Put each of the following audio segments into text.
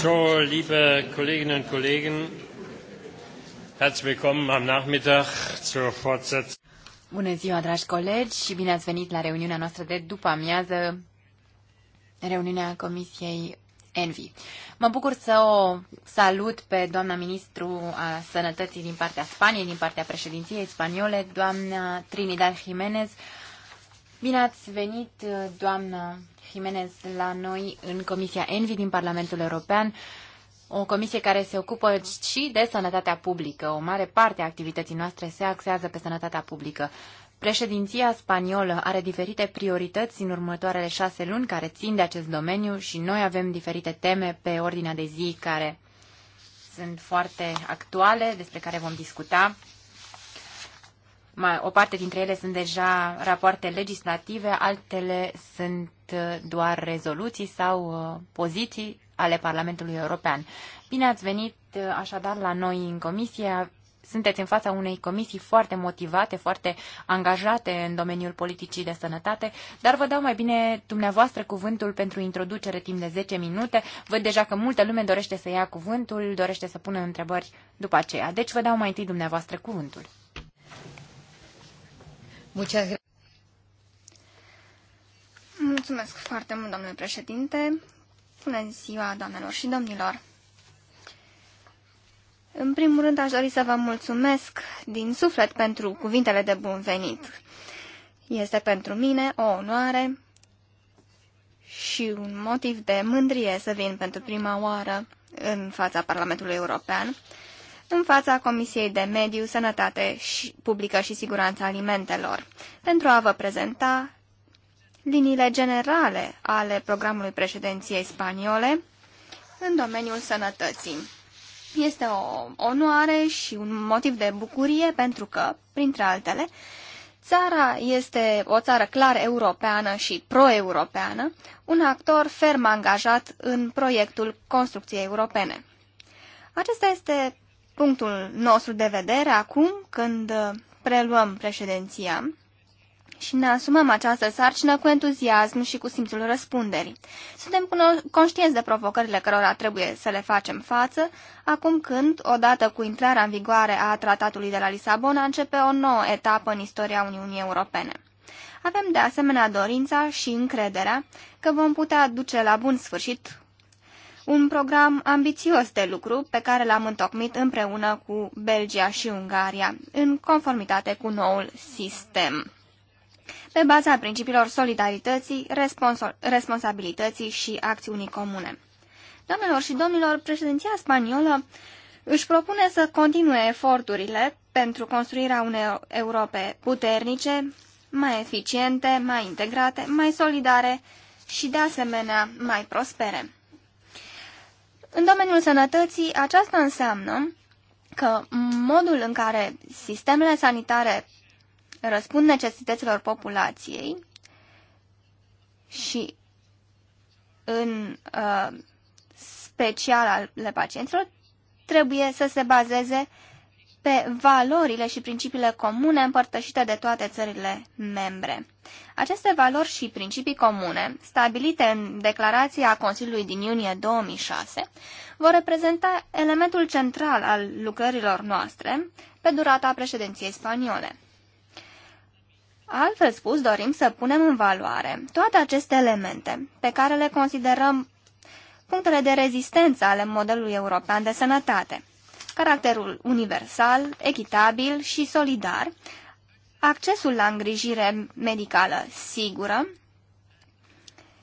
So, liebe Kolleginnen und Kollegen, herzlich willkommen am Nachmittag zur Fortsetzung. Bună ziua, dragi colegi, și bine ați venit la reuniunea noastră de după amiază, reuniunea Comisiei Envi. Mă bucur să o salut pe doamna ministru a sănătății din partea Spaniei, din partea președinției spaniole, doamna Trinidad Jimenez, Bine ați venit, doamnă Jimenez, la noi în Comisia Envi din Parlamentul European, o comisie care se ocupă și de sănătatea publică. O mare parte a activității noastre se axează pe sănătatea publică. Președinția spaniolă are diferite priorități în următoarele șase luni care țin de acest domeniu și noi avem diferite teme pe ordinea de zi care sunt foarte actuale, despre care vom discuta mai, o parte dintre ele sunt deja rapoarte legislative, altele sunt uh, doar rezoluții sau uh, poziții ale Parlamentului European. Bine ați venit uh, așadar la noi în comisie. Sunteți în fața unei comisii foarte motivate, foarte angajate în domeniul politicii de sănătate, dar vă dau mai bine dumneavoastră cuvântul pentru introducere timp de 10 minute. Văd deja că multă lume dorește să ia cuvântul, dorește să pună întrebări după aceea. Deci vă dau mai întâi dumneavoastră cuvântul. Muchas Mulțumesc foarte mult, domnule președinte. Bună ziua, doamnelor și domnilor. În primul rând, aș dori să vă mulțumesc din suflet pentru cuvintele de bun venit. Este pentru mine o onoare și un motiv de mândrie să vin pentru prima oară în fața Parlamentului European în fața Comisiei de Mediu, Sănătate și Publică și Siguranța Alimentelor, pentru a vă prezenta liniile generale ale programului președinției spaniole în domeniul sănătății. Este o onoare și un motiv de bucurie pentru că, printre altele, țara este o țară clar europeană și pro-europeană, un actor ferm angajat în proiectul construcției europene. Acesta este punctul nostru de vedere acum când uh, preluăm președinția și ne asumăm această sarcină cu entuziasm și cu simțul răspunderii. Suntem conștienți de provocările cărora trebuie să le facem față, acum când, odată cu intrarea în vigoare a tratatului de la Lisabona, începe o nouă etapă în istoria Uniunii Europene. Avem de asemenea dorința și încrederea că vom putea duce la bun sfârșit un program ambițios de lucru pe care l-am întocmit împreună cu Belgia și Ungaria, în conformitate cu noul sistem, pe baza principiilor solidarității, responsabilității și acțiunii comune. Doamnelor și domnilor, președinția spaniolă își propune să continue eforturile pentru construirea unei Europe puternice, mai eficiente, mai integrate, mai solidare și, de asemenea, mai prospere. În domeniul sănătății, aceasta înseamnă că modul în care sistemele sanitare răspund necesităților populației și în uh, special ale pacienților trebuie să se bazeze pe valorile și principiile comune împărtășite de toate țările membre. Aceste valori și principii comune, stabilite în declarația Consiliului din iunie 2006, vor reprezenta elementul central al lucrărilor noastre pe durata președinției spaniole. Altfel spus, dorim să punem în valoare toate aceste elemente pe care le considerăm punctele de rezistență ale modelului european de sănătate – caracterul universal, echitabil și solidar, accesul la îngrijire medicală sigură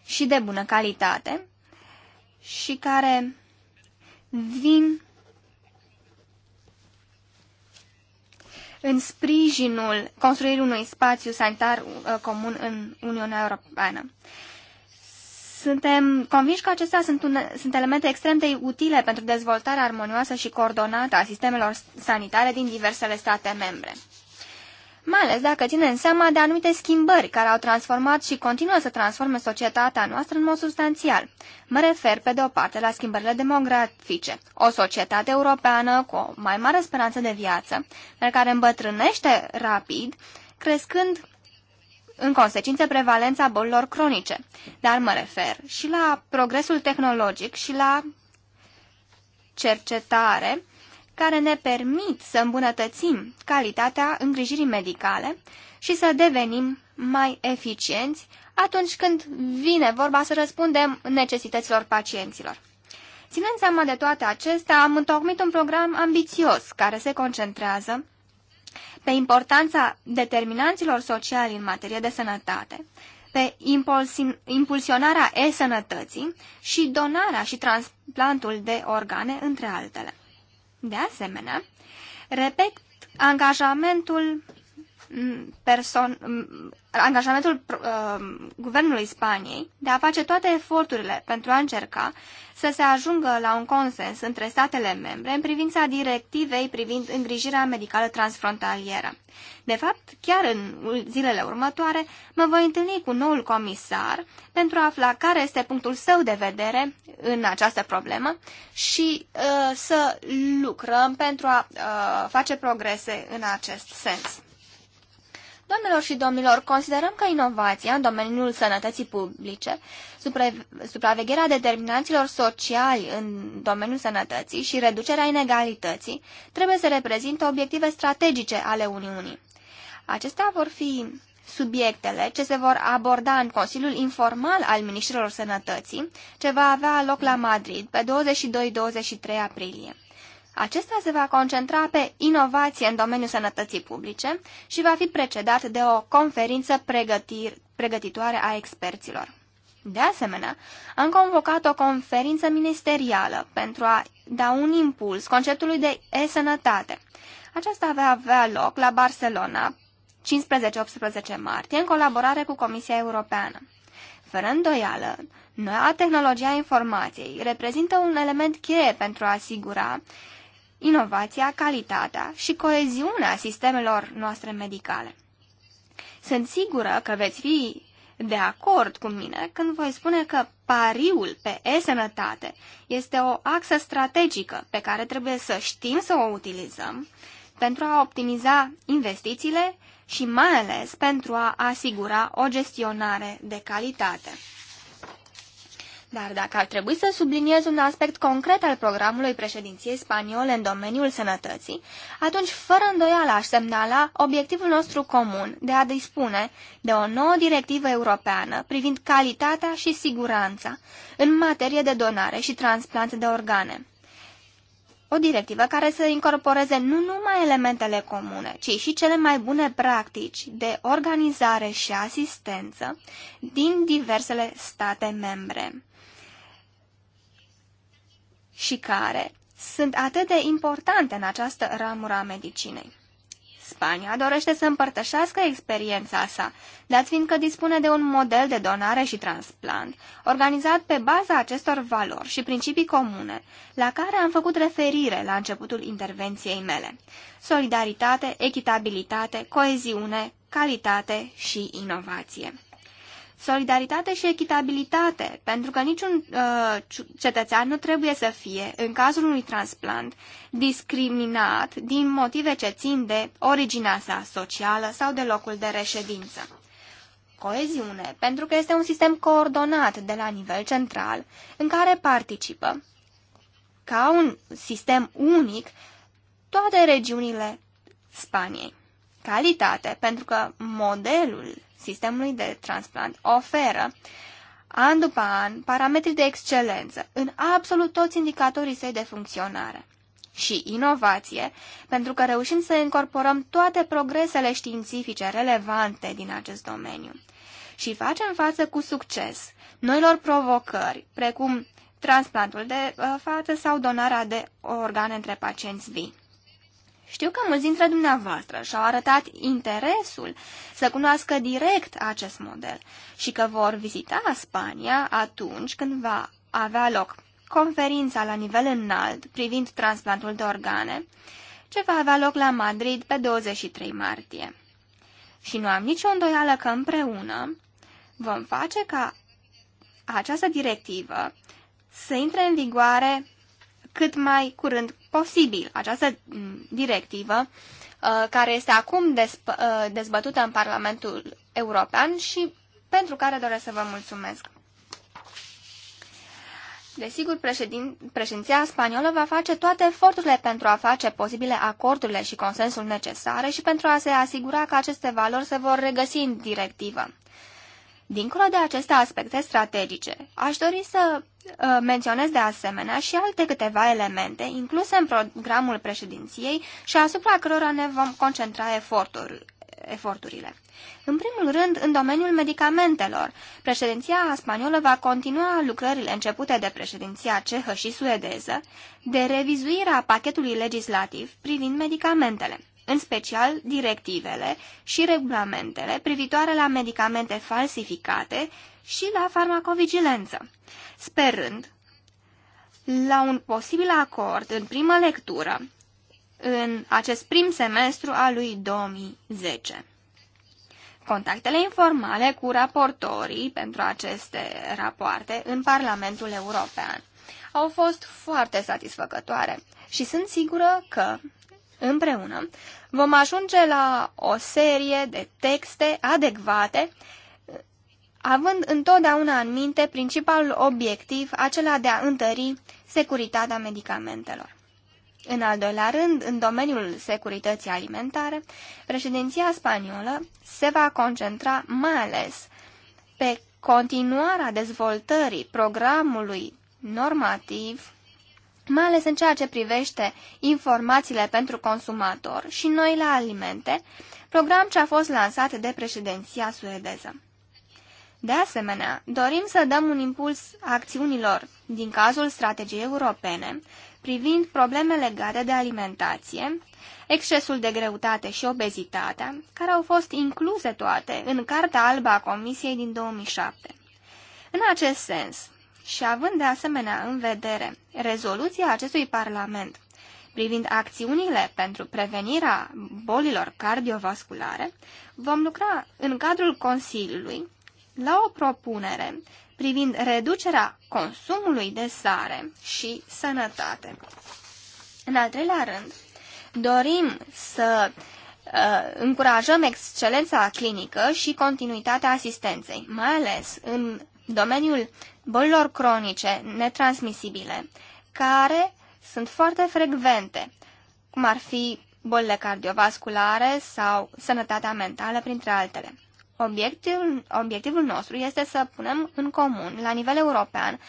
și de bună calitate și care vin în sprijinul construirii unui spațiu sanitar uh, comun în Uniunea Europeană. Suntem convinși că acestea sunt, un, sunt elemente extrem de utile pentru dezvoltarea armonioasă și coordonată a sistemelor sanitare din diversele state membre. Mai ales dacă în seama de anumite schimbări care au transformat și continuă să transforme societatea noastră în mod substanțial. Mă refer, pe de o parte, la schimbările demografice. O societate europeană cu o mai mare speranță de viață, dar care îmbătrânește rapid, crescând în consecință prevalența bolilor cronice. Dar mă refer și la progresul tehnologic și la cercetare care ne permit să îmbunătățim calitatea îngrijirii medicale și să devenim mai eficienți atunci când vine vorba să răspundem necesităților pacienților. Ținând seama de toate acestea, am întocmit un program ambițios care se concentrează pe importanța determinanților sociali în materie de sănătate, pe impulsionarea e-sănătății și donarea și transplantul de organe, între altele. De asemenea, repet angajamentul person, angajamentul uh, guvernului Spaniei de a face toate eforturile pentru a încerca să se ajungă la un consens între statele membre în privința directivei privind îngrijirea medicală transfrontalieră. De fapt, chiar în zilele următoare, mă voi întâlni cu noul comisar pentru a afla care este punctul său de vedere în această problemă și uh, să lucrăm pentru a uh, face progrese în acest sens. Doamnelor și domnilor, considerăm că inovația în domeniul sănătății publice, supravegherea determinanților sociali în domeniul sănătății și reducerea inegalității trebuie să reprezintă obiective strategice ale Uniunii. Acestea vor fi subiectele ce se vor aborda în Consiliul Informal al Ministrilor Sănătății, ce va avea loc la Madrid pe 22-23 aprilie. Acesta se va concentra pe inovație în domeniul sănătății publice și va fi precedat de o conferință pregătitoare a experților. De asemenea, am convocat o conferință ministerială pentru a da un impuls conceptului de e-sănătate. Aceasta va avea loc la Barcelona 15-18 martie în colaborare cu Comisia Europeană. Fără îndoială, noua tehnologia informației reprezintă un element cheie pentru a asigura inovația, calitatea și coeziunea sistemelor noastre medicale. Sunt sigură că veți fi de acord cu mine când voi spune că pariul pe e-sănătate este o axă strategică pe care trebuie să știm să o utilizăm pentru a optimiza investițiile și mai ales pentru a asigura o gestionare de calitate. Dar dacă ar trebui să subliniez un aspect concret al programului președinției spaniole în domeniul sănătății, atunci fără îndoială aș semnala obiectivul nostru comun de a dispune de o nouă directivă europeană privind calitatea și siguranța în materie de donare și transplant de organe. O directivă care să incorporeze nu numai elementele comune, ci și cele mai bune practici de organizare și asistență din diversele state membre și care sunt atât de importante în această ramură a medicinei. Spania dorește să împărtășească experiența sa, dat fiindcă dispune de un model de donare și transplant, organizat pe baza acestor valori și principii comune, la care am făcut referire la începutul intervenției mele. Solidaritate, echitabilitate, coeziune, calitate și inovație solidaritate și echitabilitate, pentru că niciun uh, cetățean nu trebuie să fie, în cazul unui transplant, discriminat din motive ce țin de originea sa socială sau de locul de reședință. Coeziune, pentru că este un sistem coordonat de la nivel central, în care participă, ca un sistem unic, toate regiunile Spaniei. Calitate, pentru că modelul sistemului de transplant oferă an după an parametri de excelență în absolut toți indicatorii săi de funcționare și inovație, pentru că reușim să incorporăm toate progresele științifice relevante din acest domeniu și facem față cu succes noilor provocări, precum transplantul de uh, față sau donarea de organe între pacienți vii. Știu că mulți dintre dumneavoastră și-au arătat interesul să cunoască direct acest model și că vor vizita Spania atunci când va avea loc conferința la nivel înalt privind transplantul de organe, ce va avea loc la Madrid pe 23 martie. Și nu am nicio îndoială că împreună vom face ca această directivă să intre în vigoare cât mai curând posibil. Această mm, directivă, uh, care este acum uh, dezbătută în Parlamentul European și pentru care doresc să vă mulțumesc. Desigur, președin, președinția spaniolă va face toate eforturile pentru a face posibile acordurile și consensul necesare și pentru a se asigura că aceste valori se vor regăsi în directivă. Dincolo de aceste aspecte strategice, aș dori să Uh, menționez de asemenea și alte câteva elemente incluse în programul președinției și asupra cărora ne vom concentra eforturile. În primul rând, în domeniul medicamentelor, președinția spaniolă va continua lucrările începute de președinția cehă și suedeză de revizuirea pachetului legislativ privind medicamentele în special directivele și regulamentele privitoare la medicamente falsificate și la farmacovigilență, sperând la un posibil acord în primă lectură în acest prim semestru al lui 2010. Contactele informale cu raportorii pentru aceste rapoarte în Parlamentul European au fost foarte satisfăcătoare și sunt sigură că împreună, vom ajunge la o serie de texte adecvate, având întotdeauna în minte principalul obiectiv, acela de a întări securitatea medicamentelor. În al doilea rând, în domeniul securității alimentare, președinția spaniolă se va concentra mai ales pe continuarea dezvoltării programului normativ mai ales în ceea ce privește informațiile pentru consumator și noile alimente, program ce a fost lansat de președinția suedeză. De asemenea, dorim să dăm un impuls acțiunilor din cazul strategiei europene privind probleme legate de alimentație, excesul de greutate și obezitatea, care au fost incluse toate în Carta Albă a Comisiei din 2007. În acest sens, și având de asemenea în vedere rezoluția acestui Parlament privind acțiunile pentru prevenirea bolilor cardiovasculare, vom lucra în cadrul Consiliului la o propunere privind reducerea consumului de sare și sănătate. În al treilea rând, dorim să uh, încurajăm excelența clinică și continuitatea asistenței, mai ales în domeniul bolilor cronice netransmisibile, care sunt foarte frecvente, cum ar fi bolile cardiovasculare sau sănătatea mentală, printre altele. Obiectivul, obiectivul nostru este să punem în comun, la nivel european,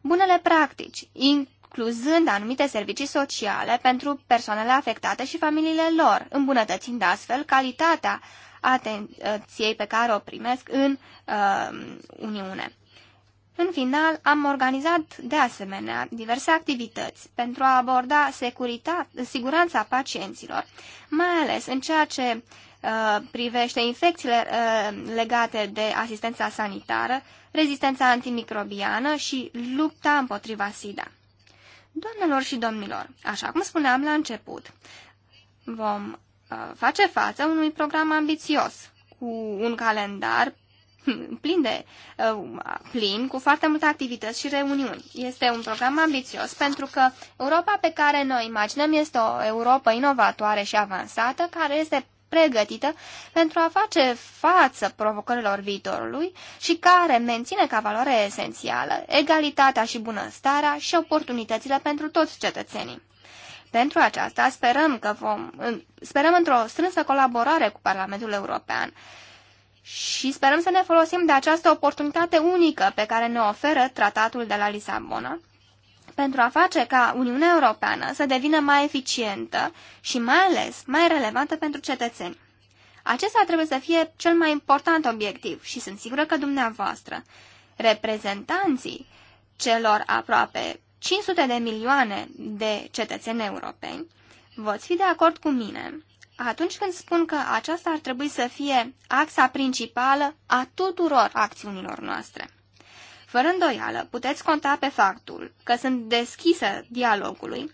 bunele practici, incluzând anumite servicii sociale pentru persoanele afectate și familiile lor, îmbunătățind astfel calitatea atenției pe care o primesc în uh, Uniune. În final, am organizat de asemenea diverse activități pentru a aborda siguranța pacienților, mai ales în ceea ce uh, privește infecțiile uh, legate de asistența sanitară, rezistența antimicrobiană și lupta împotriva SIDA. Doamnelor și domnilor, așa cum spuneam la început, vom uh, face față unui program ambițios, cu un calendar Hmm, plin de uh, plin, cu foarte multe activități și reuniuni. Este un program ambițios pentru că Europa pe care noi imaginăm este o Europa inovatoare și avansată, care este pregătită pentru a face față provocărilor viitorului și care menține ca valoare esențială egalitatea și bunăstarea și oportunitățile pentru toți cetățenii. Pentru aceasta sperăm că vom, sperăm într-o strânsă colaborare cu Parlamentul European și sperăm să ne folosim de această oportunitate unică pe care ne oferă tratatul de la Lisabona pentru a face ca Uniunea Europeană să devină mai eficientă și mai ales mai relevantă pentru cetățeni. Acesta trebuie să fie cel mai important obiectiv și sunt sigură că dumneavoastră, reprezentanții celor aproape 500 de milioane de cetățeni europeni, voți fi de acord cu mine atunci când spun că aceasta ar trebui să fie axa principală a tuturor acțiunilor noastre. Fără îndoială, puteți conta pe faptul că sunt deschisă dialogului,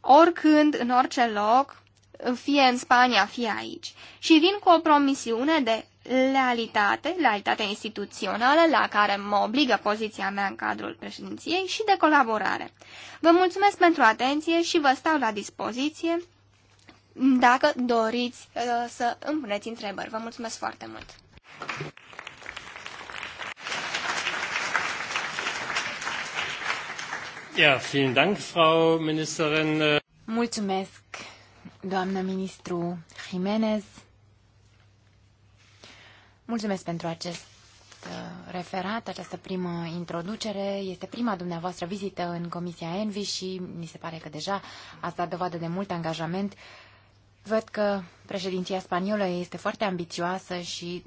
oricând, în orice loc, fie în Spania, fie aici, și vin cu o promisiune de lealitate, lealitate instituțională la care mă obligă poziția mea în cadrul președinției și de colaborare. Vă mulțumesc pentru atenție și vă stau la dispoziție dacă doriți uh, să îmi puneți întrebări. Vă mulțumesc foarte mult! Ja, vielen Dank, Frau Ministerin. Mulțumesc, doamnă ministru Jimenez. Mulțumesc pentru acest uh, referat, această primă introducere. Este prima dumneavoastră vizită în Comisia Envi și mi se pare că deja ați dat dovadă de mult angajament uh, Văd că președinția spaniolă este foarte ambițioasă și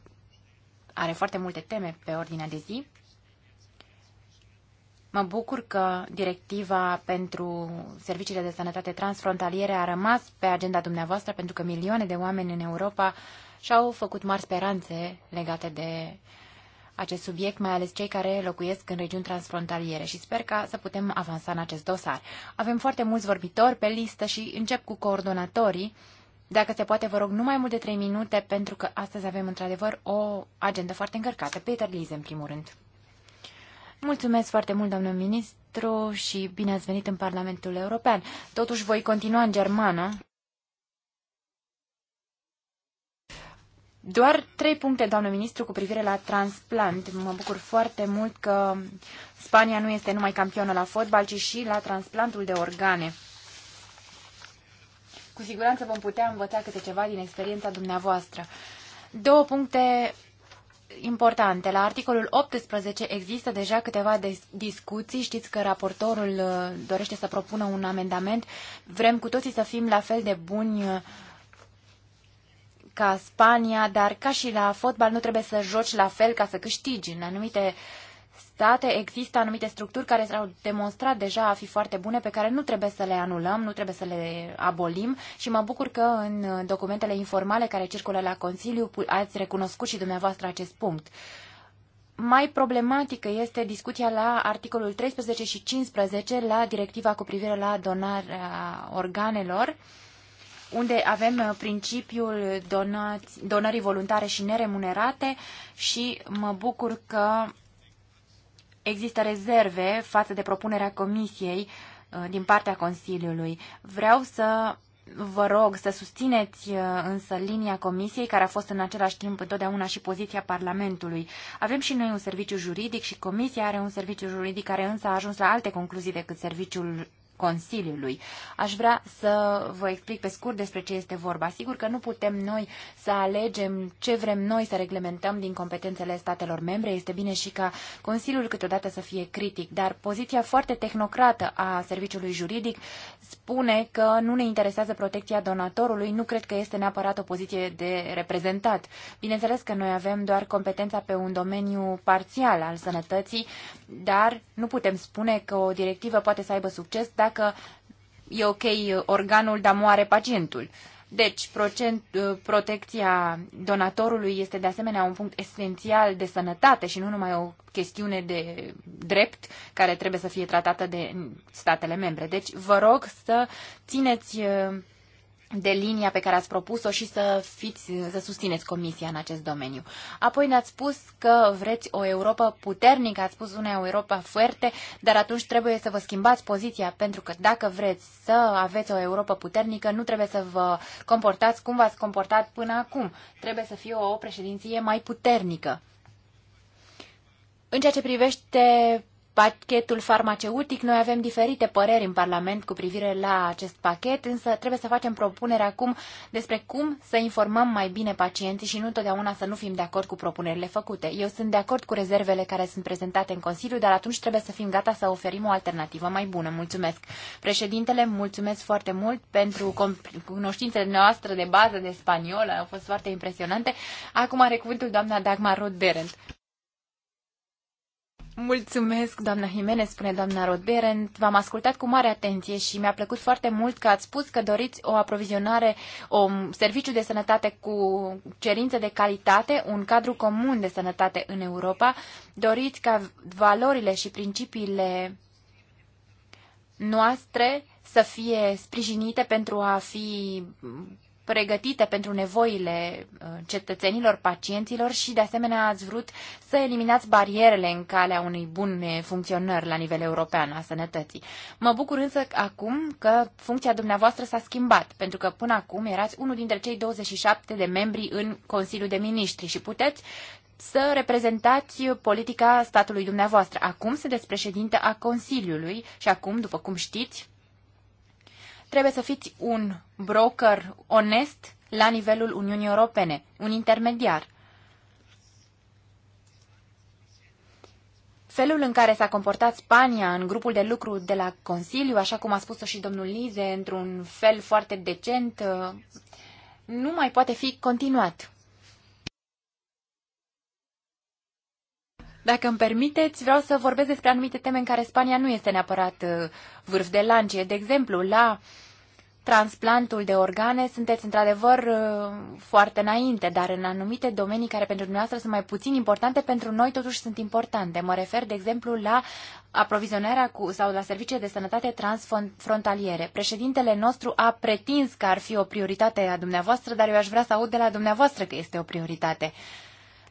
are foarte multe teme pe ordinea de zi. Mă bucur că directiva pentru serviciile de sănătate transfrontaliere a rămas pe agenda dumneavoastră pentru că milioane de oameni în Europa și-au făcut mari speranțe legate de acest subiect, mai ales cei care locuiesc în regiuni transfrontaliere și sper ca să putem avansa în acest dosar. Avem foarte mulți vorbitori pe listă și încep cu coordonatorii dacă se poate, vă rog, nu mai mult de 3 minute, pentru că astăzi avem într-adevăr o agendă foarte încărcată. Peter Lise, în primul rând. Mulțumesc foarte mult, domnul ministru, și bine ați venit în Parlamentul European. Totuși voi continua în germană. Doar trei puncte, doamnă ministru, cu privire la transplant. Mă bucur foarte mult că Spania nu este numai campionă la fotbal, ci și la transplantul de organe cu siguranță vom putea învăța câte ceva din experiența dumneavoastră. Două puncte importante. La articolul 18 există deja câteva de discuții. Știți că raportorul uh, dorește să propună un amendament. Vrem cu toții să fim la fel de buni uh, ca Spania, dar ca și la fotbal nu trebuie să joci la fel ca să câștigi. În anumite uh, state există anumite structuri care s-au demonstrat deja a fi foarte bune, pe care nu trebuie să le anulăm, nu trebuie să le abolim și mă bucur că în documentele informale care circulă la Consiliu ați recunoscut și dumneavoastră acest punct. Mai problematică este discuția la articolul 13 și 15 la directiva cu privire la donarea organelor unde avem uh, principiul donați, donării voluntare și neremunerate și mă bucur că există rezerve față de propunerea Comisiei uh, din partea Consiliului. Vreau să vă rog să susțineți uh, însă linia Comisiei, care a fost în același timp întotdeauna și poziția Parlamentului. Avem și noi un serviciu juridic și Comisia are un serviciu juridic care însă a ajuns la alte concluzii decât serviciul Consiliului. Aș vrea să vă explic pe scurt despre ce este vorba. Sigur că nu putem noi să alegem ce vrem noi să reglementăm din competențele statelor membre. Este bine și ca Consiliul câteodată să fie critic, dar poziția foarte tehnocrată a serviciului juridic spune că nu ne interesează protecția donatorului, nu cred că este neapărat o poziție de reprezentat. Bineînțeles că noi avem doar competența pe un domeniu parțial al sănătății, dar nu putem spune că o directivă poate să aibă succes dacă e ok organul, dar moare pacientul. Deci, procent, uh, protecția donatorului este de asemenea un punct esențial de sănătate și nu numai o chestiune de drept care trebuie să fie tratată de statele membre. Deci, vă rog să țineți uh, de linia pe care ați propus-o și să, fiți, să susțineți Comisia în acest domeniu. Apoi ne-ați spus că vreți o Europa puternică, ați spus una Europa foarte, dar atunci trebuie să vă schimbați poziția, pentru că dacă vreți să aveți o Europa puternică, nu trebuie să vă comportați cum v-ați comportat până acum. Trebuie să fie o președinție mai puternică. În ceea ce privește pachetul farmaceutic, noi avem diferite păreri în Parlament cu privire la acest pachet, însă trebuie să facem propunere acum despre cum să informăm mai bine pacienții și nu întotdeauna să nu fim de acord cu propunerile făcute. Eu sunt de acord cu rezervele care sunt prezentate în Consiliu, dar atunci trebuie să fim gata să oferim o alternativă mai bună. Mulțumesc. Președintele, mulțumesc foarte mult pentru cunoștințele noastre de bază de spaniolă, au fost foarte impresionante. Acum are cuvântul doamna Dagmar Rodberent. Mulțumesc, doamna Jimenez, spune doamna Rodberen. V-am ascultat cu mare atenție și mi-a plăcut foarte mult că ați spus că doriți o aprovizionare, un um, serviciu de sănătate cu cerințe de calitate, un cadru comun de sănătate în Europa. Doriți ca valorile și principiile noastre să fie sprijinite pentru a fi pregătite pentru nevoile uh, cetățenilor, pacienților și, de asemenea, ați vrut să eliminați barierele în calea unei bune funcționări la nivel european a sănătății. Mă bucur însă acum că funcția dumneavoastră s-a schimbat, pentru că până acum erați unul dintre cei 27 de membri în Consiliul de Ministri și puteți să reprezentați politica statului dumneavoastră. Acum sunteți președinte a Consiliului și acum, după cum știți, Trebuie să fiți un broker onest la nivelul Uniunii Europene, un intermediar. Felul în care s-a comportat Spania în grupul de lucru de la Consiliu, așa cum a spus-o și domnul Lize, într-un fel foarte decent, nu mai poate fi continuat. Dacă îmi permiteți, vreau să vorbesc despre anumite teme în care Spania nu este neapărat uh, vârf de lancie. De exemplu, la transplantul de organe sunteți într-adevăr uh, foarte înainte, dar în anumite domenii care pentru dumneavoastră sunt mai puțin importante, pentru noi totuși sunt importante. Mă refer, de exemplu, la aprovizionarea cu, sau la serviciile de sănătate transfrontaliere. Președintele nostru a pretins că ar fi o prioritate a dumneavoastră, dar eu aș vrea să aud de la dumneavoastră că este o prioritate. Uh,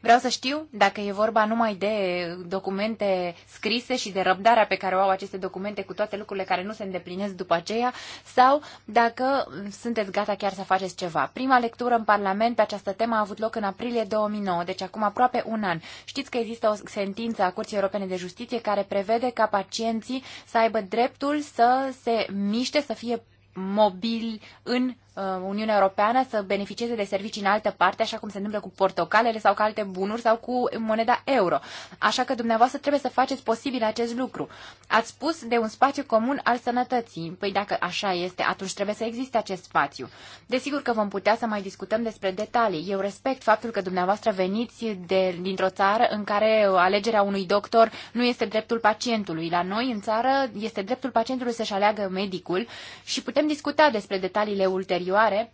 Vreau să știu dacă e vorba numai de documente scrise și de răbdarea pe care o au aceste documente cu toate lucrurile care nu se îndeplinesc după aceea sau dacă sunteți gata chiar să faceți ceva. Prima lectură în Parlament pe această temă a avut loc în aprilie 2009, deci acum aproape un an. Știți că există o sentință a Curții Europene de Justiție care prevede ca pacienții să aibă dreptul să se miște, să fie mobil în Uh, Uniunea Europeană să beneficieze de servicii în altă parte, așa cum se întâmplă cu portocalele sau cu alte bunuri sau cu moneda euro. Așa că dumneavoastră trebuie să faceți posibil acest lucru. Ați spus de un spațiu comun al sănătății. Păi dacă așa este, atunci trebuie să existe acest spațiu. Desigur că vom putea să mai discutăm despre detalii. Eu respect faptul că dumneavoastră veniți de, dintr-o țară în care alegerea unui doctor nu este dreptul pacientului. La noi, în țară, este dreptul pacientului să-și aleagă medicul și putem discuta despre detaliile ulterior anterioare,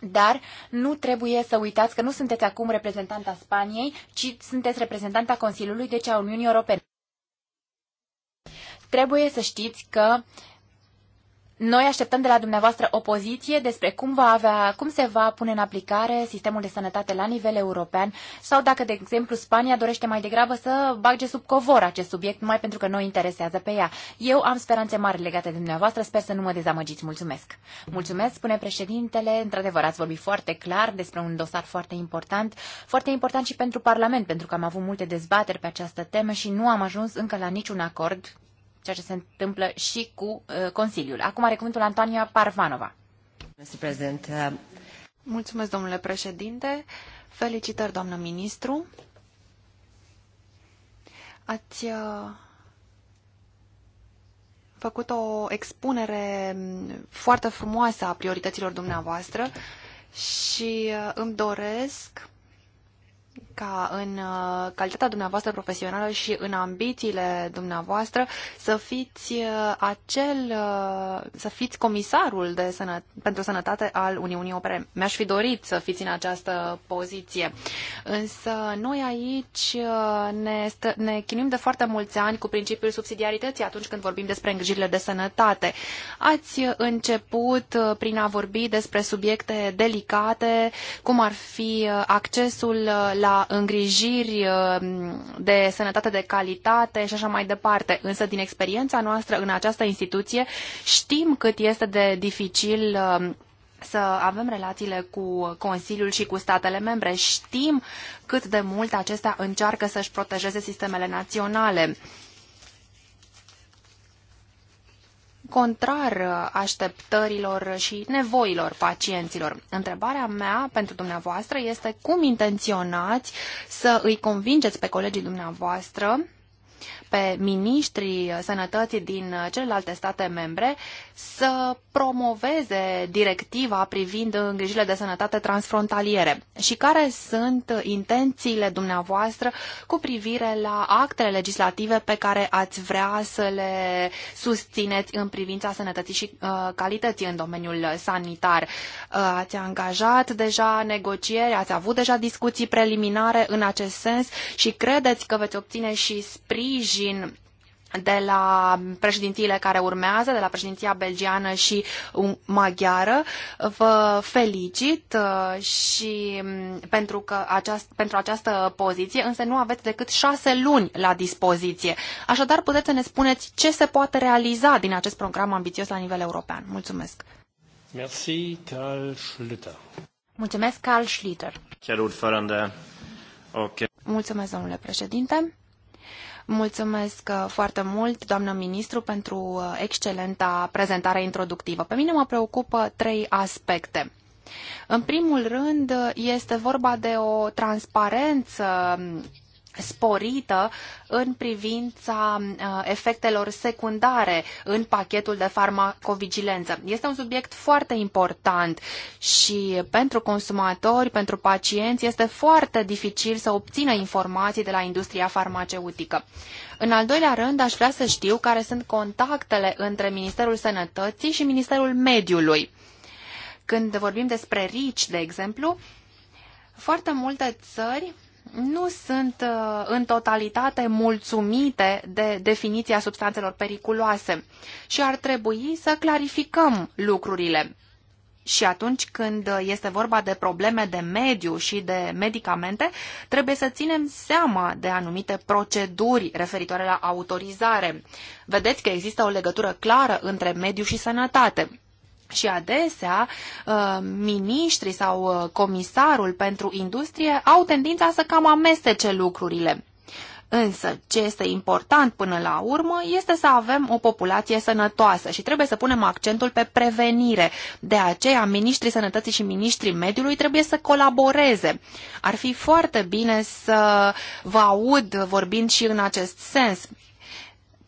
dar nu trebuie să uitați că nu sunteți acum reprezentanta Spaniei, ci sunteți reprezentanta Consiliului, deci a Uniunii Europene. Trebuie să știți că uh, noi așteptăm de la dumneavoastră opoziție despre cum, va avea, cum se va pune în aplicare sistemul de sănătate la nivel european sau dacă, de exemplu, Spania dorește mai degrabă să bage sub covor acest subiect numai pentru că noi interesează pe ea. Eu am speranțe mari legate de dumneavoastră, sper să nu mă dezamăgiți. Mulțumesc! Mulțumesc, spune președintele, într-adevăr ați vorbit foarte clar despre un dosar foarte important, foarte important și pentru Parlament, pentru că am avut multe dezbateri pe această temă și nu am ajuns încă la niciun acord ceea ce se întâmplă și cu uh, Consiliul. Acum are cuvântul Antonia Parvanova. Uh, Mulțumesc, domnule președinte. Felicitări, doamnă ministru. Ați uh, făcut o expunere foarte frumoasă a priorităților dumneavoastră și uh, îmi doresc ca în uh, calitatea dumneavoastră profesională și în ambițiile dumneavoastră să fiți uh, acel, uh, să fiți comisarul de sănă, pentru sănătate al Uniunii Europene. Mi-aș fi dorit să fiți în această poziție. Însă noi aici ne, stă, ne chinuim de foarte mulți ani cu principiul subsidiarității atunci când vorbim despre îngrijirile de sănătate. Ați început prin a vorbi despre subiecte delicate, cum ar fi accesul la îngrijiri uh, de sănătate de calitate și așa mai departe. Însă, din experiența noastră în această instituție, știm cât este de dificil uh, să avem relațiile cu Consiliul și cu statele membre. Știm cât de mult acestea încearcă să-și protejeze sistemele naționale. contrar așteptărilor și nevoilor pacienților. Întrebarea mea pentru dumneavoastră este cum intenționați să îi convingeți pe colegii dumneavoastră pe miniștrii sănătății din celelalte state membre să promoveze directiva privind îngrijirile de sănătate transfrontaliere și care sunt intențiile dumneavoastră cu privire la actele legislative pe care ați vrea să le susțineți în privința sănătății și uh, calității în domeniul sanitar. Uh, ați angajat deja negocieri, ați avut deja discuții preliminare în acest sens și credeți că veți obține și sprijin sprijin de la președintiile care urmează, de la președinția belgiană și um, maghiară. Vă felicit uh, și um, pentru, că aceast, pentru această poziție, însă nu aveți decât șase luni la dispoziție. Așadar, puteți să ne spuneți ce se poate realiza din acest program ambițios la nivel european. Mulțumesc! Merci, Carl Schlitter. Mulțumesc, Carl Schlitter. Okay. Mulțumesc, domnule președinte. Mulțumesc uh, foarte mult, doamnă ministru, pentru uh, excelenta prezentare introductivă. Pe mine mă preocupă trei aspecte. În primul rând, este vorba de o transparență sporită în privința uh, efectelor secundare în pachetul de farmacovigilență. Este un subiect foarte important și pentru consumatori, pentru pacienți, este foarte dificil să obțină informații de la industria farmaceutică. În al doilea rând, aș vrea să știu care sunt contactele între Ministerul Sănătății și Ministerul Mediului. Când vorbim despre RICI, de exemplu, foarte multe țări nu sunt uh, în totalitate mulțumite de definiția substanțelor periculoase și ar trebui să clarificăm lucrurile. Și atunci când uh, este vorba de probleme de mediu și de medicamente, trebuie să ținem seama de anumite proceduri referitoare la autorizare. Vedeți că există o legătură clară între mediu și sănătate. Și adesea, uh, miniștrii sau uh, comisarul pentru industrie au tendința să cam amestece lucrurile. Însă, ce este important până la urmă este să avem o populație sănătoasă și trebuie să punem accentul pe prevenire. De aceea, ministrii sănătății și ministrii mediului trebuie să colaboreze. Ar fi foarte bine să vă aud vorbind și în acest sens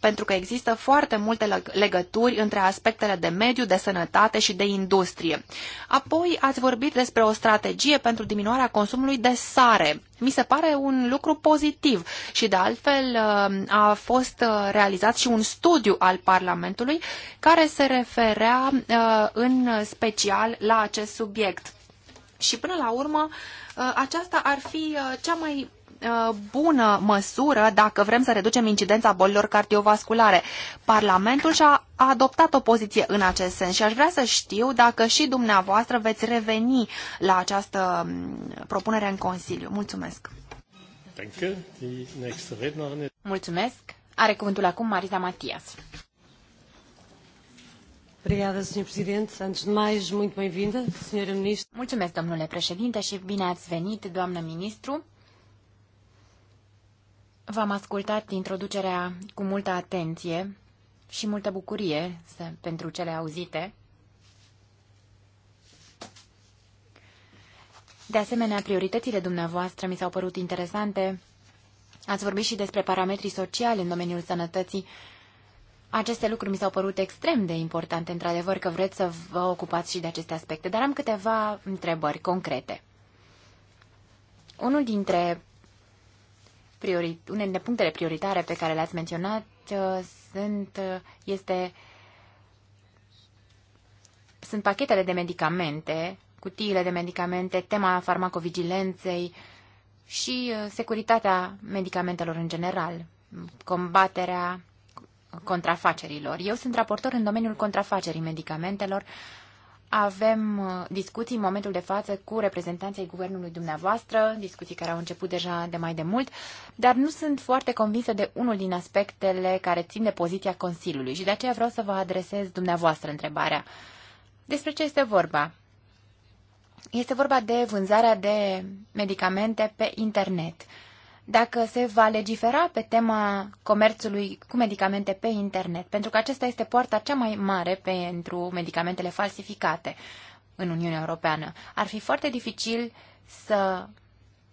pentru că există foarte multe legături între aspectele de mediu, de sănătate și de industrie. Apoi ați vorbit despre o strategie pentru diminuarea consumului de sare. Mi se pare un lucru pozitiv și de altfel uh, a fost uh, realizat și un studiu al Parlamentului care se referea uh, în special la acest subiect. Și până la urmă, aceasta ar fi cea mai Uh, bună măsură dacă vrem să reducem incidența bolilor cardiovasculare. Parlamentul și-a adoptat o poziție în acest sens și aș vrea să știu dacă și dumneavoastră veți reveni la această um, propunere în Consiliu. Mulțumesc! Mulțumesc! Are cuvântul acum Marisa Matias. Mulțumesc, domnule președinte, și bine ați venit, doamnă ministru. V-am ascultat introducerea cu multă atenție și multă bucurie pentru cele auzite. De asemenea, prioritățile dumneavoastră mi s-au părut interesante. Ați vorbit și despre parametrii sociali în domeniul sănătății. Aceste lucruri mi s-au părut extrem de importante, într-adevăr că vreți să vă ocupați și de aceste aspecte, dar am câteva întrebări concrete. Unul dintre priori, unele dintre punctele prioritare pe care le-ați menționat uh, sunt, uh, este, sunt pachetele de medicamente, cutiile de medicamente, tema farmacovigilenței și uh, securitatea medicamentelor în general, combaterea contrafacerilor. Eu sunt raportor în domeniul contrafacerii medicamentelor avem uh, discuții în momentul de față cu reprezentanții guvernului dumneavoastră, discuții care au început deja de mai de mult, dar nu sunt foarte convinsă de unul din aspectele care țin de poziția Consiliului și de aceea vreau să vă adresez dumneavoastră întrebarea. Despre ce este vorba? Este vorba de vânzarea de medicamente pe internet. Uh, dacă se va legifera pe tema comerțului cu medicamente pe internet, pentru că acesta este poarta cea mai mare pentru medicamentele falsificate în Uniunea Europeană. Ar fi foarte dificil să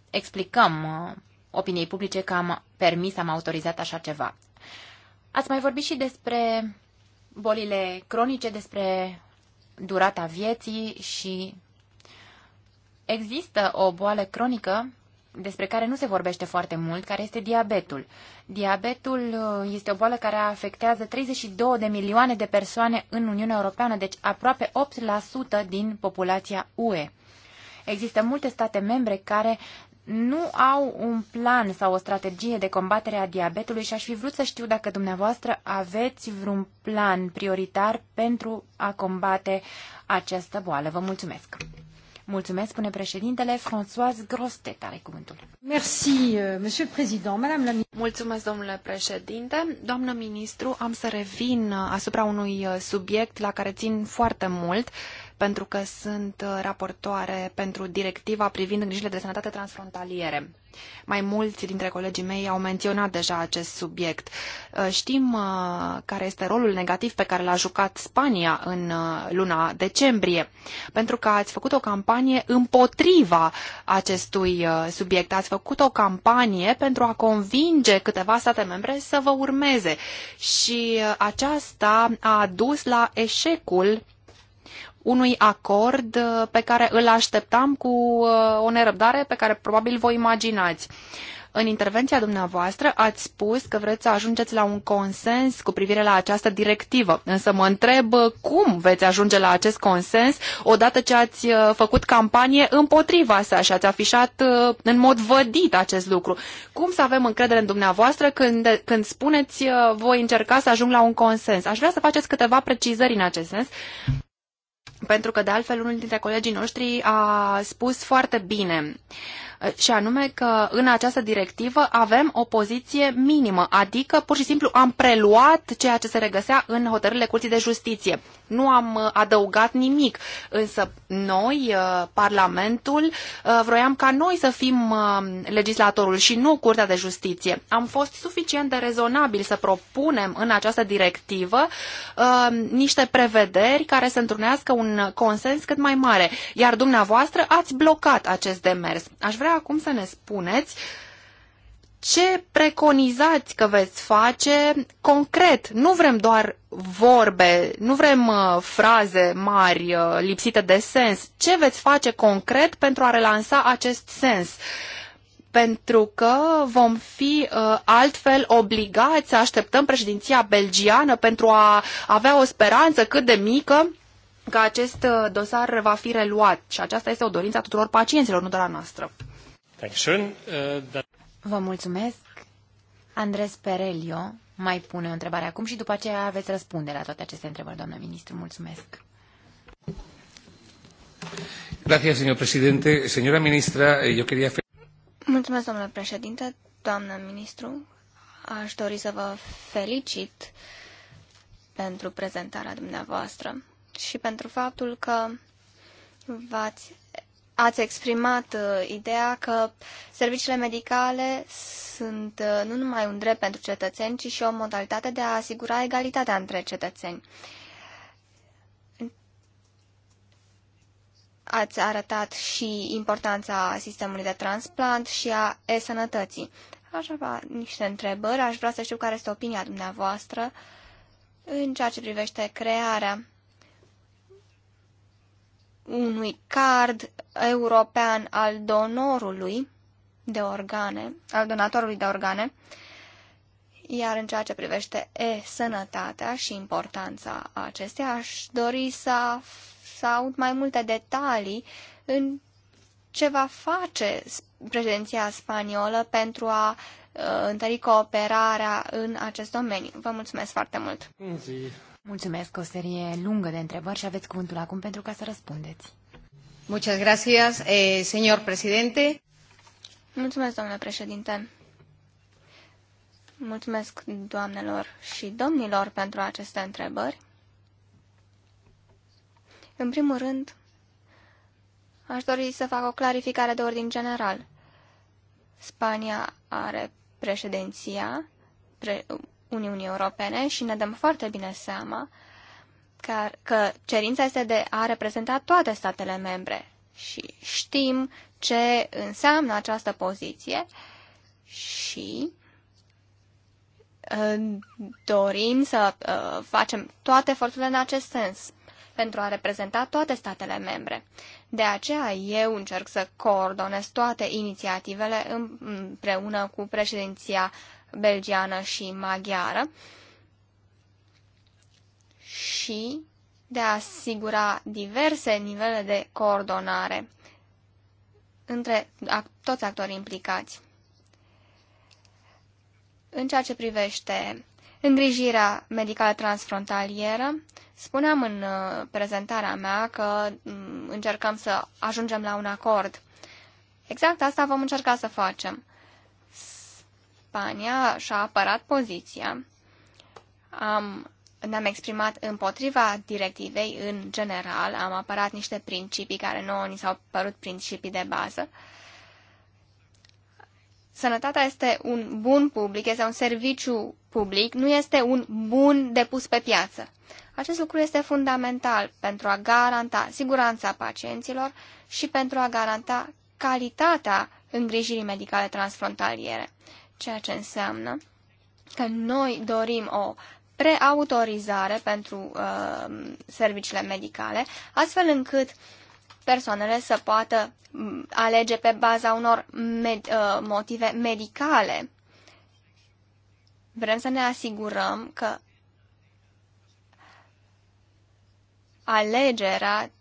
explicăm uh, opiniei publice că am permis, am autorizat așa ceva. Ați mai vorbit și despre bolile cronice, despre durata vieții și există o boală cronică despre care nu se vorbește foarte mult, care este diabetul. Diabetul uh, este o boală care afectează 32 de milioane de persoane în Uniunea Europeană, deci aproape 8% din populația UE. Există multe state membre care nu au un plan sau o strategie de combatere a diabetului și aș fi vrut să știu dacă dumneavoastră aveți vreun plan prioritar pentru a combate această boală. Vă mulțumesc! Mulțumesc, spune președintele. Françoise Grostet are cuvântul. Merci, euh, monsieur président. Madame la... Mulțumesc, domnule președinte. Doamnă ministru, am să revin uh, asupra unui uh, subiect la care țin foarte mult, pentru că sunt uh, raportoare pentru directiva privind grijile de sănătate transfrontaliere. Mai mulți dintre colegii mei au menționat deja acest subiect. Uh, știm uh, care este rolul negativ pe care l-a jucat Spania în uh, luna decembrie, pentru că ați făcut o campanie împotriva acestui subiect. Ați făcut o campanie pentru a convinge câteva state membre să vă urmeze și aceasta a dus la eșecul unui acord uh, pe care îl așteptam cu uh, o nerăbdare pe care probabil vă imaginați. În intervenția dumneavoastră ați spus că vreți să ajungeți la un consens cu privire la această directivă, însă mă întreb uh, cum veți ajunge la acest consens odată ce ați făcut campanie împotriva sa și ați afișat în mod vădit acest lucru. Cum să avem încredere în dumneavoastră când, când spuneți voi încerca să ajung la un consens? Aș vrea să faceți câteva precizări în acest sens, pentru că, de altfel, unul dintre colegii noștri a spus foarte bine și anume că în această directivă avem o poziție minimă, adică pur și simplu am preluat ceea ce se regăsea în hotărârile Curții de Justiție. Nu am uh, adăugat nimic, însă noi, uh, Parlamentul, uh, vroiam ca noi să fim legislatorul și nu Curtea de Justiție. Am fost suficient de rezonabil să propunem în această directivă niște prevederi care să întrunească un consens cât mai mare, iar dumneavoastră ați blocat acest demers. Aș vrea acum să ne spuneți ce preconizați că veți face concret. Nu vrem doar vorbe, nu vrem uh, fraze mari uh, lipsite de sens. Ce veți face concret pentru a relansa acest sens? Pentru că vom fi uh, altfel obligați să așteptăm președinția belgiană pentru a avea o speranță cât de mică că acest uh, dosar va fi reluat. Și aceasta este o dorință a tuturor pacienților, nu doar a noastră. Äh, vă mulțumesc. Andres Perelio mai pune o întrebare acum și după aceea aveți răspunde la toate aceste întrebări, doamnă ministru. Mulțumesc. Gracias, señor presidente. Señora ministra, eh, yo quería... Mulțumesc, domnule președinte. Doamnă ministru, aș dori să vă felicit pentru prezentarea dumneavoastră și pentru faptul că v-ați ați exprimat uh, ideea că serviciile medicale sunt uh, nu numai un drept pentru cetățeni, ci și o modalitate de a asigura egalitatea între cetățeni. Ați arătat și importanța sistemului de transplant și a e-sănătății. Aș avea niște întrebări, aș vrea să știu care este opinia dumneavoastră în ceea ce privește crearea unui card european al donorului de organe, al donatorului de organe, iar în ceea ce privește e-sănătatea și importanța acesteia, aș dori să, să aud mai multe detalii în ce va face președinția spaniolă pentru a uh, întări cooperarea în acest domeniu. Vă mulțumesc foarte mult! Zi. Mulțumesc, o serie lungă de întrebări și aveți cuvântul acum pentru ca să răspundeți. Muchas gracias, eh, señor presidente. Mulțumesc, domnule președinte. Mulțumesc doamnelor și domnilor pentru aceste întrebări. În primul rând, aș dori să fac o clarificare de ordin general. Spania are președinția, pre, Uniunii Europene și ne dăm foarte bine seama că, că cerința este de a reprezenta toate statele membre și știm ce înseamnă această poziție și uh, dorim să uh, facem toate eforturile în acest sens pentru a reprezenta toate statele membre. De aceea eu încerc să coordonez toate inițiativele împreună cu președinția belgiană și maghiară și de a asigura diverse nivele de coordonare între toți actorii implicați. În ceea ce privește îngrijirea medicală transfrontalieră, spuneam în uh, prezentarea mea că mm, încercăm să ajungem la un acord. Exact asta vom încerca să facem. Spania și-a apărat poziția. Am, ne-am exprimat împotriva directivei în general, am apărat niște principii care nouă ni s-au părut principii de bază. Sănătatea este un bun public, este un serviciu public, nu este un bun depus pe piață. Acest lucru este fundamental pentru a garanta siguranța pacienților și pentru a garanta calitatea îngrijirii medicale transfrontaliere ceea ce înseamnă că noi dorim o preautorizare pentru uh, serviciile medicale, astfel încât persoanele să poată mm, alege pe baza unor med, uh, motive medicale. Vrem să ne asigurăm că alegerea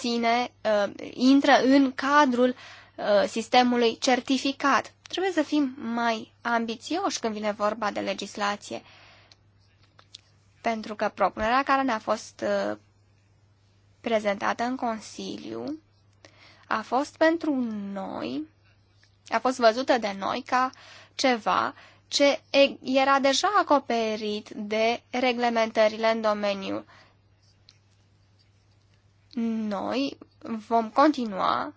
ține, uh, intră în cadrul uh, sistemului certificat. Trebuie să fim mai ambițioși când vine vorba de legislație, pentru că propunerea care ne-a fost uh, prezentată în Consiliu a fost pentru noi, a fost văzută de noi ca ceva ce era deja acoperit de reglementările în domeniu. Noi vom continua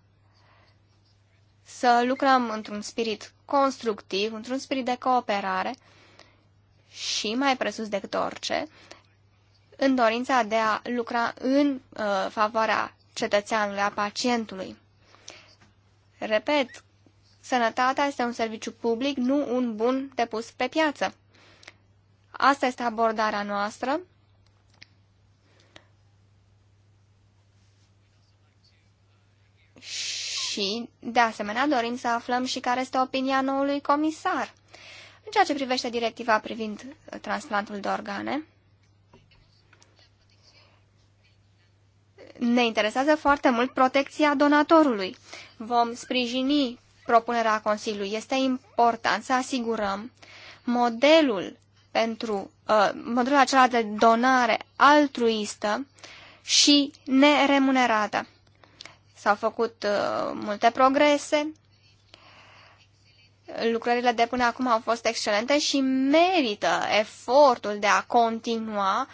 să lucrăm într-un spirit constructiv, într-un spirit de cooperare și, mai presus decât orice, în dorința de a lucra în uh, favoarea cetățeanului, a pacientului. Repet, sănătatea este un serviciu public, nu un bun depus pe piață. Asta este abordarea noastră. Și și, de asemenea, dorim să aflăm și care este opinia noului comisar în ceea ce privește directiva privind transplantul de organe. Ne interesează foarte mult protecția donatorului. Vom sprijini propunerea Consiliului. Este important să asigurăm modelul pentru uh, modelul acela de donare altruistă și neremunerată. S-au făcut uh, multe progrese. Lucrările de până acum au fost excelente și merită efortul de a continua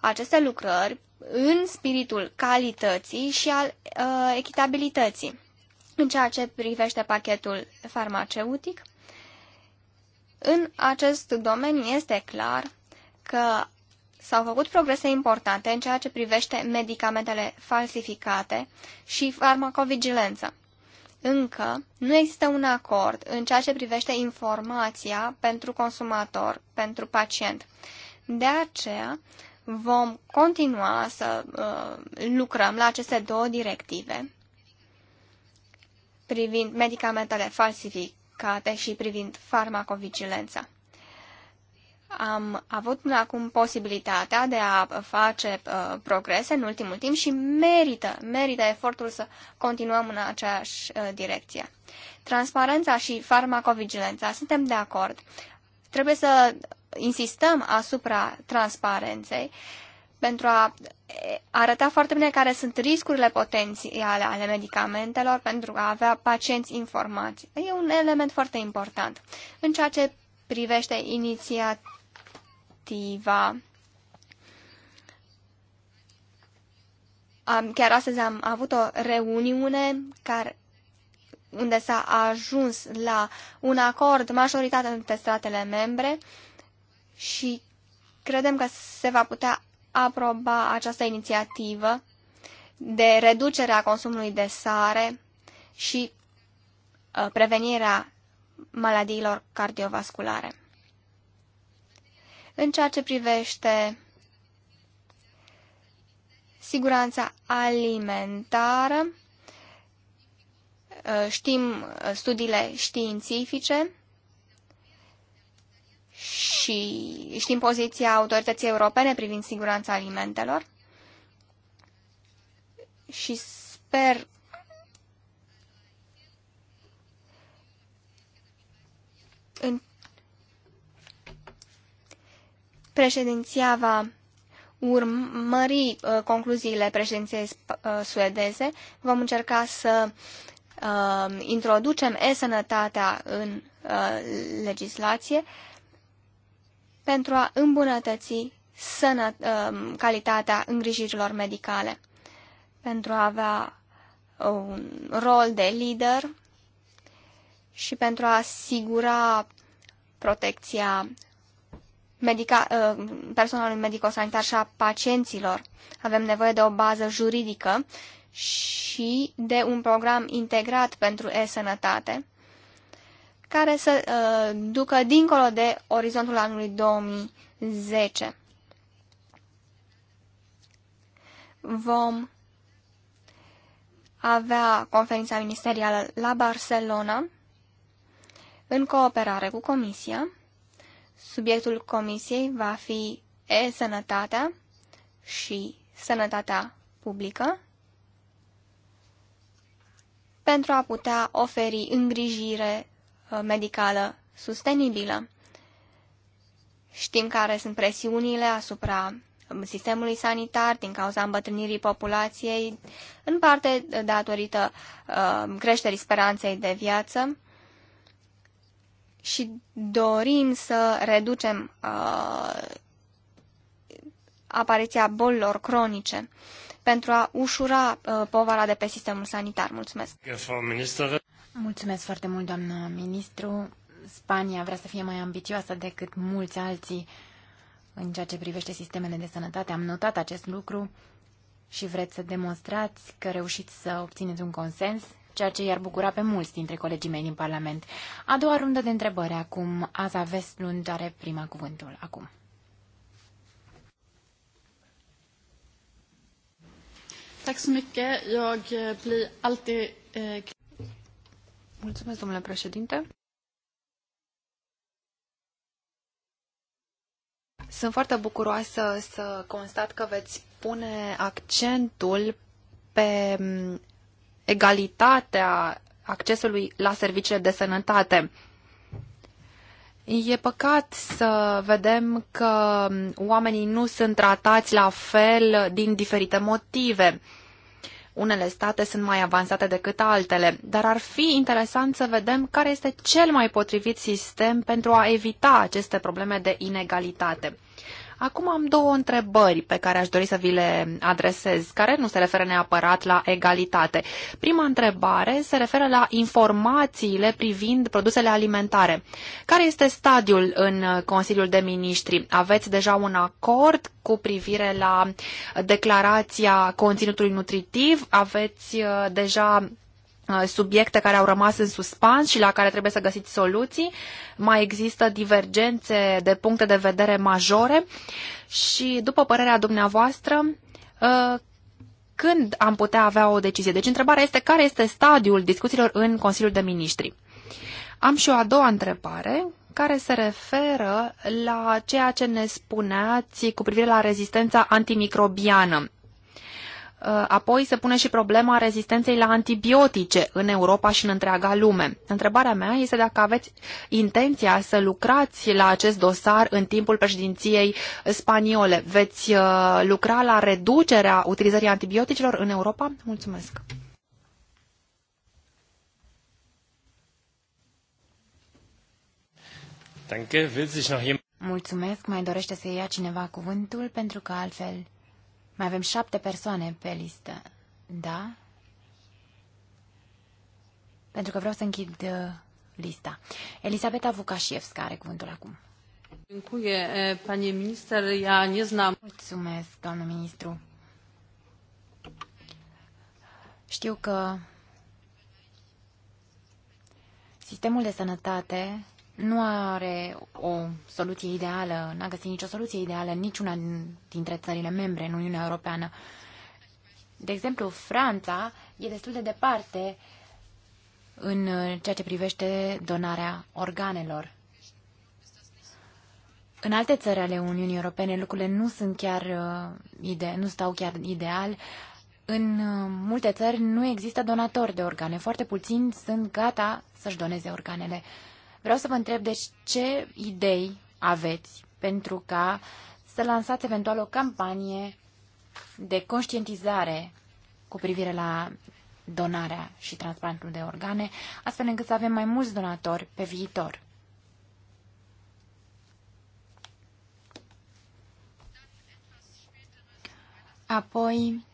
aceste lucrări în spiritul calității și al uh, echitabilității. În ceea ce privește pachetul farmaceutic, în acest domeniu este clar că S-au făcut progrese importante în ceea ce privește medicamentele falsificate și farmacovigilență. Încă nu există un acord în ceea ce privește informația pentru consumator, pentru pacient. De aceea vom continua să uh, lucrăm la aceste două directive privind medicamentele falsificate și privind farmacovigilența am avut până acum posibilitatea de a face uh, progrese în ultimul timp și merită, merită efortul să continuăm în aceeași uh, direcție. Transparența și farmacovigilența, suntem de acord. Trebuie să insistăm asupra transparenței pentru a arăta foarte bine care sunt riscurile potențiale ale medicamentelor pentru a avea pacienți informați. E un element foarte important. În ceea ce privește inițiativa, directiva. Am, chiar astăzi am avut o reuniune care, unde s-a ajuns la un acord majoritatea dintre statele membre și credem că se va putea aproba această inițiativă de reducere a consumului de sare și uh, prevenirea maladiilor cardiovasculare. În ceea ce privește siguranța alimentară, uh, știm uh, studiile științifice și știm poziția autorității europene privind siguranța alimentelor și sper în Președinția va urmări uh, concluziile președinției uh, suedeze. Vom încerca să uh, introducem e-sănătatea în uh, legislație pentru a îmbunătăți sănă, uh, calitatea îngrijirilor medicale, pentru a avea un rol de lider și pentru a asigura protecția medica, uh, personalului medicosanitar și a pacienților. Avem nevoie de o bază juridică și de un program integrat pentru e-sănătate care să uh, ducă dincolo de orizontul anului 2010. Vom avea conferința ministerială la Barcelona în cooperare cu Comisia Subiectul comisiei va fi e-sănătatea și sănătatea publică pentru a putea oferi îngrijire uh, medicală sustenibilă. Știm care sunt presiunile asupra um, sistemului sanitar din cauza îmbătrânirii populației, în parte uh, datorită uh, creșterii speranței de viață, și dorim să reducem uh, apariția bolilor cronice pentru a ușura uh, povara de pe sistemul sanitar. Mulțumesc! Mulțumesc foarte mult, doamnă ministru. Spania vrea să fie mai ambițioasă decât mulți alții în ceea ce privește sistemele de sănătate. Am notat acest lucru și vreți să demonstrați că reușiți să obțineți un consens ceea ce i-ar bucura pe mulți dintre colegii mei din Parlament. A doua rundă de întrebări acum. Aza Vestlund are prima cuvântul acum. Tack så mycket. Jag eh, blir alltid... Eh, Mulțumesc, domnule președinte. Sunt foarte bucuroasă să constat că veți pune accentul pe mm, egalitatea accesului la serviciile de sănătate. E păcat să vedem că oamenii nu sunt tratați la fel din diferite motive. Unele state sunt mai avansate decât altele, dar ar fi interesant să vedem care este cel mai potrivit sistem pentru a evita aceste probleme de inegalitate. Acum am două întrebări pe care aș dori să vi le adresez, care nu se referă neapărat la egalitate. Prima întrebare se referă la informațiile privind produsele alimentare. Care este stadiul în Consiliul de Ministri? Aveți deja un acord cu privire la declarația conținutului nutritiv? Aveți uh, deja Uh, subiecte care au rămas în suspans și la care trebuie să găsiți soluții. Mai există divergențe de puncte de vedere majore și, după părerea dumneavoastră, uh, când am putea avea o decizie? Deci întrebarea este care este stadiul discuțiilor în Consiliul de Ministri. Am și o a doua întrebare care se referă la ceea ce ne spuneați cu privire la rezistența antimicrobiană. Uh, apoi se pune și problema rezistenței la antibiotice în Europa și în întreaga lume. Întrebarea mea este dacă aveți intenția să lucrați la acest dosar în timpul președinției spaniole. Veți uh, lucra la reducerea utilizării antibioticelor în Europa? Mulțumesc! Mulțumesc. Mai dorește să ia cineva cuvântul, pentru că altfel mai avem șapte persoane pe listă. Da? Pentru că vreau să închid uh, lista. Elisabeta Vukașievska are cuvântul acum. Dziękuję, panie minister. Ja nie znam... Mulțumesc, doamnă ministru. Știu că sistemul de sănătate nu are o soluție ideală, n-a găsit nicio soluție ideală niciuna dintre țările membre în Uniunea Europeană. De exemplu, Franța e destul de departe în ceea ce privește donarea organelor. În alte țări ale Uniunii Europene lucrurile nu sunt chiar uh, ide- nu stau chiar ideal. În uh, multe țări nu există donatori de organe. Foarte puțini sunt gata să-și doneze organele. Uh, Vreau să vă întreb, deci, ce idei aveți pentru ca să lansați eventual o campanie de conștientizare cu privire la donarea și transplantul de organe, astfel încât să avem mai mulți donatori pe viitor. Apoi,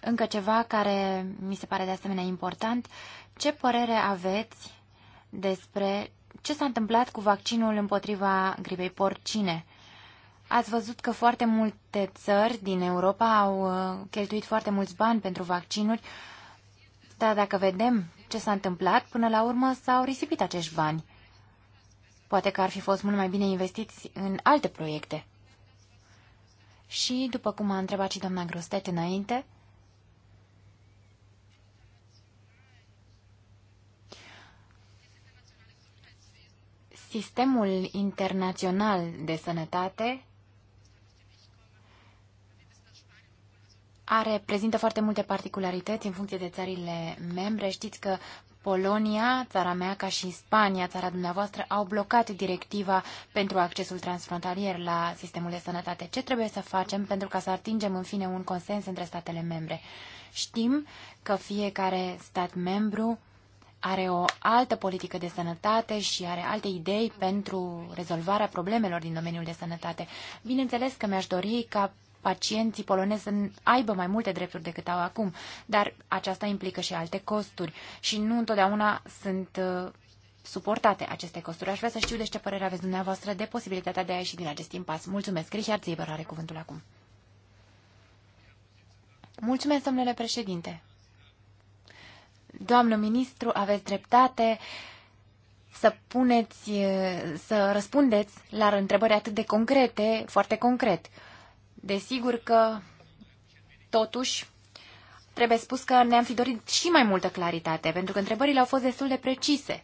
încă ceva care mi se pare de asemenea important, ce părere aveți despre ce s-a întâmplat cu vaccinul împotriva gripei porcine? Ați văzut că foarte multe țări din Europa au uh, cheltuit foarte mulți bani pentru vaccinuri, dar dacă vedem ce s-a întâmplat, până la urmă s-au risipit acești bani. Poate că ar fi fost mult mai bine investiți în alte proiecte. Și, după cum a întrebat și doamna Grostet înainte, Sistemul internațional de sănătate are, prezintă foarte multe particularități în funcție de țările membre. Știți că Polonia, țara mea, ca și Spania, țara dumneavoastră, au blocat directiva pentru accesul transfrontalier la sistemul de sănătate. Ce trebuie să facem pentru ca să atingem în fine un consens între statele membre? Știm că fiecare stat membru are o altă politică de sănătate și are alte idei pentru rezolvarea problemelor din domeniul de sănătate. Bineînțeles că mi-aș dori ca pacienții polonezi să aibă mai multe drepturi decât au acum, dar aceasta implică și alte costuri și nu întotdeauna sunt uh, suportate aceste costuri. Aș vrea să știu de ce părere aveți dumneavoastră de posibilitatea de a ieși din acest impas. Mulțumesc. Richard Zieber are cuvântul acum. Mulțumesc, domnule președinte. Doamnă ministru, aveți dreptate să puneți, să răspundeți la întrebări atât de concrete, foarte concret. Desigur că, totuși, trebuie spus că ne-am fi dorit și mai multă claritate, pentru că întrebările au fost destul de precise.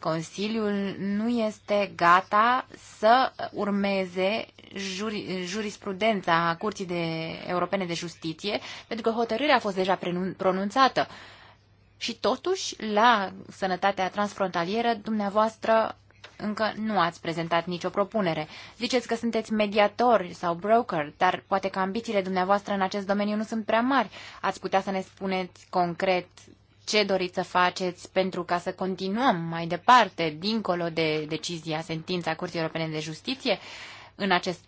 Consiliul nu este gata să urmeze juri, jurisprudența Curții de Europene de Justiție, pentru că hotărârea a fost deja pronunțată. Uh, și totuși, la sănătatea transfrontalieră, dumneavoastră încă nu ați prezentat nicio propunere. Ziceți că sunteți mediatori sau broker, dar poate că ambițiile dumneavoastră în acest domeniu nu sunt prea mari. Ați putea să ne spuneți concret ce doriți să faceți pentru ca să continuăm mai departe, dincolo de decizia, sentința Curții Europene de Justiție, în acest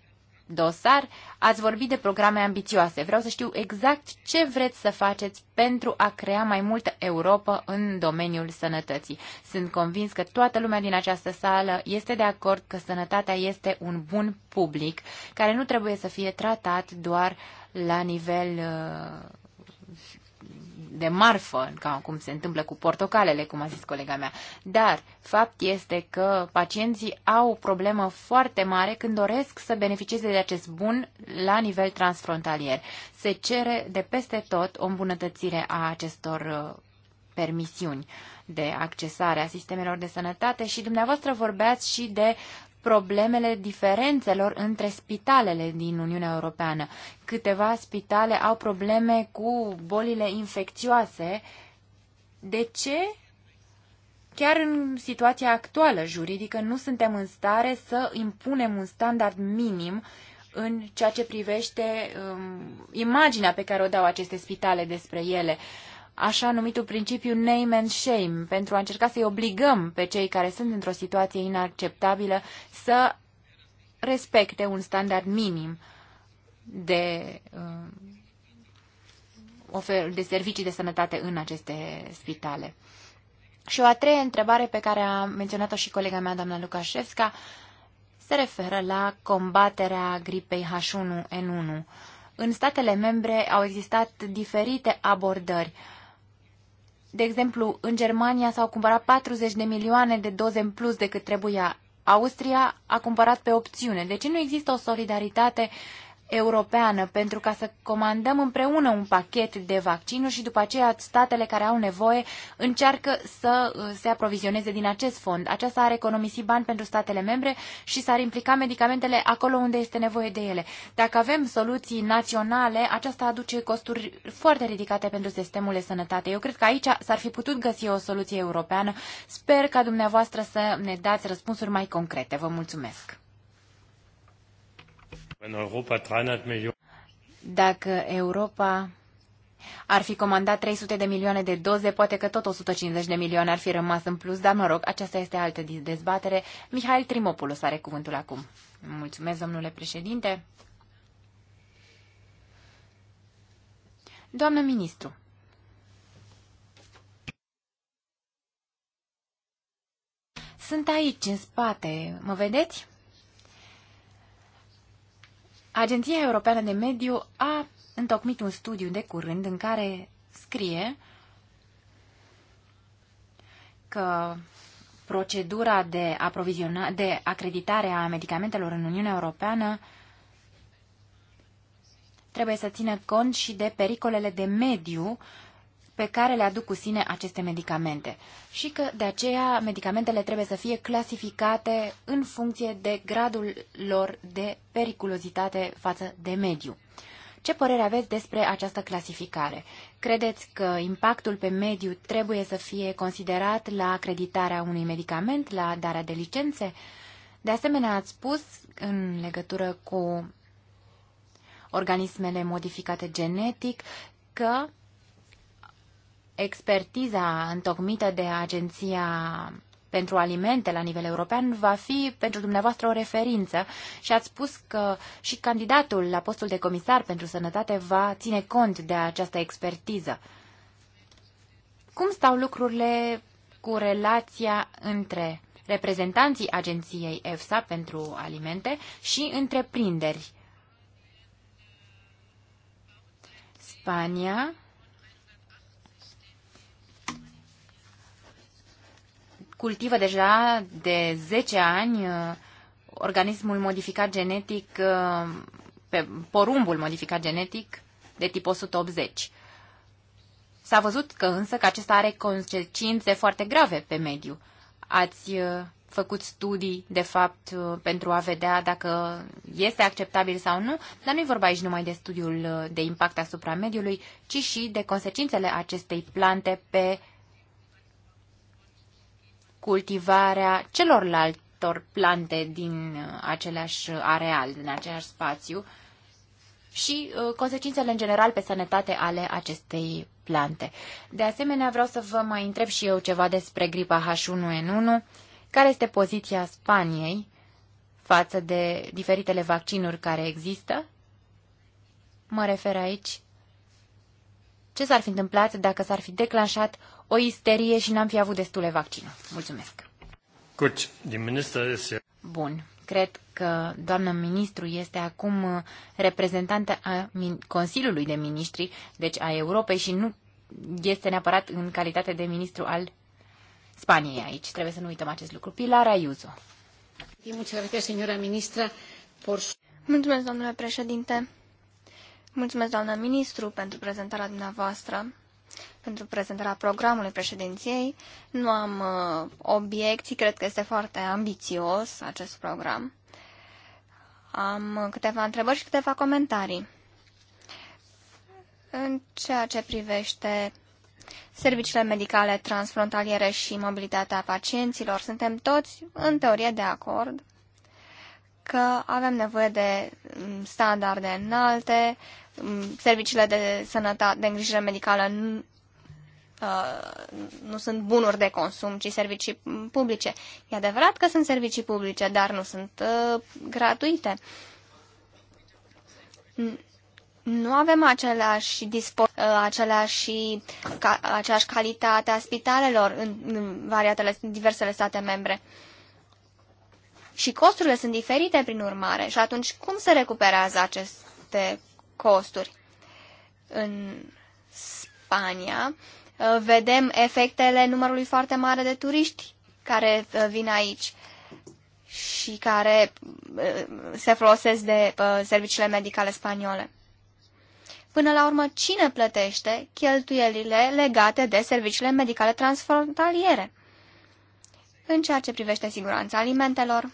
dosar, ați vorbit de programe ambițioase. Vreau să știu exact ce vreți să faceți pentru a crea mai multă Europa în domeniul sănătății. Sunt convins că toată lumea din această sală este de acord că sănătatea este un bun public care nu trebuie să fie tratat doar la nivel uh, de marfă, ca cum se întâmplă cu portocalele, cum a zis colega mea. Dar fapt este că pacienții au o problemă foarte mare când doresc să beneficieze de acest bun la nivel transfrontalier. Se cere de peste tot o îmbunătățire a acestor uh, permisiuni de accesare a sistemelor de sănătate și dumneavoastră vorbeați și de problemele diferențelor între spitalele din Uniunea Europeană. Câteva spitale au probleme cu bolile infecțioase. De ce? Chiar în situația actuală juridică nu suntem în stare să impunem un standard minim în ceea ce privește um, imaginea pe care o dau aceste spitale despre ele. Uh, așa numitul principiu name and shame, pentru a încerca să-i obligăm pe cei care sunt într-o situație inacceptabilă să respecte un standard minim de, uh, ofer, de servicii de sănătate în aceste spitale. Și o a treia întrebare pe care a menționat-o și colega mea, doamna Lukașevska, se referă la combaterea gripei H1N1. În statele membre au existat diferite abordări. Uh, de exemplu, în Germania s-au cumpărat 40 de milioane de doze în plus decât trebuia. Austria a cumpărat pe opțiune. De deci ce nu există o solidaritate europeană pentru ca să comandăm împreună un pachet de vaccinuri și după aceea statele care au nevoie încearcă să uh, se aprovizioneze din acest fond. Aceasta ar economisi bani pentru statele membre și s-ar implica medicamentele acolo unde este nevoie de ele. Dacă avem soluții naționale, aceasta aduce costuri foarte ridicate pentru sistemul de sănătate. Eu cred că aici s-ar fi putut găsi o soluție europeană. Sper ca dumneavoastră să ne dați răspunsuri mai concrete. Vă mulțumesc! Dacă Europa ar fi comandat 300 de milioane de doze, poate că tot 150 de milioane ar fi rămas în plus, dar mă rog, aceasta este altă dezbatere. Mihail Trimopoulos are cuvântul acum. Mulțumesc, domnule președinte. Doamnă ministru, sunt aici, în spate. Mă vedeți? Agenția Europeană de Mediu a întocmit un studiu de curând în care scrie că procedura de, aproviziona- de acreditare a medicamentelor în Uniunea Europeană trebuie să țină cont și de pericolele de mediu pe care le aduc cu sine aceste medicamente și că de aceea medicamentele trebuie să fie clasificate în funcție de gradul lor de periculozitate față de mediu. Ce părere aveți despre această clasificare? Credeți că impactul pe mediu trebuie să fie considerat la acreditarea unui medicament, la darea de licențe? De asemenea, ați spus în legătură cu organismele modificate genetic că expertiza întocmită de Agenția pentru alimente la nivel european va fi pentru dumneavoastră o referință și ați spus că și candidatul la postul de comisar pentru sănătate va ține cont de această expertiză. Cum stau lucrurile cu relația între reprezentanții agenției EFSA pentru alimente și întreprinderi? Spania cultivă deja de 10 ani uh, organismul modificat genetic, uh, pe porumbul modificat genetic de tip 180. S-a văzut că însă că acesta are consecințe foarte grave pe mediu. Ați uh, făcut studii, de fapt, pentru a vedea dacă este acceptabil sau nu, dar nu-i vorba aici numai de studiul de impact asupra mediului, ci și de consecințele acestei plante pe uh, cultivarea celorlaltor plante din uh, același uh, areal, din același spațiu și uh, consecințele în general pe sănătate ale acestei plante. De asemenea, vreau să vă mai întreb și eu ceva despre gripa H1N1. Care este poziția Spaniei față de diferitele vaccinuri care există? Mă refer aici. Ce s-ar fi întâmplat dacă s-ar fi declanșat o isterie și n-am fi avut destule vaccinuri. Mulțumesc. Bun. Cred că doamna ministru este acum uh, reprezentantă a Consiliului de Ministri, deci a Europei și nu este neapărat în calitate de ministru al Spaniei aici. Trebuie să nu uităm acest lucru. Pilar Ayuso. Mulțumesc, domnule președinte. Mulțumesc, doamna ministru, pentru prezentarea dumneavoastră pentru prezentarea programului președinției. Nu am uh, obiecții, cred că este foarte ambițios acest program. Am câteva întrebări și câteva comentarii. În ceea ce privește serviciile medicale transfrontaliere și mobilitatea pacienților, suntem toți, în teorie, de acord că avem nevoie de mm, standarde înalte, mm, serviciile de sănătate, de îngrijire medicală nu, uh, nu sunt bunuri de consum, ci servicii mm, publice. E adevărat că sunt servicii publice, dar nu sunt uh, gratuite. Nu avem aceleași, dispo, uh, aceleași, ca, aceeași calitate a spitalelor în, în variatele, diversele state membre. Uh, și costurile sunt diferite prin urmare. Și atunci cum se recuperează aceste costuri? În Spania uh, vedem efectele numărului foarte mare de turiști care uh, vin aici și care uh, se folosesc de serviciile medicale spaniole. Până la urmă, cine plătește cheltuielile legate de serviciile medicale transfrontaliere? În ceea ce privește siguranța alimentelor,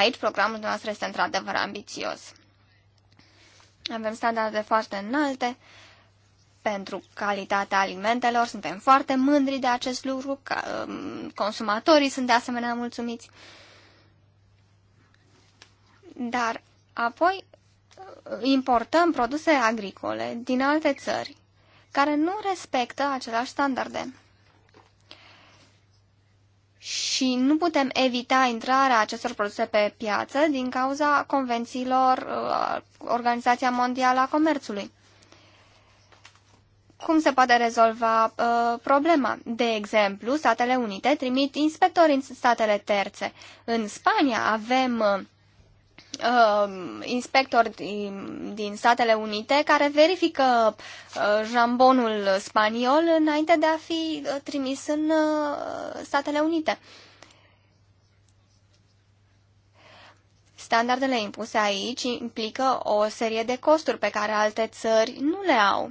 Aici programul nostru este într-adevăr ambițios. Avem standarde foarte înalte pentru calitatea alimentelor, suntem foarte mândri de acest lucru, um, consumatorii sunt de asemenea mulțumiți. Dar apoi uh, importăm produse agricole din alte țări care nu respectă aceleași standarde și nu putem evita intrarea acestor produse pe piață din cauza convențiilor uh, Organizația Mondială a Comerțului. Cum se poate rezolva uh, problema? De exemplu, Statele Unite trimit inspectori în statele terțe. În Spania avem uh, uh, din, din Statele Unite care verifică uh, jambonul spaniol înainte de a fi uh, trimis în uh, Statele Unite. Standardele impuse aici implică o serie de costuri pe care alte țări nu le au.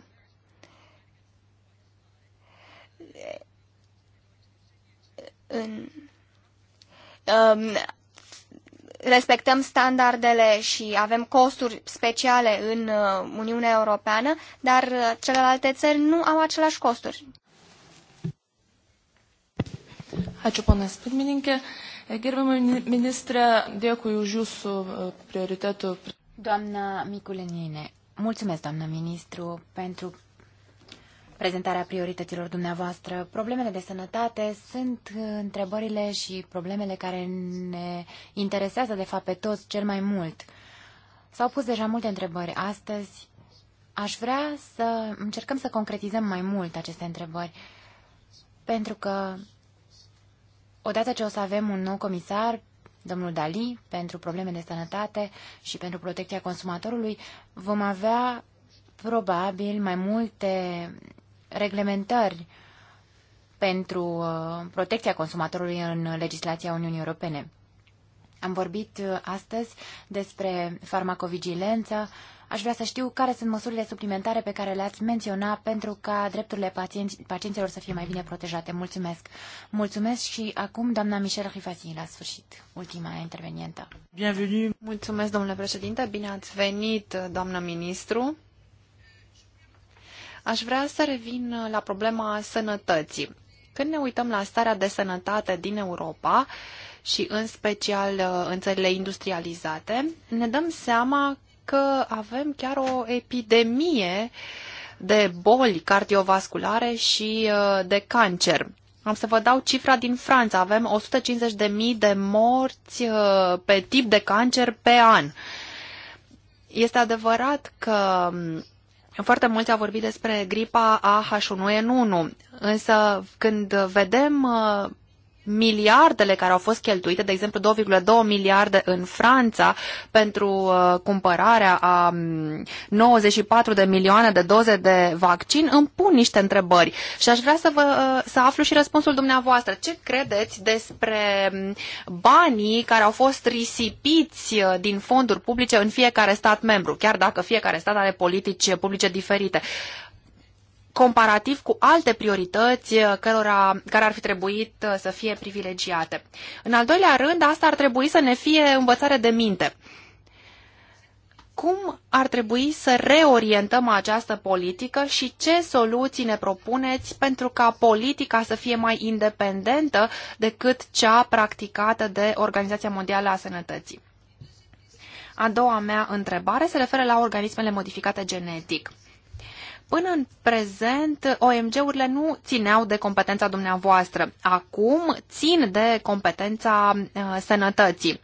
În, um, respectăm standardele și avem costuri speciale în uh, Uniunea Europeană, dar uh, celelalte țări nu au aceleași costuri. Ačiū, ponas pirmininkė. Gerbiamą ministrę, dėkui už uh, jūsų prioritetų. Doamna Miculinine, mulțumesc, doamna ministru, pentru prezentarea priorităților dumneavoastră. Problemele de sănătate sunt întrebările și problemele care ne interesează, de fapt, pe toți cel mai mult. S-au pus deja multe întrebări astăzi. Aș vrea să încercăm să concretizăm mai mult aceste întrebări, pentru că odată ce o să avem un nou comisar, domnul Dali, pentru probleme de sănătate și pentru protecția consumatorului, vom avea probabil mai multe reglementări pentru uh, protecția consumatorului în legislația Uniunii Europene. Am vorbit uh, astăzi despre farmacovigilență. Aș vrea să știu care sunt măsurile suplimentare pe care le-ați menționat pentru ca drepturile pacienți, pacienților să fie mai bine protejate. Mulțumesc! Mulțumesc și acum doamna Michelle Rifasi la sfârșit, ultima intervenientă. Bienvenue! Mulțumesc, domnule președinte! Bine ați venit, doamnă ministru! Aș vrea să revin la problema sănătății. Când ne uităm la starea de sănătate din Europa și în special uh, în țările industrializate, ne dăm seama că avem chiar o epidemie de boli cardiovasculare și uh, de cancer. Am să vă dau cifra din Franța. Avem 150.000 de morți uh, pe tip de cancer pe an. Este adevărat că um, foarte mulți au vorbit despre gripa A H1N1, însă când vedem uh, miliardele care au fost cheltuite, de exemplu 2,2 miliarde în Franța pentru uh, cumpărarea a 94 mm, de milioane de doze de vaccin, îmi pun niște întrebări și aș vrea să, vă, uh, să aflu și răspunsul dumneavoastră. Ce credeți despre mm, banii care au fost risipiți uh, din fonduri publice în fiecare stat membru, chiar dacă fiecare stat are politici publice diferite? comparativ cu alte priorități uh, cărora, care ar fi trebuit uh, să fie privilegiate. În al doilea rând, asta ar trebui să ne fie învățare de minte. Cum ar trebui să reorientăm această politică și ce soluții ne propuneți pentru ca politica să fie mai independentă decât cea practicată de Organizația Mondială a Sănătății? A doua mea întrebare se referă la organismele modificate genetic. Până în prezent, OMG-urile nu țineau de competența dumneavoastră. Acum țin de competența uh, sănătății.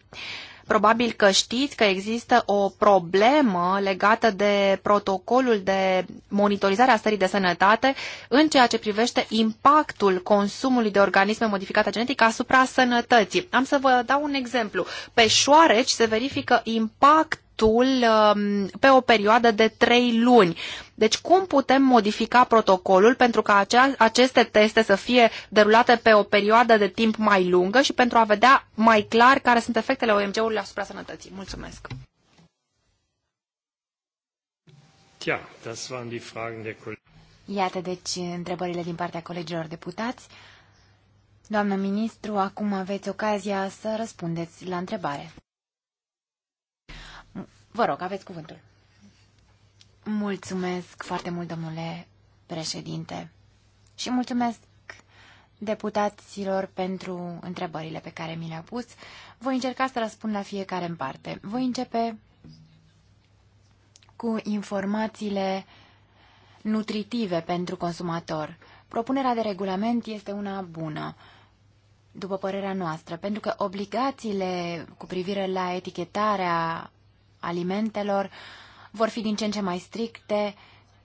Probabil că știți că există o problemă legată de protocolul de monitorizare a stării de sănătate în ceea ce privește impactul consumului de organisme modificate genetic asupra sănătății. Am să vă dau un exemplu. Pe șoareci se verifică impact totul um, pe o perioadă de trei luni. Deci cum putem modifica protocolul pentru ca aceste teste să fie derulate pe o perioadă de timp mai lungă și pentru a vedea mai clar care sunt efectele OMG-urilor asupra sănătății? Mulțumesc! Tja, das waren die Fragen der Iată deci întrebările din partea colegilor deputați. Doamnă ministru, acum aveți ocazia să răspundeți la întrebare. Vă rog, aveți cuvântul. Mulțumesc foarte mult, domnule președinte, și mulțumesc deputaților pentru întrebările pe care mi le-a pus. Voi încerca să răspund la fiecare în parte. Voi începe cu informațiile nutritive pentru consumator. Propunerea de regulament este una bună, după părerea noastră, pentru că obligațiile cu privire la etichetarea alimentelor vor fi din ce în ce mai stricte.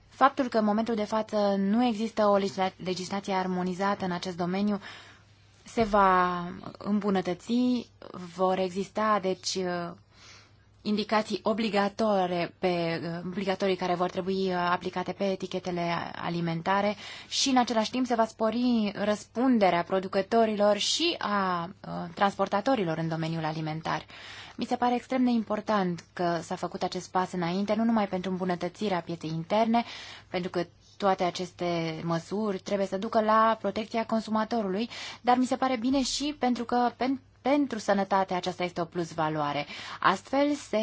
Faptul că în momentul de față nu există o legislație armonizată în acest domeniu se va îmbunătăți, vor exista deci indicații obligatorie pe, obligatorii care vor trebui uh, aplicate pe etichetele alimentare și în același timp se va spori răspunderea producătorilor și a uh, transportatorilor în domeniul alimentar. Mi se pare extrem de important că s-a făcut acest pas înainte, nu numai pentru îmbunătățirea pieței interne, pentru că toate aceste măsuri trebuie să ducă la protecția consumatorului, dar mi se pare bine și pentru că pentru pentru sănătate aceasta este o plus valoare. Astfel se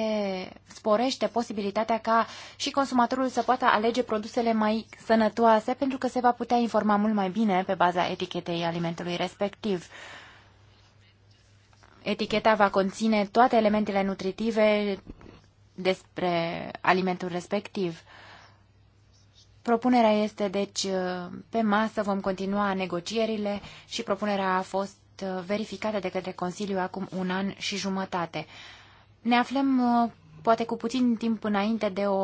sporește posibilitatea ca și consumatorul să poată alege produsele mai sănătoase pentru că se va putea informa mult mai bine pe baza etichetei alimentului respectiv. Eticheta va conține toate elementele nutritive despre alimentul respectiv. Propunerea este, deci, pe masă vom continua negocierile și propunerea a fost Uh, verificate de către Consiliu acum un an și jumătate. Ne aflăm uh, poate cu puțin timp înainte de o,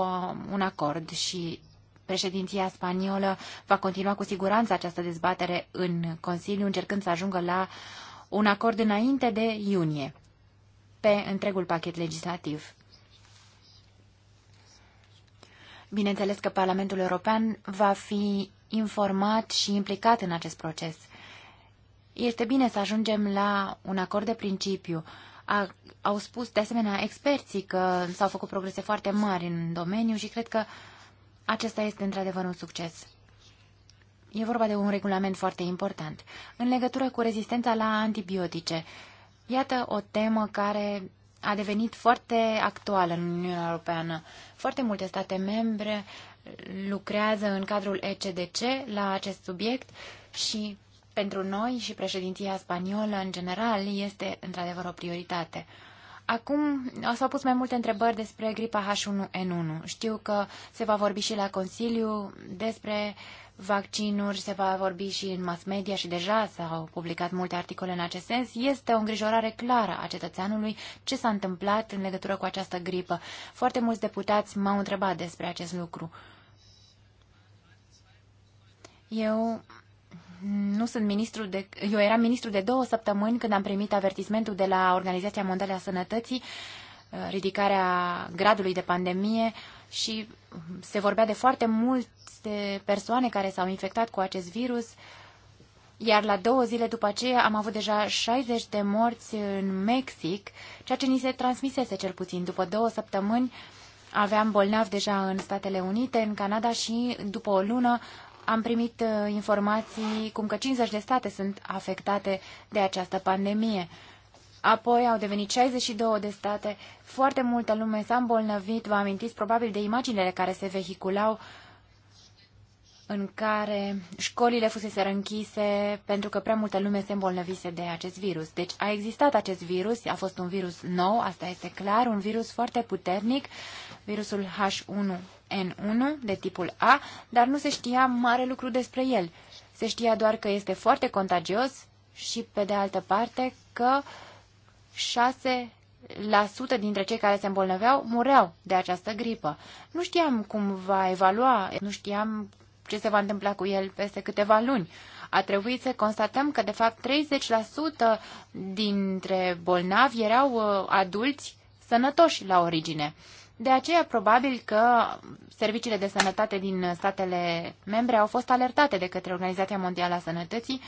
un acord și președinția spaniolă va continua cu siguranță această dezbatere în Consiliu, încercând să ajungă la un acord înainte de iunie pe întregul pachet legislativ. Bineînțeles că Parlamentul European va fi informat și implicat în acest proces. Este bine să ajungem la un acord de principiu. A, au spus de asemenea experții că s-au făcut progrese foarte mari în domeniu și cred că acesta este într-adevăr un succes. E vorba de un regulament foarte important. În legătură cu rezistența la antibiotice, iată o temă care a devenit foarte actuală în Uniunea Europeană. Foarte multe state membre lucrează în cadrul ECDC la acest subiect și pentru noi și președinția spaniolă în general este într-adevăr o prioritate. Acum s-au pus mai multe întrebări despre gripa H1N1. Știu că se va vorbi și la Consiliu despre vaccinuri, se va vorbi și în mass media și deja s-au publicat multe articole în acest sens. Este o îngrijorare clară a cetățeanului ce s-a întâmplat în legătură cu această gripă. Foarte mulți deputați m-au întrebat despre acest lucru. Eu nu sunt ministru de... Eu eram ministru de două săptămâni când am primit avertismentul de la Organizația Mondială a Sănătății, uh, ridicarea gradului de pandemie și se vorbea de foarte multe persoane care s-au infectat cu acest virus, iar la două zile după aceea am avut deja 60 de morți în Mexic, ceea ce ni se transmisese cel puțin. După două săptămâni aveam bolnav deja în Statele Unite, în Canada și după o lună am primit uh, informații cum că 50 de state sunt afectate de această pandemie. Apoi au devenit 62 de state, foarte multă lume s-a îmbolnăvit, vă amintiți probabil de imaginele care se vehiculau în care școlile fusese închise pentru că prea multă lume se îmbolnăvise de acest virus. Deci a existat acest virus, a fost un virus nou, asta este clar, un virus foarte puternic, virusul H1 N1 de tipul A, dar nu se știa mare lucru despre el. Se știa doar că este foarte contagios și, pe de altă parte, că 6 dintre cei care se îmbolnăveau mureau de această gripă. Nu știam cum va evalua, nu știam ce se va întâmpla cu el peste câteva luni. A trebuit să constatăm că, de fapt, 30% dintre bolnavi erau uh, adulți sănătoși la origine. De aceea, probabil că serviciile de sănătate din statele membre au fost alertate de către Organizația Mondială a Sănătății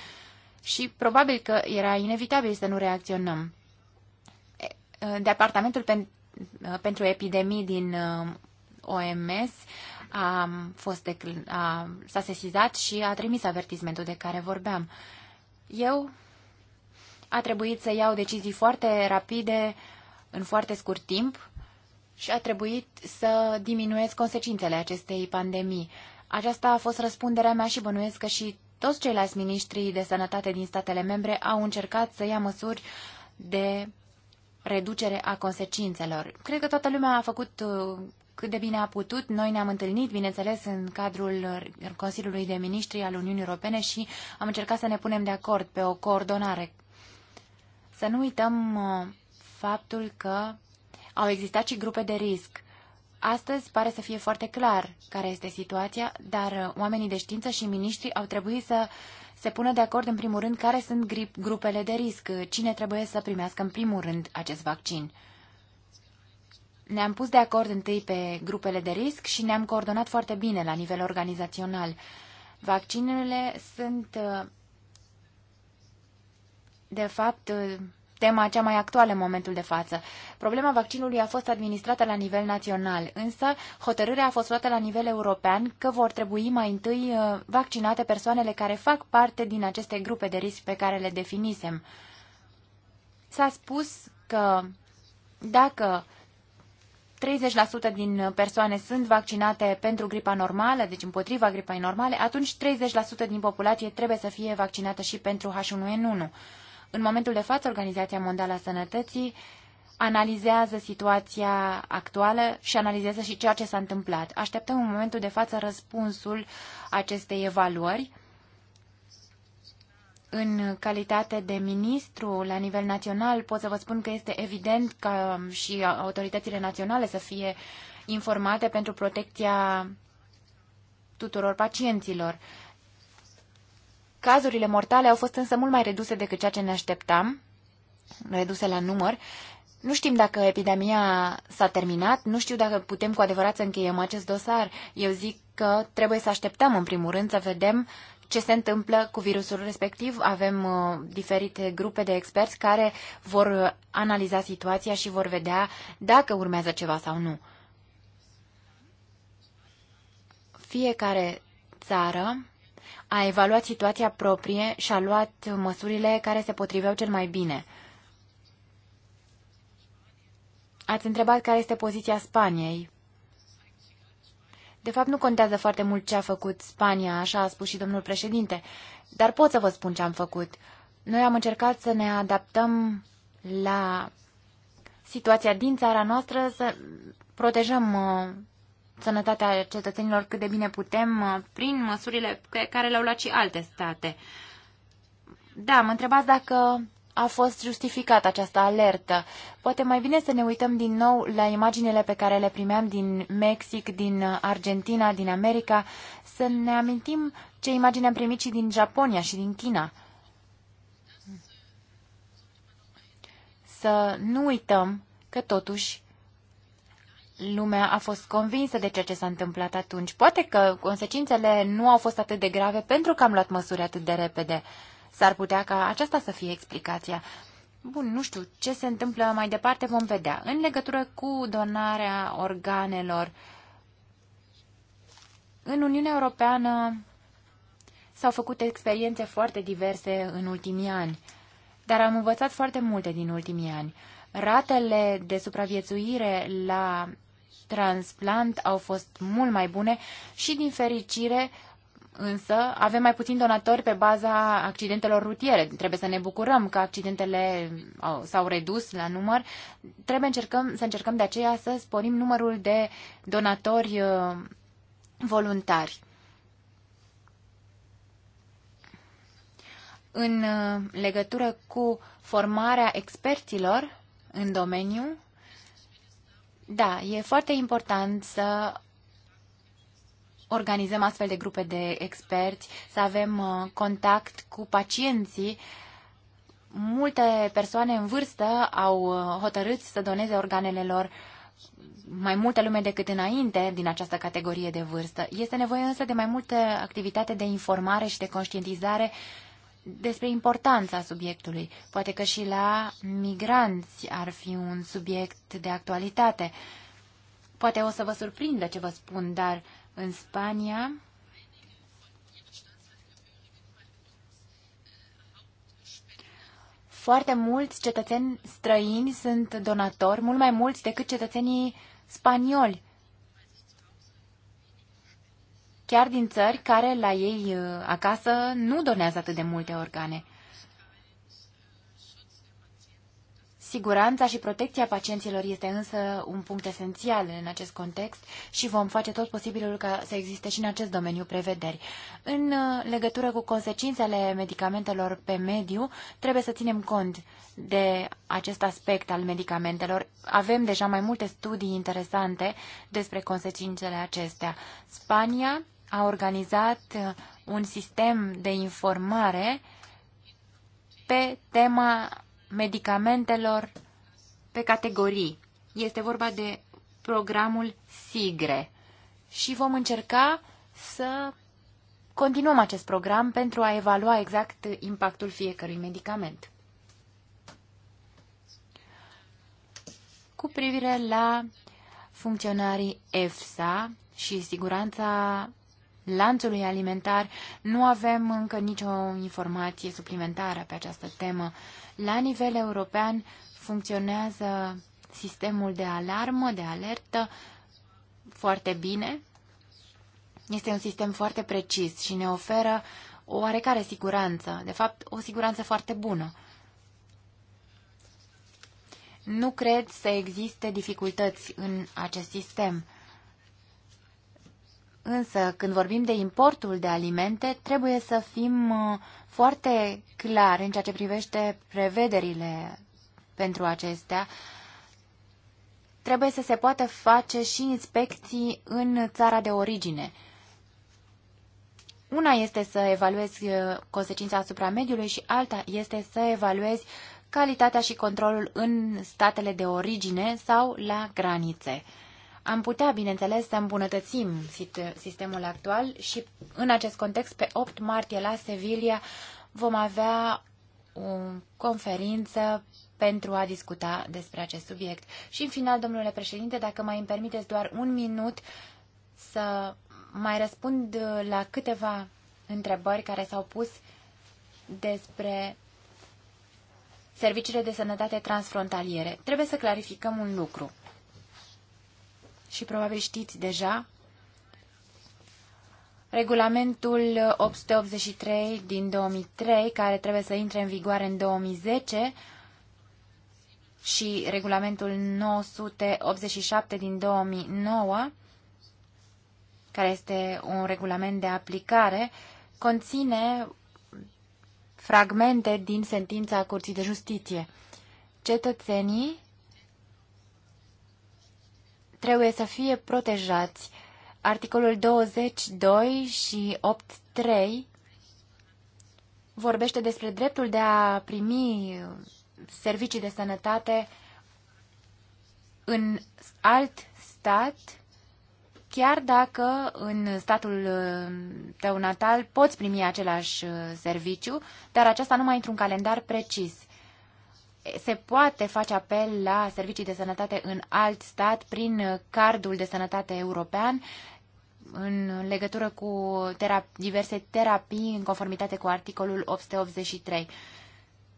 și probabil că era inevitabil să nu reacționăm. Departamentul pen, pentru epidemii din uh, OMS a fost a, s-a sesizat și a trimis avertismentul de care vorbeam. Eu a trebuit să iau decizii foarte rapide, în foarte scurt timp, și a trebuit să diminuez consecințele acestei pandemii. Aceasta a fost răspunderea mea și bănuiesc că și toți ceilalți miniștri de sănătate din statele membre au încercat să ia măsuri de reducere a consecințelor. Cred că toată lumea a făcut uh, cât de bine a putut. Noi ne-am întâlnit, bineînțeles, în cadrul Consiliului de Ministri al Uniunii Europene și am încercat să ne punem de acord pe o coordonare. Să nu uităm uh, faptul că au existat și grupe de risc. Astăzi pare să fie foarte clar care este situația, dar uh, oamenii de știință și miniștrii au trebuit să se pună de acord în primul rând care sunt grupele de risc, uh, cine trebuie să primească în primul rând acest vaccin. Ne-am pus de acord întâi pe grupele de risc și ne-am coordonat foarte bine la nivel organizațional. Vaccinurile sunt, uh, de fapt, tema cea mai actuală în momentul de față. Problema vaccinului a fost administrată la nivel național, însă hotărârea a fost luată la nivel european că vor trebui mai întâi uh, vaccinate persoanele care fac parte din aceste grupe de risc pe care le definisem. S-a spus că dacă 30% din persoane sunt vaccinate pentru gripa normală, deci împotriva gripei normale, atunci 30% din populație trebuie să fie vaccinată și pentru H1N1. În momentul de față, Organizația Mondială a Sănătății analizează situația actuală și analizează și ceea ce s-a întâmplat. Așteptăm în momentul de față răspunsul acestei evaluări. În calitate de ministru la nivel național pot să vă spun că este evident ca și autoritățile naționale să fie informate pentru protecția tuturor pacienților. Cazurile mortale au fost însă mult mai reduse decât ceea ce ne așteptam, reduse la număr. Nu știm dacă epidemia s-a terminat, nu știu dacă putem cu adevărat să încheiem acest dosar. Eu zic că trebuie să așteptăm în primul rând să vedem ce se întâmplă cu virusul respectiv. Avem uh, diferite grupe de experți care vor analiza situația și vor vedea dacă urmează ceva sau nu. Fiecare țară a evaluat situația proprie și a luat măsurile care se potriveau cel mai bine. Ați întrebat care este poziția Spaniei. De fapt, nu contează foarte mult ce a făcut Spania, așa a spus și domnul președinte, dar pot să vă spun ce am făcut. Noi am încercat să ne adaptăm la situația din țara noastră, să protejăm uh, sănătatea cetățenilor cât de bine putem uh, prin măsurile pe care le-au luat și alte state. Da, mă întrebați dacă a fost justificată această alertă. Poate mai bine să ne uităm din nou la imaginile pe care le primeam din Mexic, din Argentina, din America, să ne amintim ce imagine am primit și din Japonia și din China. Să nu uităm că totuși lumea a fost convinsă de ceea ce s-a întâmplat atunci. Poate că consecințele nu au fost atât de grave pentru că am luat măsuri atât de repede. S-ar putea ca aceasta să fie explicația. Bun, nu știu ce se întâmplă mai departe, vom vedea. În legătură cu donarea organelor, în Uniunea Europeană s-au făcut experiențe foarte diverse în ultimii ani, dar am învățat foarte multe din ultimii ani ratele de supraviețuire la transplant au fost mult mai bune și, din fericire, însă avem mai puțini donatori pe baza accidentelor rutiere. Trebuie să ne bucurăm că accidentele s-au redus la număr. Trebuie încercăm, să încercăm de aceea să sporim numărul de donatori uh, voluntari. În uh, legătură cu formarea experților în domeniu, da, e foarte important să organizăm astfel de grupe de experți, să avem uh, contact cu pacienții. Multe persoane în vârstă au uh, hotărât să doneze organele lor mai multă lume decât înainte din această categorie de vârstă. Este nevoie însă de mai multă activitate de informare și de conștientizare despre importanța subiectului. Poate că și la migranți ar fi un subiect de actualitate. Poate o să vă surprindă ce vă spun, dar în Spania foarte mulți cetățeni străini sunt donatori, mult mai mulți decât cetățenii spanioli chiar din țări care la ei uh, acasă nu donează atât de multe organe. Siguranța și protecția pacienților este însă un punct esențial în acest context și vom face tot posibilul ca să existe și în acest domeniu prevederi. În uh, legătură cu consecințele medicamentelor pe mediu, trebuie să ținem cont de acest aspect al medicamentelor. Avem deja mai multe studii interesante despre consecințele acestea. Spania a organizat uh, un sistem de informare pe tema medicamentelor pe categorii. Este vorba de programul SIGRE și vom încerca să continuăm acest program pentru a evalua exact impactul fiecărui medicament. Cu privire la funcționarii EFSA și siguranța lanțului alimentar. Nu avem încă nicio informație suplimentară pe această temă. La nivel european funcționează sistemul de alarmă, de alertă, foarte bine. Este un sistem foarte precis și ne oferă o oarecare siguranță, de fapt o siguranță foarte bună. Nu cred să existe dificultăți în acest sistem. Însă, când vorbim de importul de alimente, trebuie să fim uh, foarte clari în ceea ce privește prevederile pentru acestea. Trebuie să se poată face și inspecții în țara de origine. Una este să evaluezi uh, consecința asupra mediului și alta este să evaluezi calitatea și controlul în statele de origine sau la granițe. Am putea, bineînțeles, să îmbunătățim sistemul actual și în acest context, pe 8 martie la Sevilla, vom avea o conferință pentru a discuta despre acest subiect. Și în final, domnule președinte, dacă mai îmi permiteți doar un minut să mai răspund la câteva întrebări care s-au pus despre serviciile de sănătate transfrontaliere. Trebuie să clarificăm un lucru și probabil știți deja, regulamentul 883 din 2003, care trebuie să intre în vigoare în 2010, și regulamentul 987 din 2009, care este un regulament de aplicare, conține fragmente din sentința Curții de Justiție. Cetățenii trebuie să fie protejați. Articolul 22 și 8.3 vorbește despre dreptul de a primi servicii de sănătate în alt stat, chiar dacă în statul uh, tău natal poți primi același uh, serviciu, dar aceasta numai într-un calendar precis se poate face apel la servicii de sănătate în alt stat prin cardul de sănătate european în legătură cu terap- diverse terapii în conformitate cu articolul 883.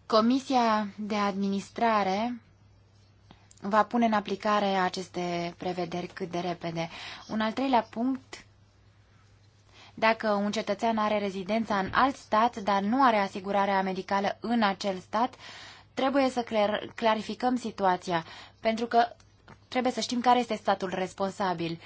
Comisia de administrare va pune în aplicare aceste prevederi cât de repede. Un al treilea punct, dacă un cetățean are rezidența în alt stat, dar nu are asigurarea medicală în acel stat, uh, Trebuie să clar, clarificăm situația, pentru că trebuie să știm care este statul responsabil.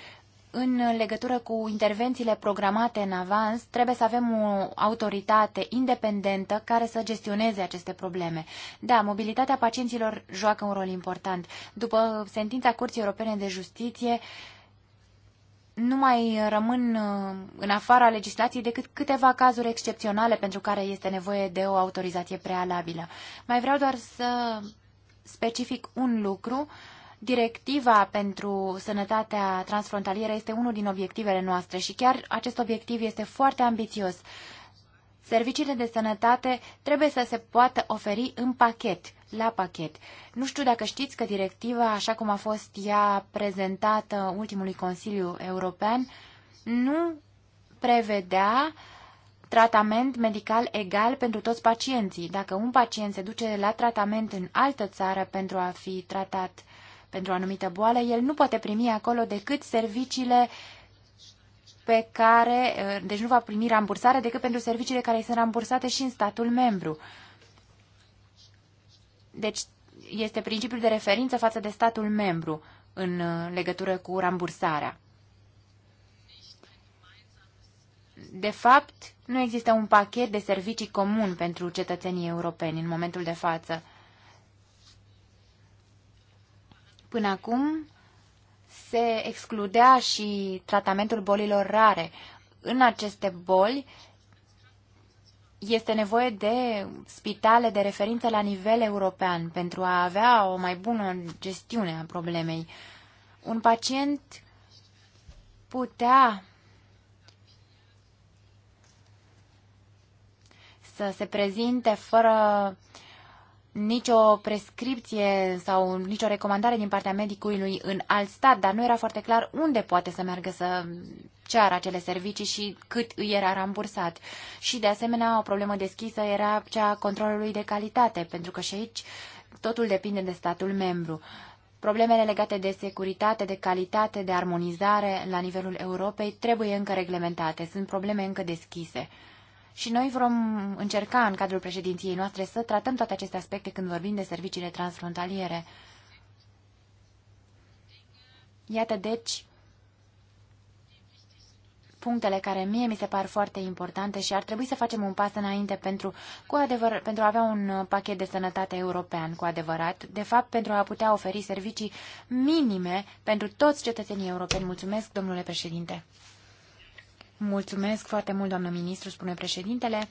În legătură cu intervențiile programate în avans, trebuie să avem o autoritate independentă care să gestioneze aceste probleme. Da, mobilitatea pacienților joacă un rol important. După sentința Curții Europene de Justiție, uh, nu mai rămân uh, în afara legislației decât câteva cazuri excepționale pentru care este nevoie de o autorizație prealabilă. Mai vreau doar să specific un lucru. Directiva pentru sănătatea transfrontalieră este unul din obiectivele noastre și chiar acest obiectiv este foarte ambițios. Serviciile de sănătate trebuie să se poată oferi în pachet la pachet. Nu știu dacă știți că directiva, așa cum a fost ea prezentată ultimului Consiliu European, nu prevedea tratament medical egal pentru toți pacienții. Dacă un pacient se duce la tratament în altă țară pentru a fi tratat pentru o anumită boală, el nu poate primi acolo decât serviciile pe care, deci nu va primi rambursare decât pentru serviciile care sunt rambursate și în statul membru. Deci este principiul de referință față de statul membru în uh, legătură cu rambursarea. De fapt, nu există un pachet de servicii comun pentru cetățenii europeni în momentul de față. Până acum se excludea și tratamentul bolilor rare. În aceste boli este nevoie de spitale de referință la nivel european pentru a avea o mai bună gestiune a problemei. Un pacient putea să se prezinte fără nicio prescripție sau nicio recomandare din partea medicului în alt stat, dar nu era foarte clar unde poate să meargă să ceară acele servicii și cât îi era rambursat. Și de asemenea, o problemă deschisă era cea controlului de calitate, pentru că și aici totul depinde de statul membru. Problemele legate de securitate, de calitate, de armonizare la nivelul Europei trebuie încă reglementate, sunt probleme încă deschise și noi vom încerca în cadrul președinției noastre să tratăm toate aceste aspecte când vorbim de serviciile transfrontaliere. Iată, deci, punctele care mie mi se par foarte importante și ar trebui să facem un pas înainte pentru, cu adevăr, pentru a avea un uh, pachet de sănătate european cu adevărat, de fapt pentru a putea oferi servicii minime pentru toți cetățenii europeni. Mulțumesc, domnule președinte! Mulțumesc foarte mult, doamnă ministru, spune președintele.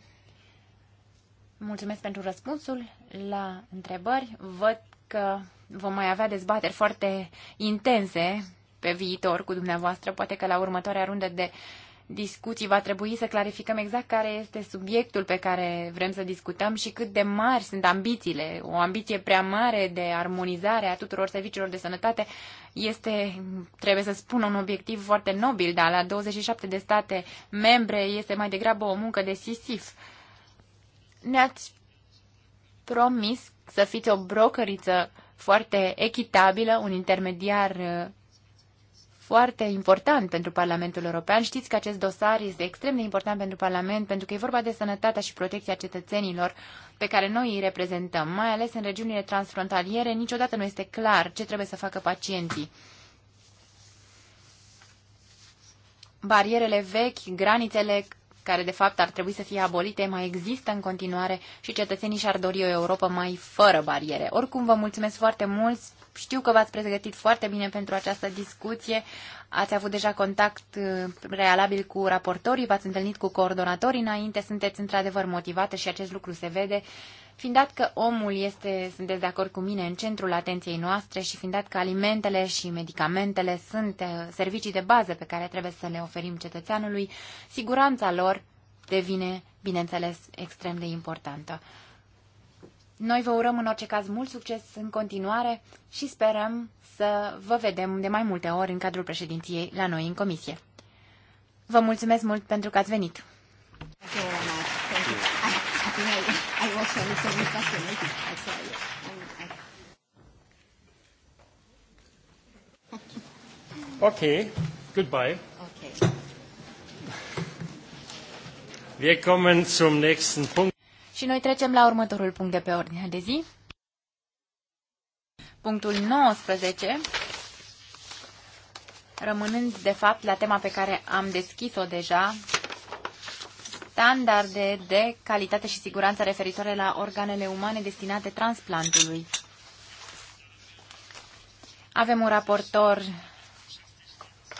Mulțumesc pentru răspunsul la întrebări. Văd că vom mai avea dezbateri foarte intense pe viitor cu dumneavoastră, poate că la următoarea rundă de uh, discuții va trebui să clarificăm exact care este subiectul pe care vrem să discutăm și cât de mari sunt ambițiile. O ambiție prea mare de armonizare a tuturor serviciilor de sănătate este, trebuie să spun, un obiectiv foarte nobil, dar la 27 de state membre este mai degrabă o muncă de sisif. Ne-ați promis să fiți o brokeriță foarte echitabilă, un intermediar foarte important pentru Parlamentul European. Știți că acest dosar este extrem de important pentru Parlament, pentru că e vorba de sănătatea și protecția cetățenilor pe care noi îi reprezentăm, mai ales în regiunile transfrontaliere, niciodată nu este clar ce trebuie să facă pacienții. Barierele vechi, granițele care de fapt ar trebui să fie abolite, mai există în continuare și cetățenii și-ar dori o Europa mai fără bariere. Oricum, vă mulțumesc foarte mult. Știu că v-ați pregătit foarte bine pentru această discuție. Ați avut deja contact uh, realabil cu raportorii, v-ați întâlnit cu coordonatorii înainte, sunteți într-adevăr motivate și acest lucru se vede. Fiind dat că omul este, sunteți de acord cu mine, în centrul atenției noastre și fiind dat că alimentele și medicamentele sunt uh, servicii de bază pe care trebuie să le oferim cetățeanului, siguranța lor devine, bineînțeles, extrem de importantă. Noi vă urăm în orice caz mult succes în continuare și sperăm să vă vedem de mai multe ori în cadrul președinției la noi în comisie. Vă mulțumesc mult pentru că ați venit! Thank you very much. Thank you. relazioni con l'inflazione di Okay, goodbye. Okay. Wir kommen zum nächsten Punkt. Și noi trecem la următorul punct de pe ordinea de zi. Punctul 19, rămânând de fapt la tema pe care am deschis-o deja standarde de calitate și siguranță referitoare la organele umane destinate transplantului. Avem un raportor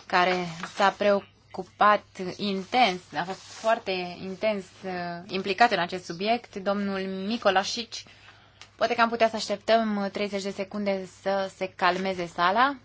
care s-a preocupat intens, a fost foarte intens uh, implicat în acest subiect, domnul Micolașic. Poate că am putea să așteptăm 30 uh, de secunde să se calmeze sala.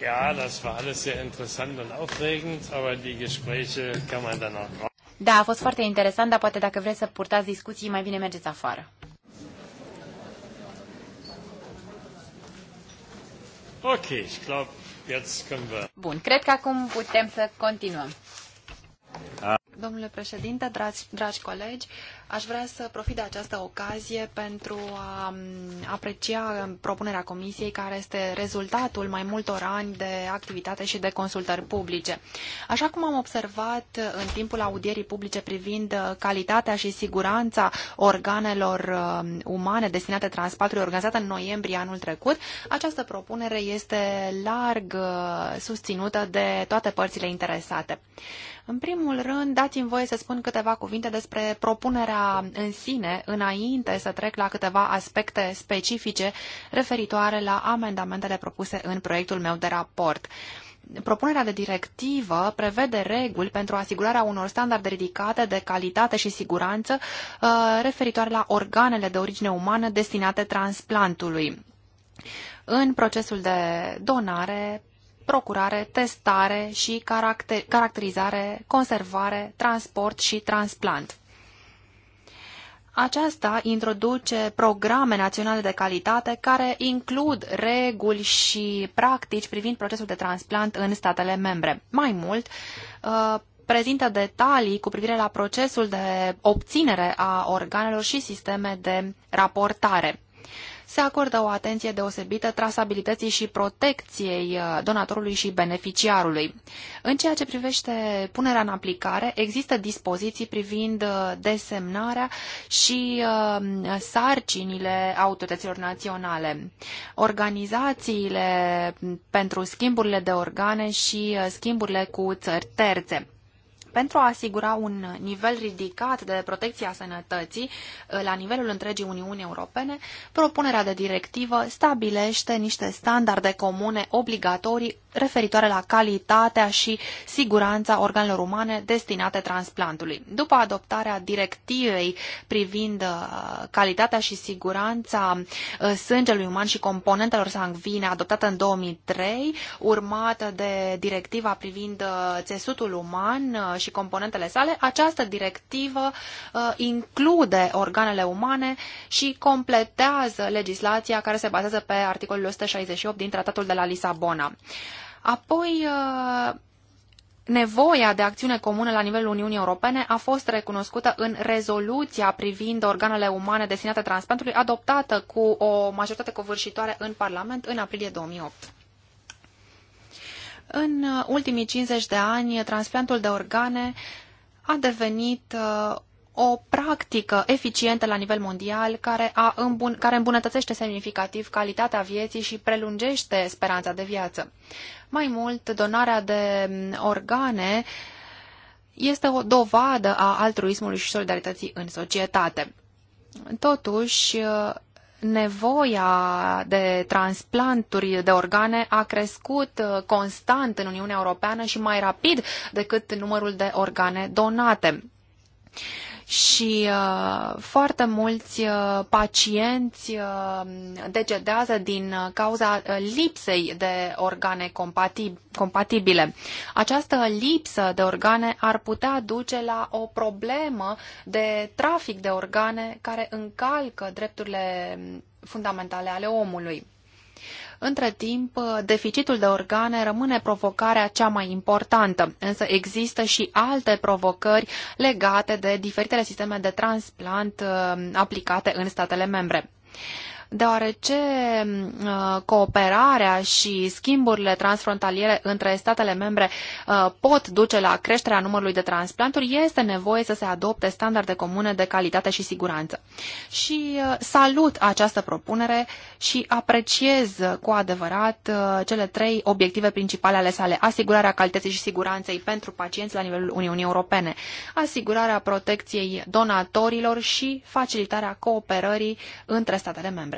Ja, das war alles sehr interessant und aufregend, aber die Gespräche kann man dann auch Da, a fost foarte interesant, dar poate dacă vreți să purtați discuții, mai bine mergeți afară. Ok, ich glaub, jetzt können wir. Bun, cred că acum putem să continuăm. Uh, Domnule președinte, dragi, dragi colegi, aș vrea să profit de această ocazie pentru a aprecia propunerea comisiei, care este rezultatul mai multor ani de activitate și de consultări publice. Așa cum am observat în timpul audierii publice privind calitatea și siguranța organelor umane destinate transportului organizată în noiembrie anul trecut, această propunere este larg susținută de toate părțile interesate. În primul rând, dați-mi voie să spun câteva cuvinte despre propunerea în sine, înainte să trec la câteva aspecte specifice referitoare la amendamentele propuse în proiectul meu de raport. Propunerea de directivă prevede reguli pentru asigurarea unor standarde ridicate de calitate și siguranță uh, referitoare la organele de origine umană destinate transplantului în procesul de donare procurare, testare și caracter, caracterizare, conservare, transport și transplant. Aceasta introduce programe naționale de calitate care includ reguli și practici privind procesul de transplant în statele membre. Mai mult, uh, prezintă detalii cu privire la procesul de obținere a organelor și sisteme de raportare se acordă o atenție deosebită trasabilității și protecției uh, donatorului și beneficiarului. În ceea ce privește punerea în aplicare, există dispoziții privind uh, desemnarea și uh, sarcinile autorităților naționale. Organizațiile pentru schimburile de organe și schimburile cu țări terțe pentru a asigura un nivel ridicat de protecție a sănătății uh, la nivelul întregii Uniuni Europene, propunerea de directivă stabilește niște standarde comune obligatorii referitoare la calitatea și siguranța organelor umane destinate transplantului. După adoptarea directivei privind uh, calitatea și siguranța uh, sângelui uman și componentelor sanguine adoptată în 2003, urmată de directiva privind uh, țesutul uman și componentele sale, această directivă include organele umane și completează legislația care se bazează pe articolul 168 din Tratatul de la Lisabona. Apoi, uh, nevoia de acțiune comună la nivelul Uniunii Europene a fost recunoscută în rezoluția privind organele umane destinate transplantului, adoptată cu o majoritate covârșitoare în Parlament în aprilie 2008. În uh, ultimii 50 de ani, transplantul de organe a devenit uh, o practică eficientă la nivel mondial care, a îmbun care îmbunătățește semnificativ calitatea vieții și prelungește speranța de viață. Mai mult, donarea de organe este o dovadă a altruismului și solidarității în societate. Totuși, nevoia de transplanturi de organe a crescut constant în Uniunea Europeană și mai rapid decât numărul de organe donate și uh, foarte mulți uh, pacienți uh, decedează din uh, cauza uh, lipsei de organe compatibile. Această lipsă de organe ar putea duce la o problemă de trafic de organe care încalcă drepturile mm, fundamentale ale omului. Între timp, deficitul de organe rămâne provocarea cea mai importantă, însă există și alte provocări legate de diferitele sisteme de transplant uh, aplicate în statele membre deoarece uh, cooperarea și schimburile transfrontaliere între statele membre uh, pot duce la creșterea numărului de transplanturi, este nevoie să se adopte standarde comune de calitate și siguranță. Și uh, salut această propunere și apreciez cu adevărat cele trei obiective principale ale sale. Asigurarea calității și siguranței pentru pacienți la nivelul Uniunii Europene, asigurarea protecției donatorilor și facilitarea cooperării între statele membre.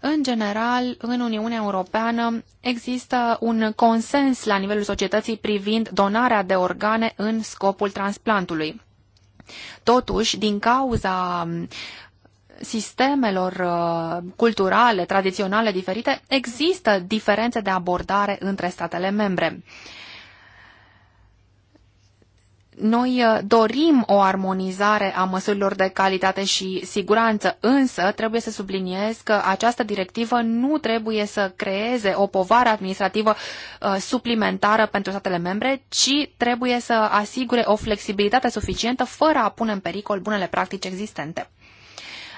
În general, în Uniunea Europeană există un consens la nivelul societății privind donarea de organe în scopul transplantului. Totuși, din cauza sistemelor uh, culturale, tradiționale diferite, există diferențe de abordare între statele membre. Noi uh, dorim o armonizare a măsurilor de calitate și siguranță, însă trebuie să subliniez că această directivă nu trebuie să creeze o povară administrativă uh, suplimentară pentru statele membre, ci trebuie să asigure o flexibilitate suficientă fără a pune în pericol bunele practici existente.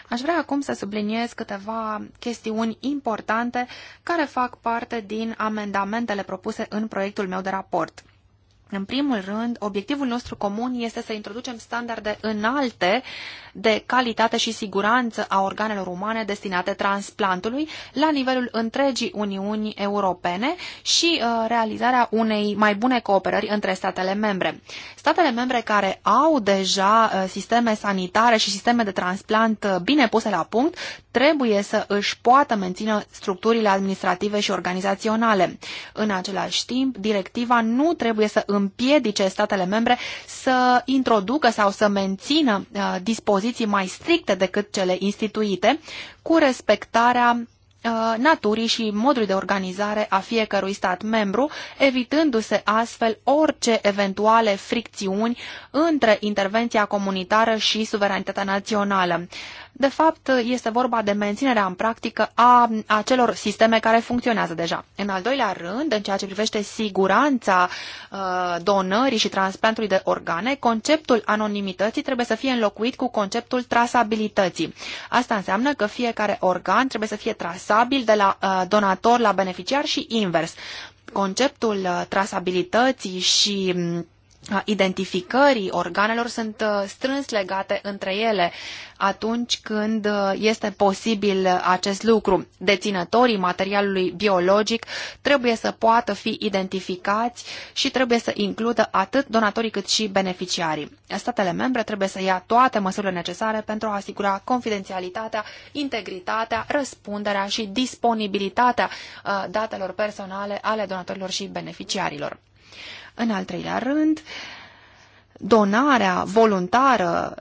Aș vrea acum să subliniez câteva chestiuni importante care fac parte din amendamentele propuse în proiectul meu de raport. În primul rând, obiectivul nostru comun este să introducem standarde înalte de calitate și siguranță a organelor umane destinate transplantului la nivelul întregii Uniuni Europene și uh, realizarea unei mai bune cooperări între statele membre. Statele membre care au deja uh, sisteme sanitare și sisteme de transplant uh, bine puse la punct trebuie să își poată menține structurile administrative și organizaționale. În același timp, directiva nu trebuie să împiedice statele membre să introducă sau să mențină uh, dispoziții mai stricte decât cele instituite cu respectarea uh, naturii și modului de organizare a fiecărui stat membru, evitându-se astfel orice eventuale fricțiuni între intervenția comunitară și suveranitatea națională. De fapt, este vorba de menținerea în practică a acelor sisteme care funcționează deja. În al doilea rând, în ceea ce privește siguranța uh, donării și transplantului de organe, conceptul anonimității trebuie să fie înlocuit cu conceptul trasabilității. Asta înseamnă că fiecare organ trebuie să fie trasabil de la uh, donator la beneficiar și invers. Conceptul uh, trasabilității și uh, identificării organelor sunt uh, strâns legate între ele atunci când uh, este posibil acest lucru. Deținătorii materialului biologic trebuie să poată fi identificați și trebuie să includă atât donatorii cât și beneficiarii. Statele membre trebuie să ia toate măsurile necesare pentru a asigura confidențialitatea, integritatea, răspunderea și disponibilitatea uh, datelor personale ale donatorilor și beneficiarilor. În al treilea rând, donarea voluntară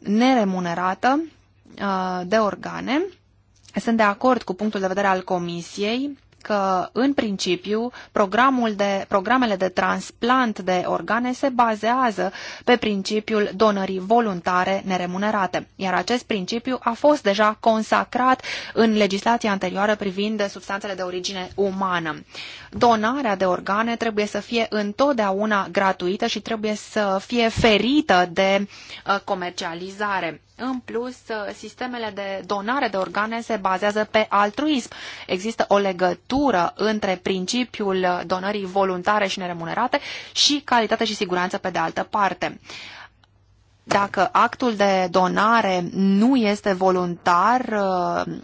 neremunerată uh, de organe. Sunt de acord cu punctul de vedere al Comisiei că, în principiu, programul de, programele de transplant de organe se bazează pe principiul donării voluntare neremunerate, iar acest principiu a fost deja consacrat în legislația anterioară privind substanțele de origine umană. Donarea de organe trebuie să fie întotdeauna gratuită și trebuie să fie ferită de uh, comercializare. În plus, sistemele de donare de organe se bazează pe altruism. Există o legătură între principiul donării voluntare și neremunerate și calitate și siguranță pe de altă parte. Dacă actul de donare nu este voluntar,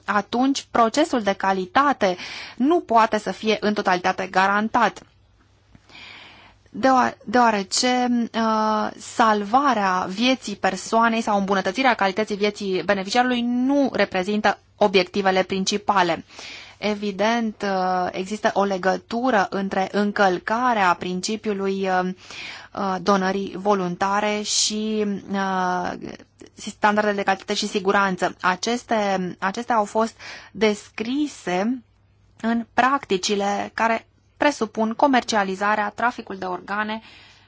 atunci procesul de calitate nu poate să fie în totalitate garantat deoarece uh, salvarea vieții persoanei sau îmbunătățirea calității vieții beneficiarului nu reprezintă obiectivele principale. Evident, uh, există o legătură între încălcarea principiului uh, donării voluntare și standardele de calitate și siguranță. Aceste, acestea au fost descrise în practicile care presupun comercializarea, traficul de organe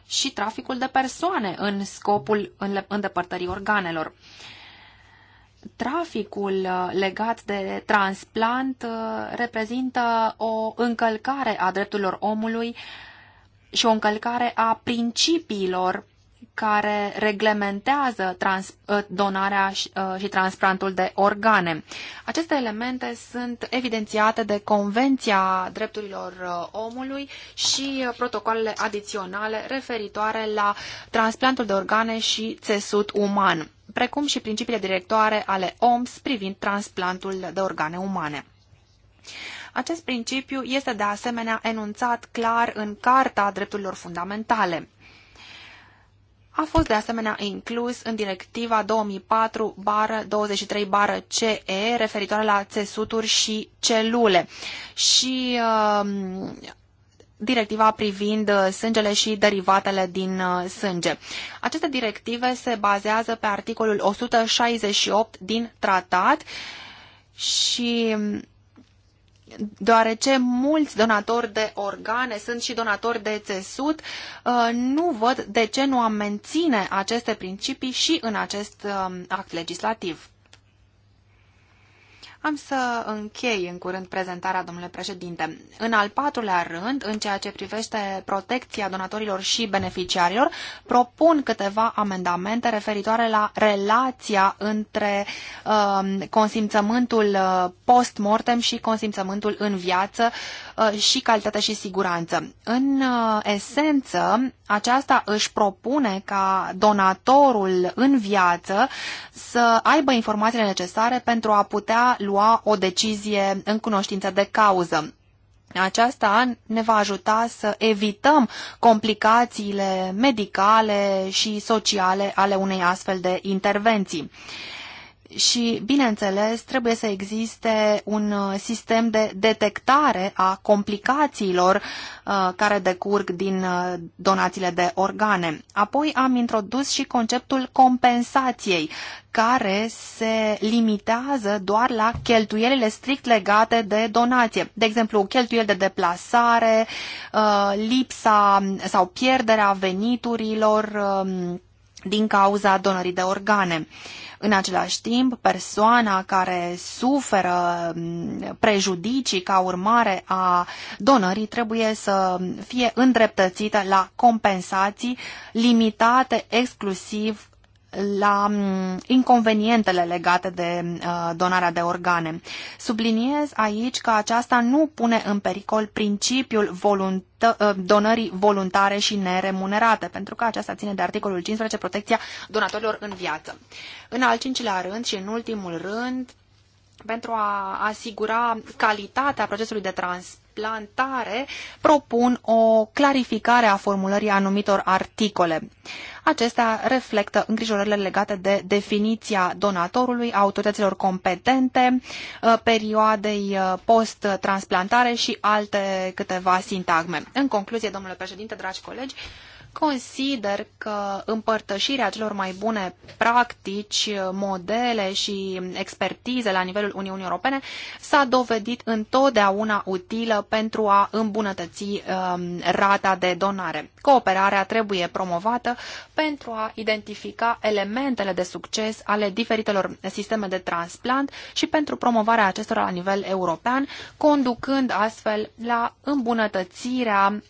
și traficul de persoane în scopul îndepărtării organelor. Traficul uh, legat de transplant uh, reprezintă o încălcare a drepturilor omului și o încălcare a principiilor care reglementează trans, uh, donarea și, uh, și transplantul de organe. Aceste elemente sunt evidențiate de Convenția Drepturilor uh, Omului și protocoalele adiționale referitoare la transplantul de organe și țesut uman, precum și principiile directoare ale OMS privind transplantul de organe umane. Acest principiu este de asemenea enunțat clar în Carta Drepturilor Fundamentale a fost de asemenea inclus în directiva 2004-23-CE referitoare la țesuturi și celule și uh, directiva privind uh, sângele și derivatele din uh, sânge. Aceste directive se bazează pe articolul 168 din tratat și um, deoarece mulți donatori de organe sunt și donatori de țesut, uh, nu văd de ce nu am menține aceste principii și în acest um, act legislativ. Am să închei în curând prezentarea, domnule președinte. În al patrulea rând, în ceea ce privește protecția donatorilor și beneficiarilor, propun câteva amendamente referitoare la relația între um, uh, consimțământul post-mortem și consimțământul în viață uh, Uh, și calitate și siguranță. În uh, esență, aceasta își propune ca donatorul în viață să aibă informațiile necesare pentru a putea lua o decizie în cunoștință de cauză. Aceasta ne va ajuta să evităm complicațiile medicale și sociale ale unei astfel de intervenții și, bineînțeles, trebuie să existe un uh, sistem de detectare a complicațiilor uh, care decurg din uh, donațiile de organe. Apoi am introdus și conceptul compensației, care se limitează doar la cheltuielile strict legate de donație. De exemplu, cheltuieli de deplasare, lipsa sau pierderea veniturilor, um, din cauza donării de organe. În același timp, persoana care suferă prejudicii ca urmare a donării trebuie să fie îndreptățită la compensații limitate exclusiv la mm, inconvenientele legate de uh, donarea de organe. Subliniez aici că aceasta nu pune în pericol principiul voluntă, uh, donării voluntare și neremunerate, pentru că aceasta ține de articolul 15, protecția donatorilor în viață. În al cincilea rând și în ultimul rând, pentru a asigura calitatea procesului de transplantare, propun o clarificare a formulării anumitor articole. Acestea reflectă îngrijorările legate de definiția donatorului, a autorităților competente, uh, perioadei uh, post-transplantare și alte câteva sintagme. În concluzie, domnule președinte, dragi colegi, Consider că împărtășirea celor mai bune practici, modele și expertize la nivelul Uniunii Europene s-a dovedit întotdeauna utilă pentru a îmbunătăți um, rata de donare. Cooperarea trebuie promovată pentru a identifica elementele de succes ale diferitelor sisteme de transplant și pentru promovarea acestora la nivel european, conducând astfel la îmbunătățirea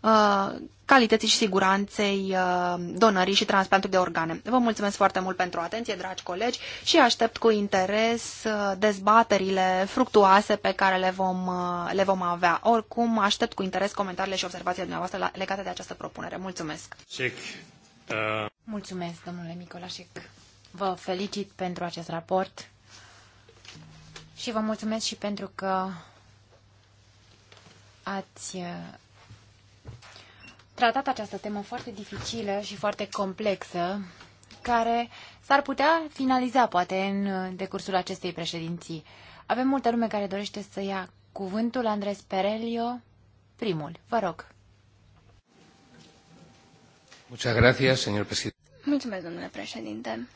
uh, calității și siguranței uh, donării și transplantului de organe. Vă mulțumesc foarte mult pentru atenție, dragi colegi, și aștept cu interes uh, dezbaterile fructuoase pe care le vom, uh, le vom avea. Oricum, aștept cu interes comentariile și observațiile dumneavoastră legate de această propunere. Mulțumesc! Check. Uh... Mulțumesc, domnule Nicolașic. Vă felicit pentru acest raport și vă mulțumesc și pentru că ați tratat această temă foarte dificilă și foarte complexă, care s-ar putea finaliza, poate, în uh, decursul acestei președinții. Avem multă lume care dorește să ia cuvântul. Andres Perelio, primul. Vă rog. Mulțumesc, domnule președinte.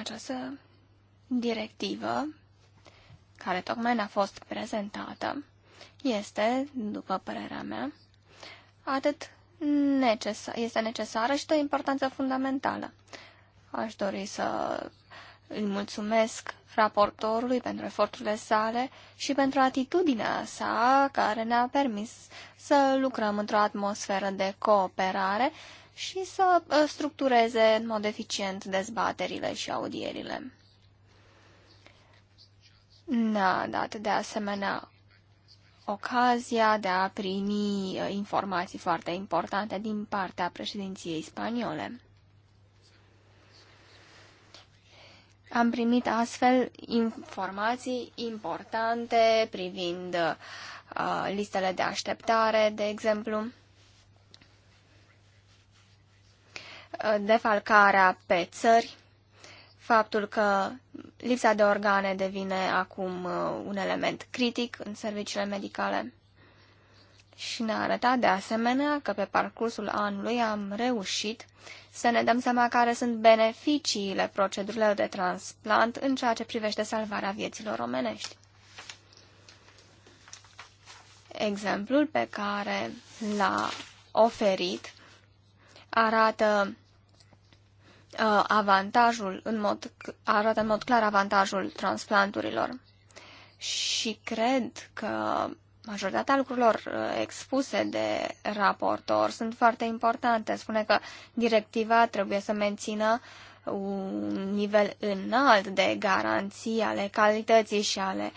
Această directivă care tocmai ne-a fost prezentată este, după părerea mea, atât necesar, este necesară și de importanță fundamentală. Aș dori să îi mulțumesc raportorului pentru eforturile sale și pentru atitudinea sa care ne-a permis să lucrăm într-o atmosferă de cooperare și să uh, structureze în mod eficient dezbaterile și audierile n-a dat de asemenea ocazia de a primi uh, informații foarte importante din partea președinției spaniole. Am primit astfel informații importante privind uh, listele de așteptare, de exemplu, uh, defalcarea pe țări faptul că lipsa de organe devine acum uh, un element critic în serviciile medicale. Și ne-a arătat de asemenea că pe parcursul anului am reușit să ne dăm seama care sunt beneficiile procedurilor de transplant în ceea ce privește salvarea vieților omenești. Exemplul pe care l-a oferit arată Uh, avantajul, în mod, arată în mod clar avantajul transplanturilor. Și cred că majoritatea lucrurilor uh, expuse de raportor sunt foarte importante. Spune că directiva trebuie să mențină uh, un nivel înalt de garanții ale calității și ale uh,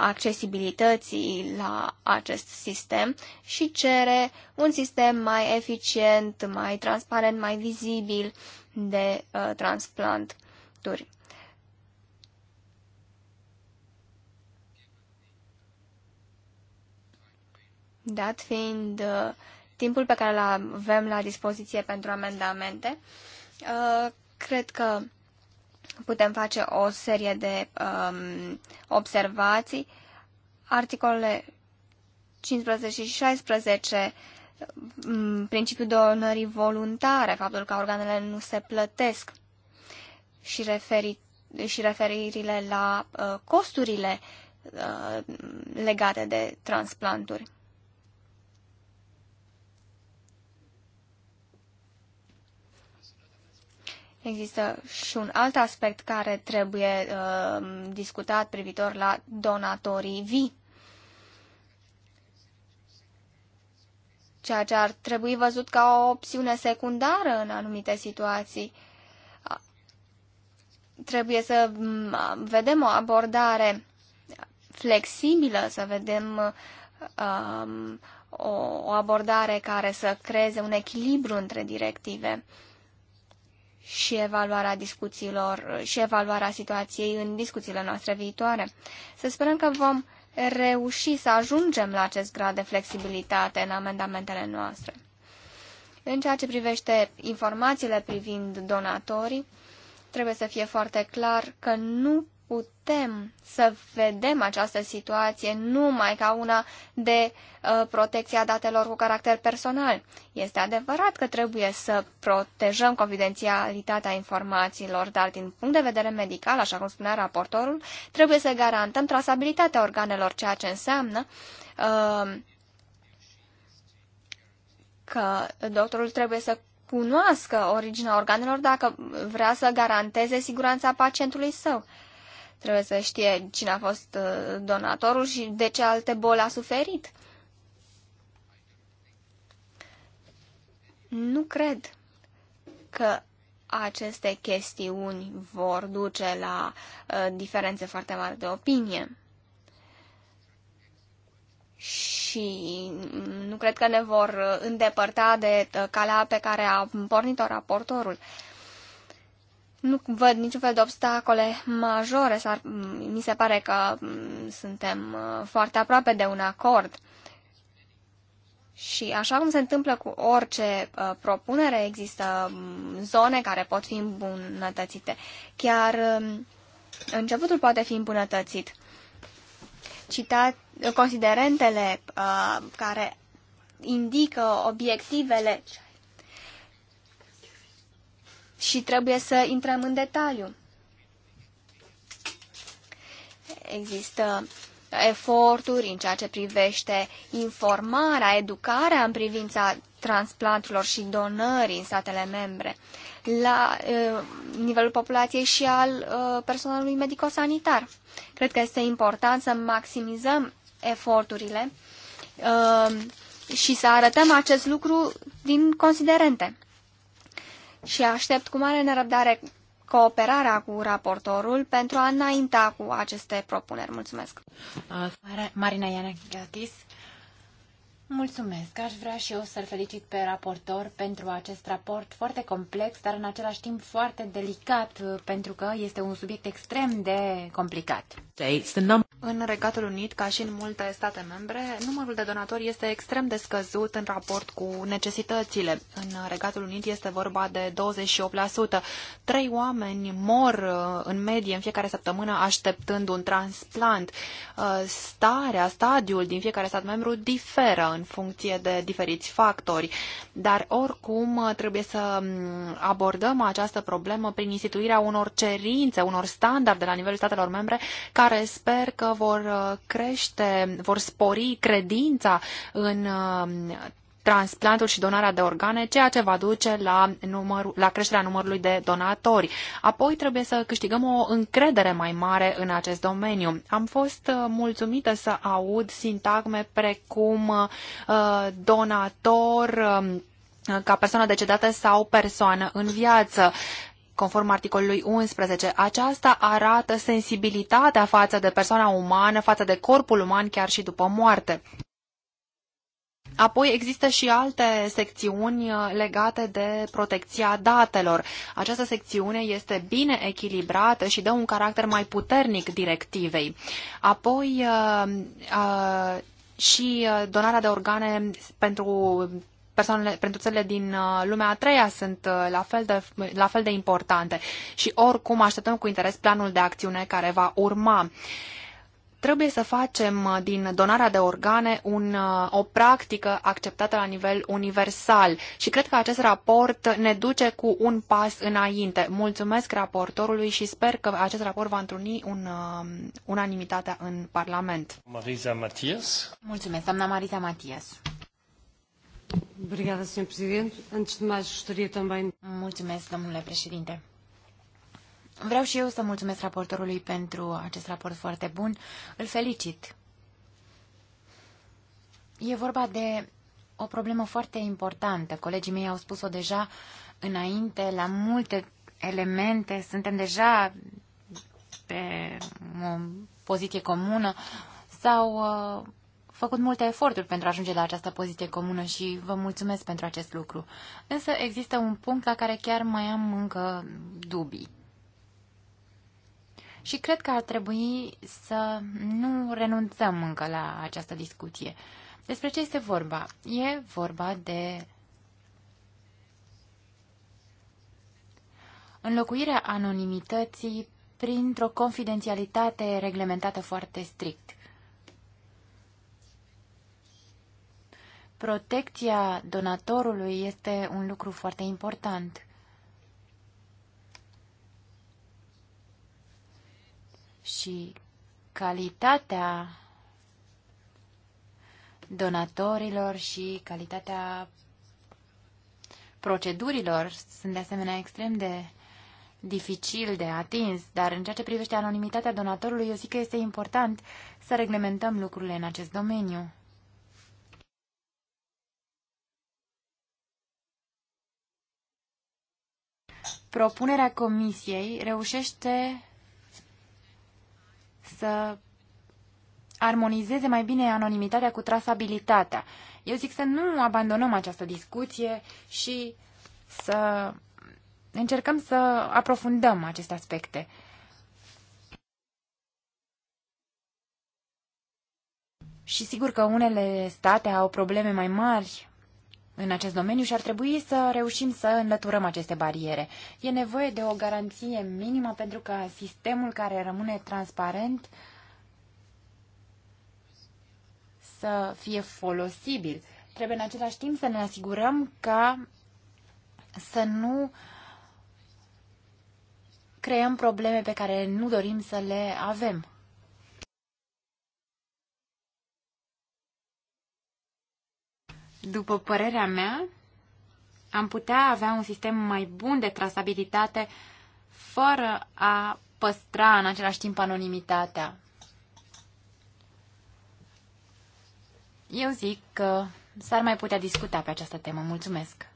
accesibilității la acest sistem și cere un sistem mai eficient, mai transparent, mai vizibil de uh, transplanturi. Dat fiind uh, timpul pe care îl avem la dispoziție pentru amendamente, uh, Cred că putem face o serie de um, observații. Articolele 15 și 16, um, principiul donării voluntare, faptul că organele nu se plătesc și, referi, și referirile la uh, costurile uh, legate de transplanturi. Există și un alt aspect care trebuie uh, discutat privitor la donatorii vii. Ceea ce ar trebui văzut ca o opțiune secundară în anumite situații. Trebuie să mm, vedem o abordare flexibilă, să vedem um, o, abordare care să creeze un echilibru între directive și evaluarea discuțiilor și evaluarea situației în discuțiile noastre viitoare. Să sperăm că vom reuși să ajungem la acest grad de flexibilitate în amendamentele noastre. În ceea ce privește informațiile privind donatorii, trebuie să fie foarte clar că nu putem să vedem această situație numai ca una de uh, protecția datelor cu caracter personal. Este adevărat că trebuie să protejăm confidențialitatea informațiilor, dar din punct de vedere medical, așa cum spunea raportorul, trebuie să garantăm trasabilitatea organelor, ceea ce înseamnă uh, că doctorul trebuie să cunoască originea organelor dacă vrea să garanteze siguranța pacientului său. Uh, Trebuie să știe cine a fost uh, donatorul și de ce alte boli a suferit. Nu cred că aceste chestiuni vor duce la uh, diferențe foarte mari de opinie. Și nu cred că ne vor uh, îndepărta de uh, calea pe care a pornit-o raportorul. Uh, nu văd niciun fel de obstacole majore, s mi se pare că mm, suntem uh, foarte aproape de un acord. Și așa cum se întâmplă cu orice uh, propunere, există um, zone care pot fi îmbunătățite. Chiar um, începutul poate fi îmbunătățit. Citat, considerentele uh, care indică obiectivele și și trebuie să intrăm în detaliu. Există eforturi în ceea ce privește informarea, educarea în privința transplanturilor și donării în statele membre, la uh, nivelul populației și al uh, personalului medicosanitar. Cred că este important să maximizăm eforturile uh, și să arătăm acest lucru din considerente și aștept cu mare nerăbdare cooperarea cu raportorul pentru a înainta cu aceste propuneri. Mulțumesc! Marina Ianachis, mulțumesc! Aș vrea și eu să-l felicit pe raportor pentru acest raport foarte complex, dar în același timp foarte delicat, pentru că este un subiect extrem de complicat. În Regatul Unit, ca și în multe state membre, numărul de donatori este extrem de scăzut în raport cu necesitățile. În Regatul Unit este vorba de 28%. Trei oameni mor uh, în medie în fiecare săptămână așteptând un transplant. Uh, starea, stadiul din fiecare stat membru diferă în funcție de diferiți factori, dar oricum uh, trebuie să mm, abordăm această problemă prin instituirea unor cerințe, unor standarde la nivelul statelor membre care sper că vor uh, crește, vor spori credința în uh, transplantul și donarea de organe, ceea ce va duce la, număr, la creșterea numărului de donatori. Apoi trebuie să câștigăm o încredere mai mare în acest domeniu. Am fost uh, mulțumită să aud sintagme precum uh, donator, uh, ca persoană decedată sau persoană în viață conform articolului 11. Aceasta arată sensibilitatea față de persoana umană, față de corpul uman, chiar și după moarte. Apoi există și alte secțiuni uh, legate de protecția datelor. Această secțiune este bine echilibrată și dă un caracter mai puternic directivei. Apoi uh, uh, și donarea de organe pentru persoanele, pentru țările din uh, lumea a treia sunt uh, la fel, de, la fel de importante și oricum așteptăm cu interes planul de acțiune care va urma. Trebuie să facem uh, din donarea de organe un, o practică acceptată la nivel universal și cred că acest raport ne duce cu un pas înainte. Mulțumesc raportorului și sper că acest raport va întruni un, unanimitatea în Parlament. Marisa Matias. Mulțumesc, doamna Marisa Matias. Obrigada, Sr. Presidente. Antes de mais, gostaria também... Mulțumesc, domnule președinte. Vreau și eu să mulțumesc raportorului pentru acest raport foarte bun. Îl felicit. E vorba de o problemă foarte importantă. Colegii mei au spus-o deja înainte, la multe elemente. Suntem deja pe o poziție comună. sau... uh, făcut multe eforturi pentru a ajunge la această poziție comună și vă mulțumesc pentru acest lucru. Însă există un punct la care chiar mai am încă dubii. Și cred că ar trebui să nu renunțăm încă la această discuție. Despre ce este vorba? E vorba de înlocuirea anonimității printr-o confidențialitate reglementată foarte strict. Protecția donatorului este un lucru foarte important. Și calitatea donatorilor și calitatea procedurilor sunt de asemenea extrem de dificil de atins, dar în ceea ce privește anonimitatea donatorului, eu zic că este important să reglementăm lucrurile în acest domeniu. propunerea comisiei reușește să armonizeze mai bine anonimitatea cu trasabilitatea. Eu zic să nu abandonăm această discuție și să încercăm să aprofundăm aceste aspecte. Și sigur că unele state au probleme mai mari în acest domeniu și ar trebui să reușim să înlăturăm aceste bariere. E nevoie de o garanție minimă pentru că sistemul care rămâne transparent să fie folosibil. Trebuie în același timp să ne asigurăm ca să nu creăm probleme pe care nu dorim să le avem. După părerea mea, am putea avea un sistem mai bun de trasabilitate fără a păstra în același timp anonimitatea. Eu zic că s-ar mai putea discuta pe această temă. Mulțumesc.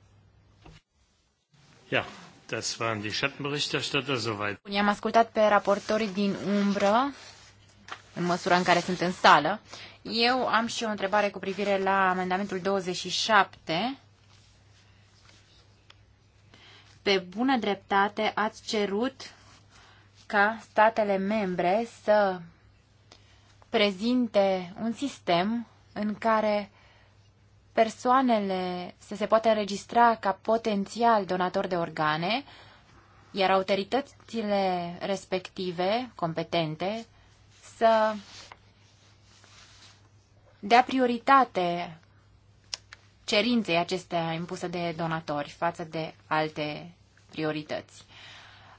Ja, das waren die Schattenberichterstatter soweit. I-am ascultat pe raportorii din umbră, în măsura în care sunt în sală, eu am și o întrebare cu privire la amendamentul 27. Pe bună dreptate ați cerut ca statele membre să prezinte un sistem în care persoanele să se poată înregistra ca potențial donator de organe, iar autoritățile respective, competente, să dea prioritate cerinței acestea impuse de donatori față de alte priorități.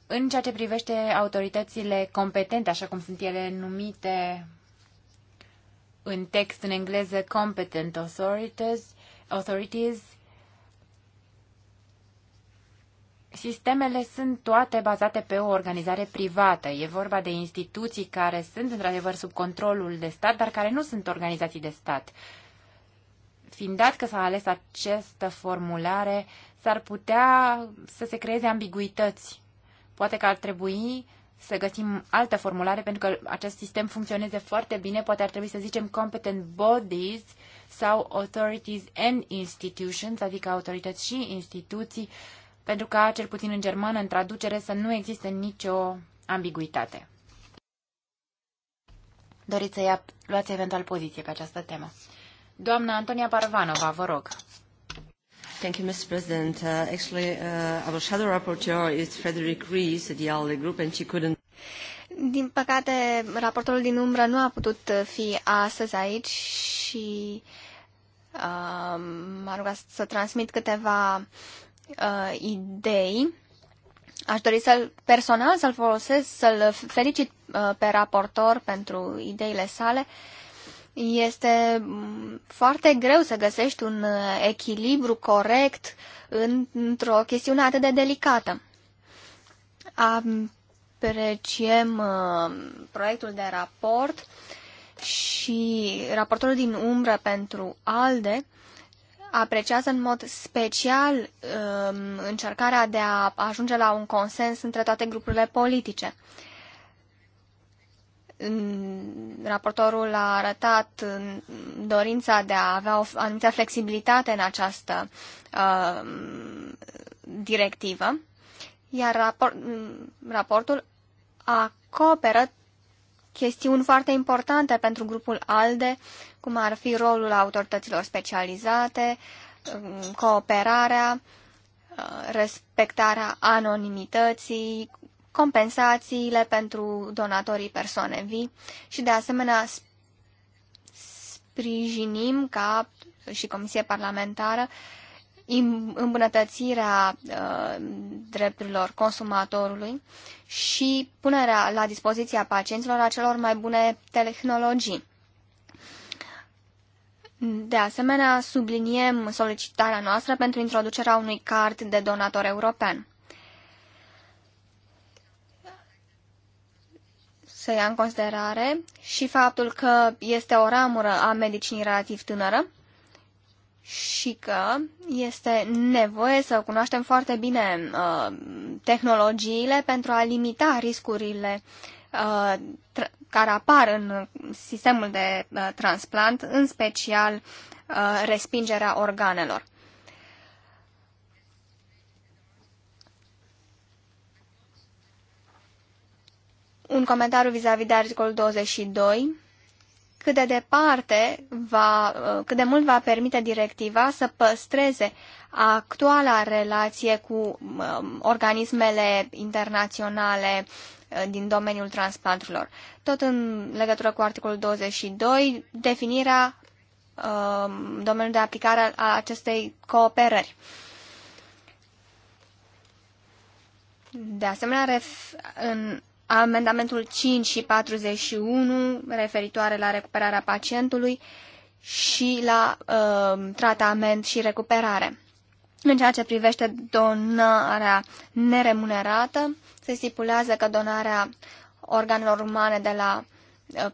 În ceea ce privește autoritățile competente, așa cum sunt ele numite în text în engleză competent authorities, authorities Sistemele sunt toate bazate pe o organizare privată. E vorba de instituții care sunt într-adevăr sub controlul de stat, dar care nu sunt organizații de stat. Fiind dat că s-a ales această formulare, s-ar putea să se creeze ambiguități. Poate că ar trebui să găsim altă formulare, pentru că acest sistem funcționeze foarte bine. Poate ar trebui să zicem competent bodies sau authorities and institutions, adică autorități și instituții, uh, pentru ca, cel puțin în germană, în traducere, să nu existe nicio ambiguitate. Doriți să ia, luați eventual poziție pe această temă. Doamna Antonia Parvanova, vă rog. Thank you, Mr. President. Uh, actually, uh, our shadow rapporteur is Frederick Rees, the ALDE group, and she couldn't... Din păcate, raportorul din umbră nu a putut fi astăzi aici și uh, m-a rugat să transmit câteva uh, idei. Aș dori să-l personal să-l folosesc, să-l felicit uh, pe raportor pentru ideile sale. Este mm, foarte greu să găsești un uh, echilibru corect într-o chestiune atât de delicată. Apreciem uh, proiectul de raport și raportorul din umbră pentru ALDE apreciază în mod special um, încercarea de a ajunge la un consens între toate grupurile politice. Raportorul a arătat dorința de a avea o anumită flexibilitate în această um, directivă, iar rapor raportul acoperă chestiuni foarte importante pentru grupul ALDE, cum ar fi rolul autorităților specializate, mm, cooperarea, uh, respectarea anonimității, compensațiile pentru donatorii persoane vii și de asemenea sprijinim ca și Comisie Parlamentară îmbunătățirea uh, drepturilor consumatorului și punerea la dispoziția pacienților a celor mai bune tehnologii. De asemenea, subliniem solicitarea noastră pentru introducerea unui card de donator european. Să ia în considerare și faptul că este o ramură a medicinii relativ tânără și că este nevoie să cunoaștem foarte bine uh, tehnologiile pentru a limita riscurile uh, care apar în sistemul de uh, transplant, în special uh, respingerea organelor. Un comentariu vis-a-vis -vis de articolul 22. Cât de departe va, uh, cât de mult va permite directiva să păstreze actuala relație cu um, organismele internaționale uh, Uh, din domeniul transplanturilor. Tot în legătură cu articolul 22, definirea uh, domeniul de aplicare a acestei cooperări. De asemenea, în amendamentul 5 și 41 referitoare la recuperarea pacientului și la uh, tratament și recuperare. În ceea ce privește donarea neremunerată, se stipulează că donarea organelor umane de la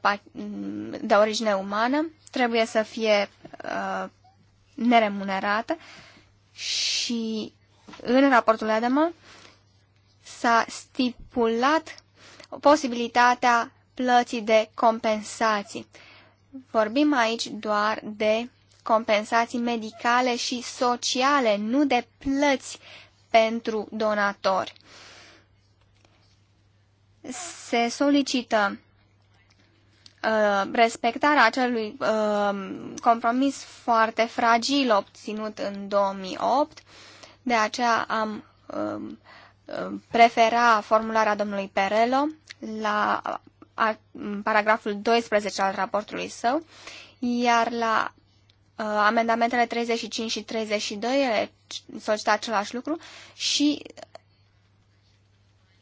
uh, mm, de origine umană trebuie să fie uh, neremunerată și în raportul Edema s-a stipulat posibilitatea plății de compensații. Vorbim aici doar de compensații medicale și sociale, nu de plăți pentru donatori. Se solicită uh, respectarea acelui uh, compromis foarte fragil obținut în 2008, de aceea am uh, prefera formularea domnului Perello la a, paragraful 12 al raportului său, iar la Uh, amendamentele 35 și 32 solicită același lucru și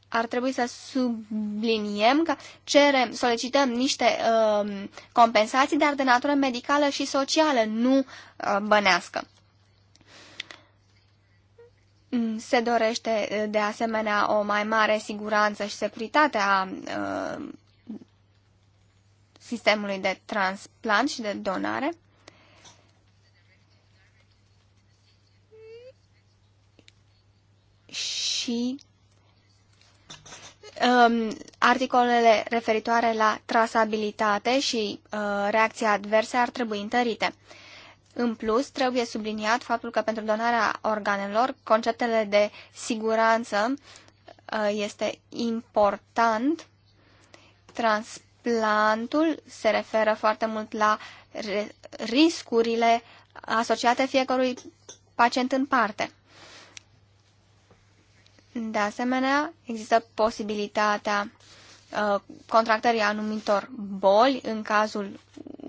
ar trebui să subliniem că cerem, solicităm niște uh, compensații, dar de natură medicală și socială, nu uh, bănească. Mm, se dorește uh, de asemenea o mai mare siguranță și securitate a uh, sistemului de transplant și de donare. și um, articolele referitoare la trasabilitate și uh, reacții adverse ar trebui întărite. În plus, trebuie subliniat faptul că pentru donarea organelor, conceptele de siguranță uh, este important. Transplantul se referă foarte mult la riscurile asociate fiecărui pacient în parte. De asemenea, există posibilitatea uh, contractării anumitor boli în cazul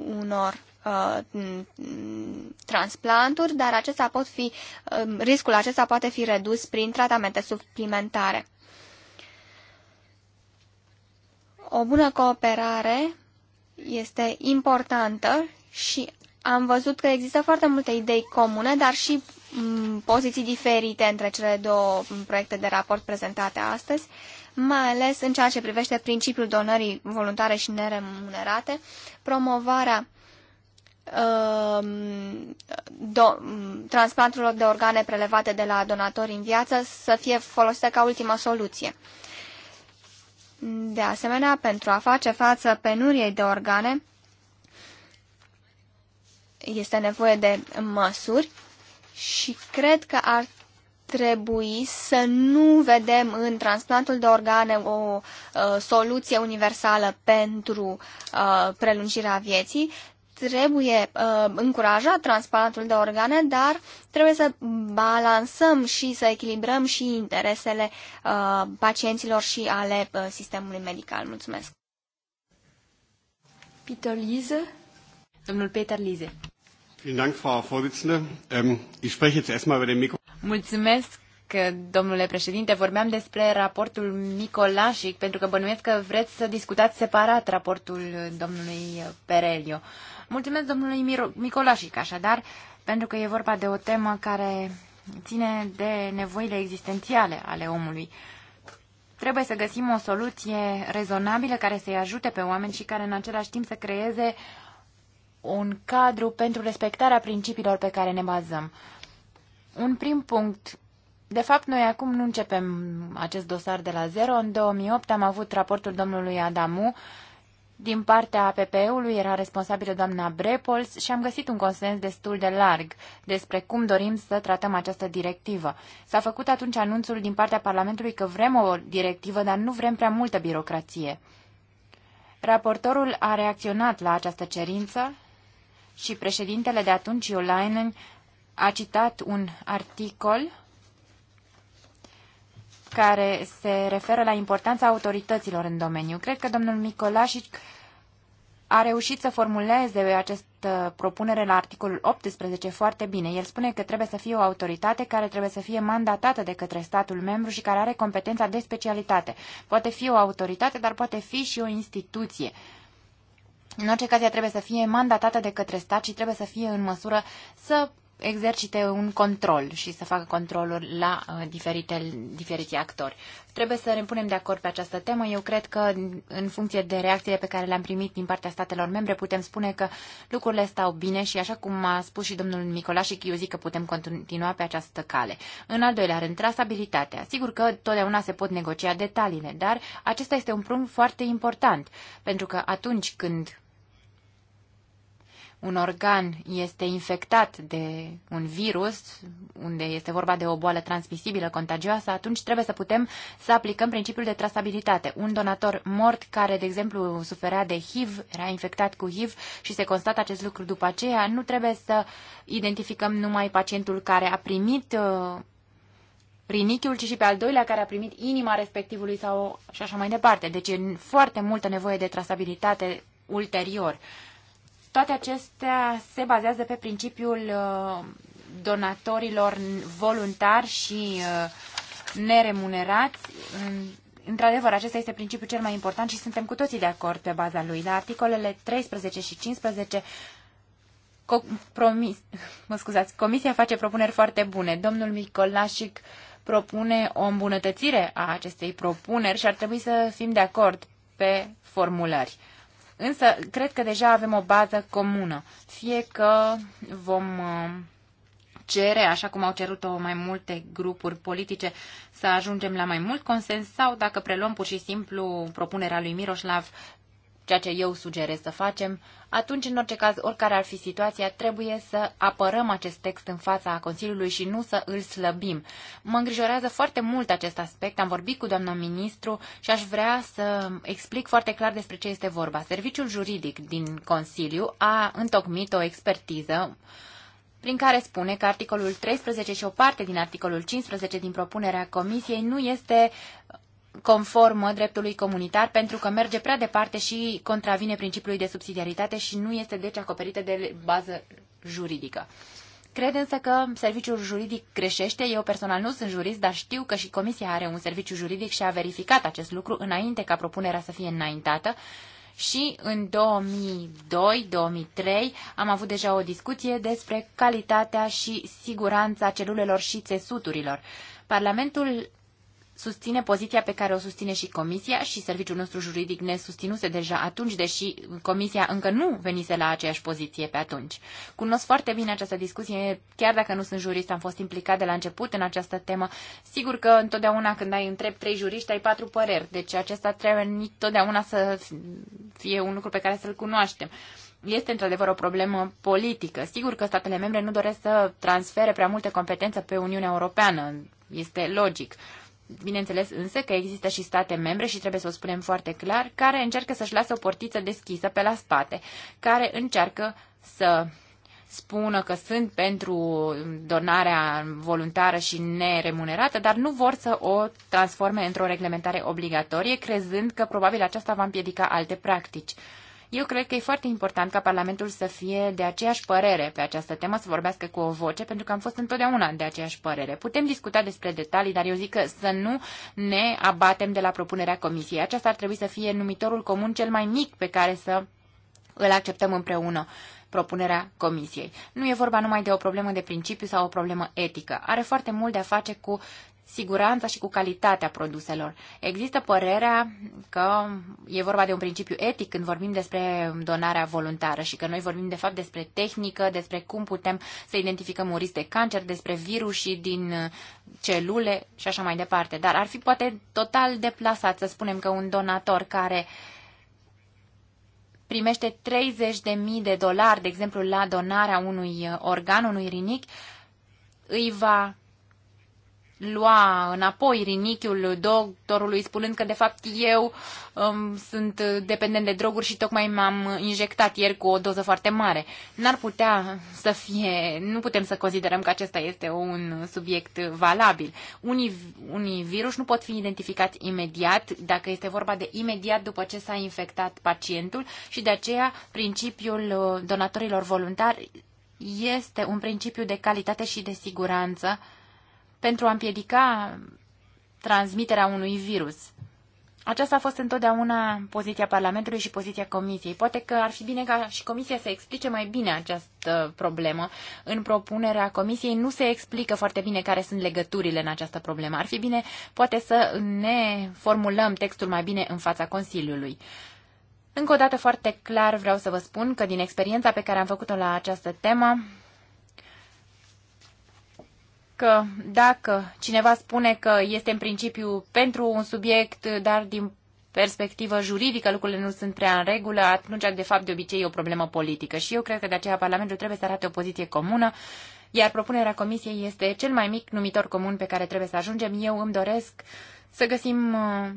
unor uh, transplanturi, dar acesta pot fi, uh, riscul acesta poate fi redus prin tratamente suplimentare. O bună cooperare este importantă și am văzut că există foarte multe idei comune, dar și mm, poziții diferite între cele două mm, proiecte de raport prezentate astăzi, mai ales în ceea ce privește principiul donării voluntare și neremunerate, promovarea um, do, mm, transplanturilor de organe prelevate de la donatori în viață să fie folosite ca ultima soluție. De asemenea, pentru a face față penuriei de organe, este nevoie de măsuri și cred că ar trebui să nu vedem în transplantul de organe o uh, soluție universală pentru uh, prelungirea vieții. Trebuie uh, încurajat transplantul de organe, dar trebuie să balansăm și să echilibrăm și interesele uh, pacienților și ale uh, sistemului medical. Mulțumesc! Peter Lise. Domnul Peter Lise. Ähm, Mulțumesc, domnule președinte. Vorbeam despre raportul Micolașic, pentru că bănuiesc că vreți să discutați separat raportul domnului Perelio. Mulțumesc domnului Micolașic, așadar, pentru că e vorba de o temă care ține de nevoile existențiale ale omului. Trebuie să găsim o soluție rezonabilă care să-i ajute pe oameni și care în același timp să creeze uh, un cadru pentru respectarea principiilor pe care ne bazăm. Un prim punct. De fapt, noi acum nu începem acest dosar de la zero. În 2008 am avut raportul domnului Adamu din partea APP-ului era responsabilă doamna Brepols și am găsit un consens destul de larg despre cum dorim să tratăm această directivă. S-a făcut atunci anunțul din partea Parlamentului că vrem o directivă, dar nu vrem prea multă birocrație. Raportorul a reacționat la această cerință și președintele de atunci, Iulainen, a citat un articol care se referă la importanța autorităților în domeniu. Cred că domnul Micolașic a reușit să formuleze această propunere la articolul 18 foarte bine. El spune că trebuie să fie o autoritate care trebuie să fie mandatată de către statul membru și care are competența de specialitate. Poate fi o autoritate, dar poate fi și o instituție. Uh, în orice caz, ea trebuie să fie mandatată de către stat și trebuie să fie în măsură să exercite un control și să facă controluri la uh, diferite, diferiți actori. Trebuie să ne punem de acord pe această temă. Eu cred că în funcție de reacțiile pe care le-am primit din partea statelor membre, putem spune că lucrurile stau bine și așa cum a spus și domnul Nicolașic, eu zic că putem continua pe această cale. În al doilea rând, trasabilitatea. Sigur că totdeauna se pot negocia detaliile, dar acesta este un prun foarte important, pentru că atunci când un organ este infectat de un virus, unde este vorba de o boală transmisibilă, contagioasă, atunci trebuie să putem să aplicăm principiul de trasabilitate. Un donator mort care, de exemplu, suferea de HIV, era infectat cu HIV și se constată acest lucru după aceea, nu trebuie să identificăm numai pacientul care a primit uh, rinichiul, ci și pe al doilea care a primit inima respectivului sau și așa mai departe. Deci e foarte multă nevoie de trasabilitate ulterior. Toate acestea se bazează pe principiul uh, donatorilor voluntari și uh, neremunerați. Într-adevăr, acesta este principiul cel mai important și suntem cu toții de acord pe baza lui. La articolele 13 și 15 compromis, mă scuzați, Comisia face propuneri foarte bune. Domnul Micolașic propune o îmbunătățire a acestei propuneri și ar trebui să fim de acord pe formulări. Însă, cred că deja avem o bază comună. Fie că vom uh, cere, așa cum au cerut-o mai multe grupuri politice, să ajungem la mai mult consens sau dacă preluăm pur și simplu propunerea lui Miroslav ceea ce eu sugerez să facem, atunci, în orice caz, oricare ar fi situația, trebuie să apărăm acest text în fața Consiliului și nu să îl slăbim. Mă îngrijorează foarte mult acest aspect, am vorbit cu doamna ministru și aș vrea să explic foarte clar despre ce este vorba. Serviciul juridic din Consiliu a întocmit o expertiză prin care spune că articolul 13 și o parte din articolul 15 din propunerea Comisiei nu este conformă dreptului comunitar pentru că merge prea departe și contravine principiului de subsidiaritate și nu este deci acoperită de bază juridică. Cred însă că serviciul juridic greșește. Eu personal nu sunt jurist, dar știu că și Comisia are un serviciu juridic și a verificat acest lucru înainte ca propunerea să fie înaintată. Și în 2002-2003 am avut deja o discuție despre calitatea și siguranța celulelor și țesuturilor. Parlamentul susține poziția pe care o susține și Comisia și serviciul nostru juridic ne susținuse deja atunci, deși Comisia încă nu venise la aceeași poziție pe atunci. Cunosc foarte bine această discuție, chiar dacă nu sunt jurist, am fost implicat de la început în această temă. Sigur că întotdeauna când ai întreb trei juriști, ai patru păreri, deci acesta trebuie întotdeauna să fie un lucru pe care să-l cunoaștem este într-adevăr o problemă politică. Sigur că statele membre nu doresc să transfere prea multe competențe pe Uniunea Europeană, este logic. Bineînțeles însă că există și state membre, și trebuie să o spunem foarte clar, care încearcă să-și lasă o portiță deschisă pe la spate, care încearcă să spună că sunt pentru donarea voluntară și neremunerată, dar nu vor să o transforme într-o reglementare obligatorie, crezând că probabil aceasta va împiedica alte practici. Eu cred că e foarte important ca Parlamentul să fie de aceeași părere pe această temă, să vorbească cu o voce, pentru că am fost întotdeauna de aceeași părere. Putem discuta despre detalii, dar eu zic că să nu ne abatem de la propunerea Comisiei. Aceasta ar trebui să fie numitorul comun cel mai mic pe care să îl acceptăm împreună propunerea Comisiei. Nu e vorba numai de o problemă de principiu sau o problemă etică. Are foarte mult de a face cu siguranța și cu calitatea produselor. Există părerea că e vorba de un principiu etic când vorbim despre donarea voluntară și că noi vorbim de fapt despre tehnică, despre cum putem să identificăm un risc de cancer, despre virusii din uh, celule și așa mai departe. Dar ar fi poate total deplasat să spunem că un donator care primește 30.000 de dolari, de exemplu, la donarea unui uh, organ, unui rinic, îi va lua înapoi rinichiul doctorului spunând că de fapt eu um, sunt dependent de droguri și tocmai m-am injectat ieri cu o doză foarte mare. N-ar putea să fie, nu putem să considerăm că acesta este un subiect valabil. Unii, unii virus nu pot fi identificați imediat, dacă este vorba de imediat după ce s-a infectat pacientul și de aceea principiul uh, donatorilor voluntari este un principiu de calitate și de siguranță uh, pentru a împiedica transmiterea unui virus. Aceasta a fost întotdeauna poziția Parlamentului și poziția Comisiei. Poate că ar fi bine ca și Comisia să explice mai bine această problemă. În propunerea Comisiei nu se explică foarte bine care sunt legăturile în această problemă. Ar fi bine, poate, să ne formulăm textul mai bine în fața Consiliului. Încă o dată foarte clar vreau să vă spun că din experiența pe care am făcut-o la această temă, că dacă cineva spune că este în principiu pentru un subiect, dar din perspectivă juridică lucrurile nu sunt prea în regulă, atunci de fapt de obicei e o problemă politică. Și eu cred că de aceea Parlamentul trebuie să arate o poziție comună, iar propunerea Comisiei este cel mai mic numitor comun pe care trebuie să ajungem. Eu îmi doresc să găsim uh,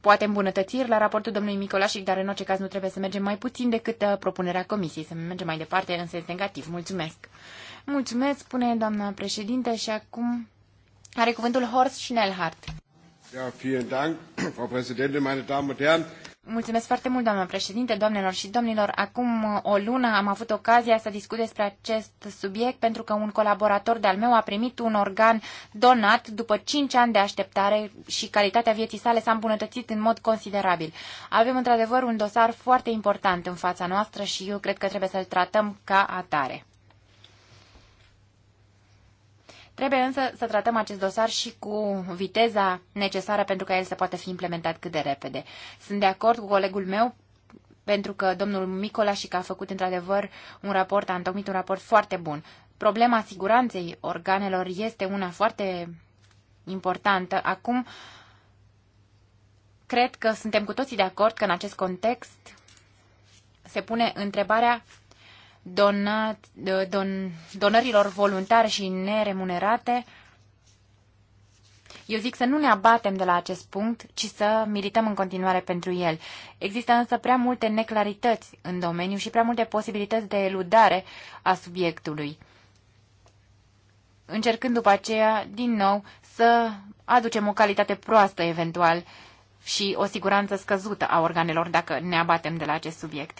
poate îmbunătățiri la raportul domnului Micolașic, dar în orice caz nu trebuie să mergem mai puțin decât uh, propunerea Comisiei, să mergem mai departe în sens negativ. Mulțumesc! Mulțumesc, spune doamna președinte și acum are cuvântul Horst Schnellhardt. Ja, vielen Dank, Frau Präsidentin, meine Damen und Herren. Mulțumesc foarte mult, doamnă președinte, doamnelor și domnilor. Acum o lună am avut ocazia să discut despre acest subiect pentru că un colaborator de-al meu a primit un organ donat după 5 ani de așteptare și calitatea vieții sale s-a îmbunătățit în mod considerabil. Avem într-adevăr un dosar foarte important în fața noastră și eu cred că trebuie să-l tratăm ca atare. Trebuie însă să tratăm acest dosar și cu viteza necesară pentru ca el să poată fi implementat cât de repede. Sunt de acord cu colegul meu pentru că domnul Micola și că a făcut într-adevăr un raport, a întocmit un raport foarte bun. Problema siguranței organelor este una foarte importantă. Acum, cred că suntem cu toții de acord că în acest context se pune întrebarea donat, don, donărilor voluntare și neremunerate, eu zic să nu ne abatem de la acest punct, ci să milităm în continuare pentru el. Există însă prea multe neclarități în domeniu și prea multe posibilități de eludare a subiectului. Încercând după aceea, din nou, să aducem o calitate proastă eventual și o siguranță scăzută a organelor dacă ne abatem de la acest subiect.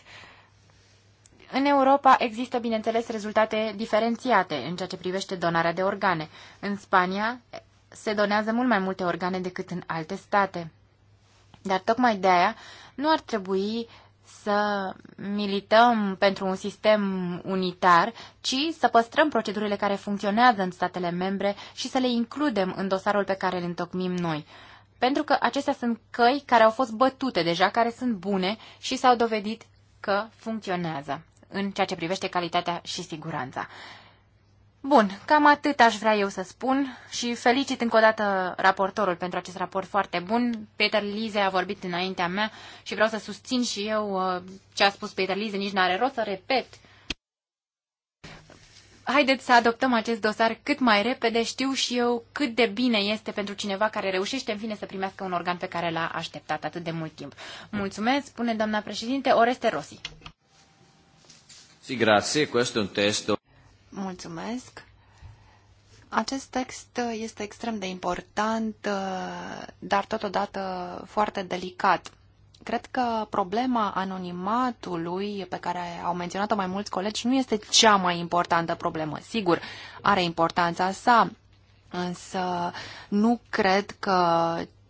În Europa există, bineînțeles, rezultate diferențiate în ceea ce privește donarea de organe. În Spania se donează mult mai multe organe decât în alte state. Dar tocmai de aia nu ar trebui să milităm pentru un sistem unitar, ci să păstrăm procedurile care funcționează în statele membre și să le includem în dosarul pe care îl întocmim noi. Pentru că acestea sunt căi care au fost bătute deja, care sunt bune și s-au dovedit că funcționează în ceea ce privește calitatea și siguranța. Bun, cam atât aș vrea eu să spun și felicit încă o dată raportorul pentru acest raport foarte bun. Peter Lize a vorbit înaintea mea și vreau să susțin și eu uh, ce a spus Peter Lize, nici n-are rost să repet. Haideți să adoptăm acest dosar cât mai repede, știu și eu cât de bine este pentru cineva care reușește în fine să primească un organ pe care l-a așteptat atât de mult timp. Mulțumesc, spune doamna președinte Oreste Rossi. Sì, grazie, questo è un testo. Mulțumesc. Acest text este extrem de important, dar totodată foarte delicat. Cred că problema anonimatului pe care au menționat-o mai mulți colegi nu este cea mai importantă problemă. Sigur, are importanța sa, însă nu cred că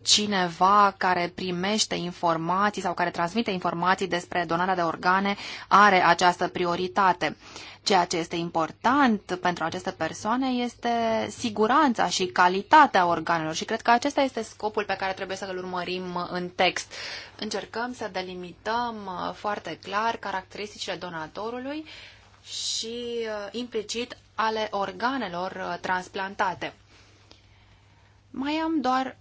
cineva care primește informații sau care transmite informații despre donarea de organe are această prioritate. Ceea ce este important pentru aceste persoane este siguranța și calitatea organelor și cred că acesta este scopul pe care trebuie să-l urmărim în text. Încercăm să delimităm uh, foarte clar caracteristicile donatorului și uh, implicit ale organelor uh, transplantate. Mai am doar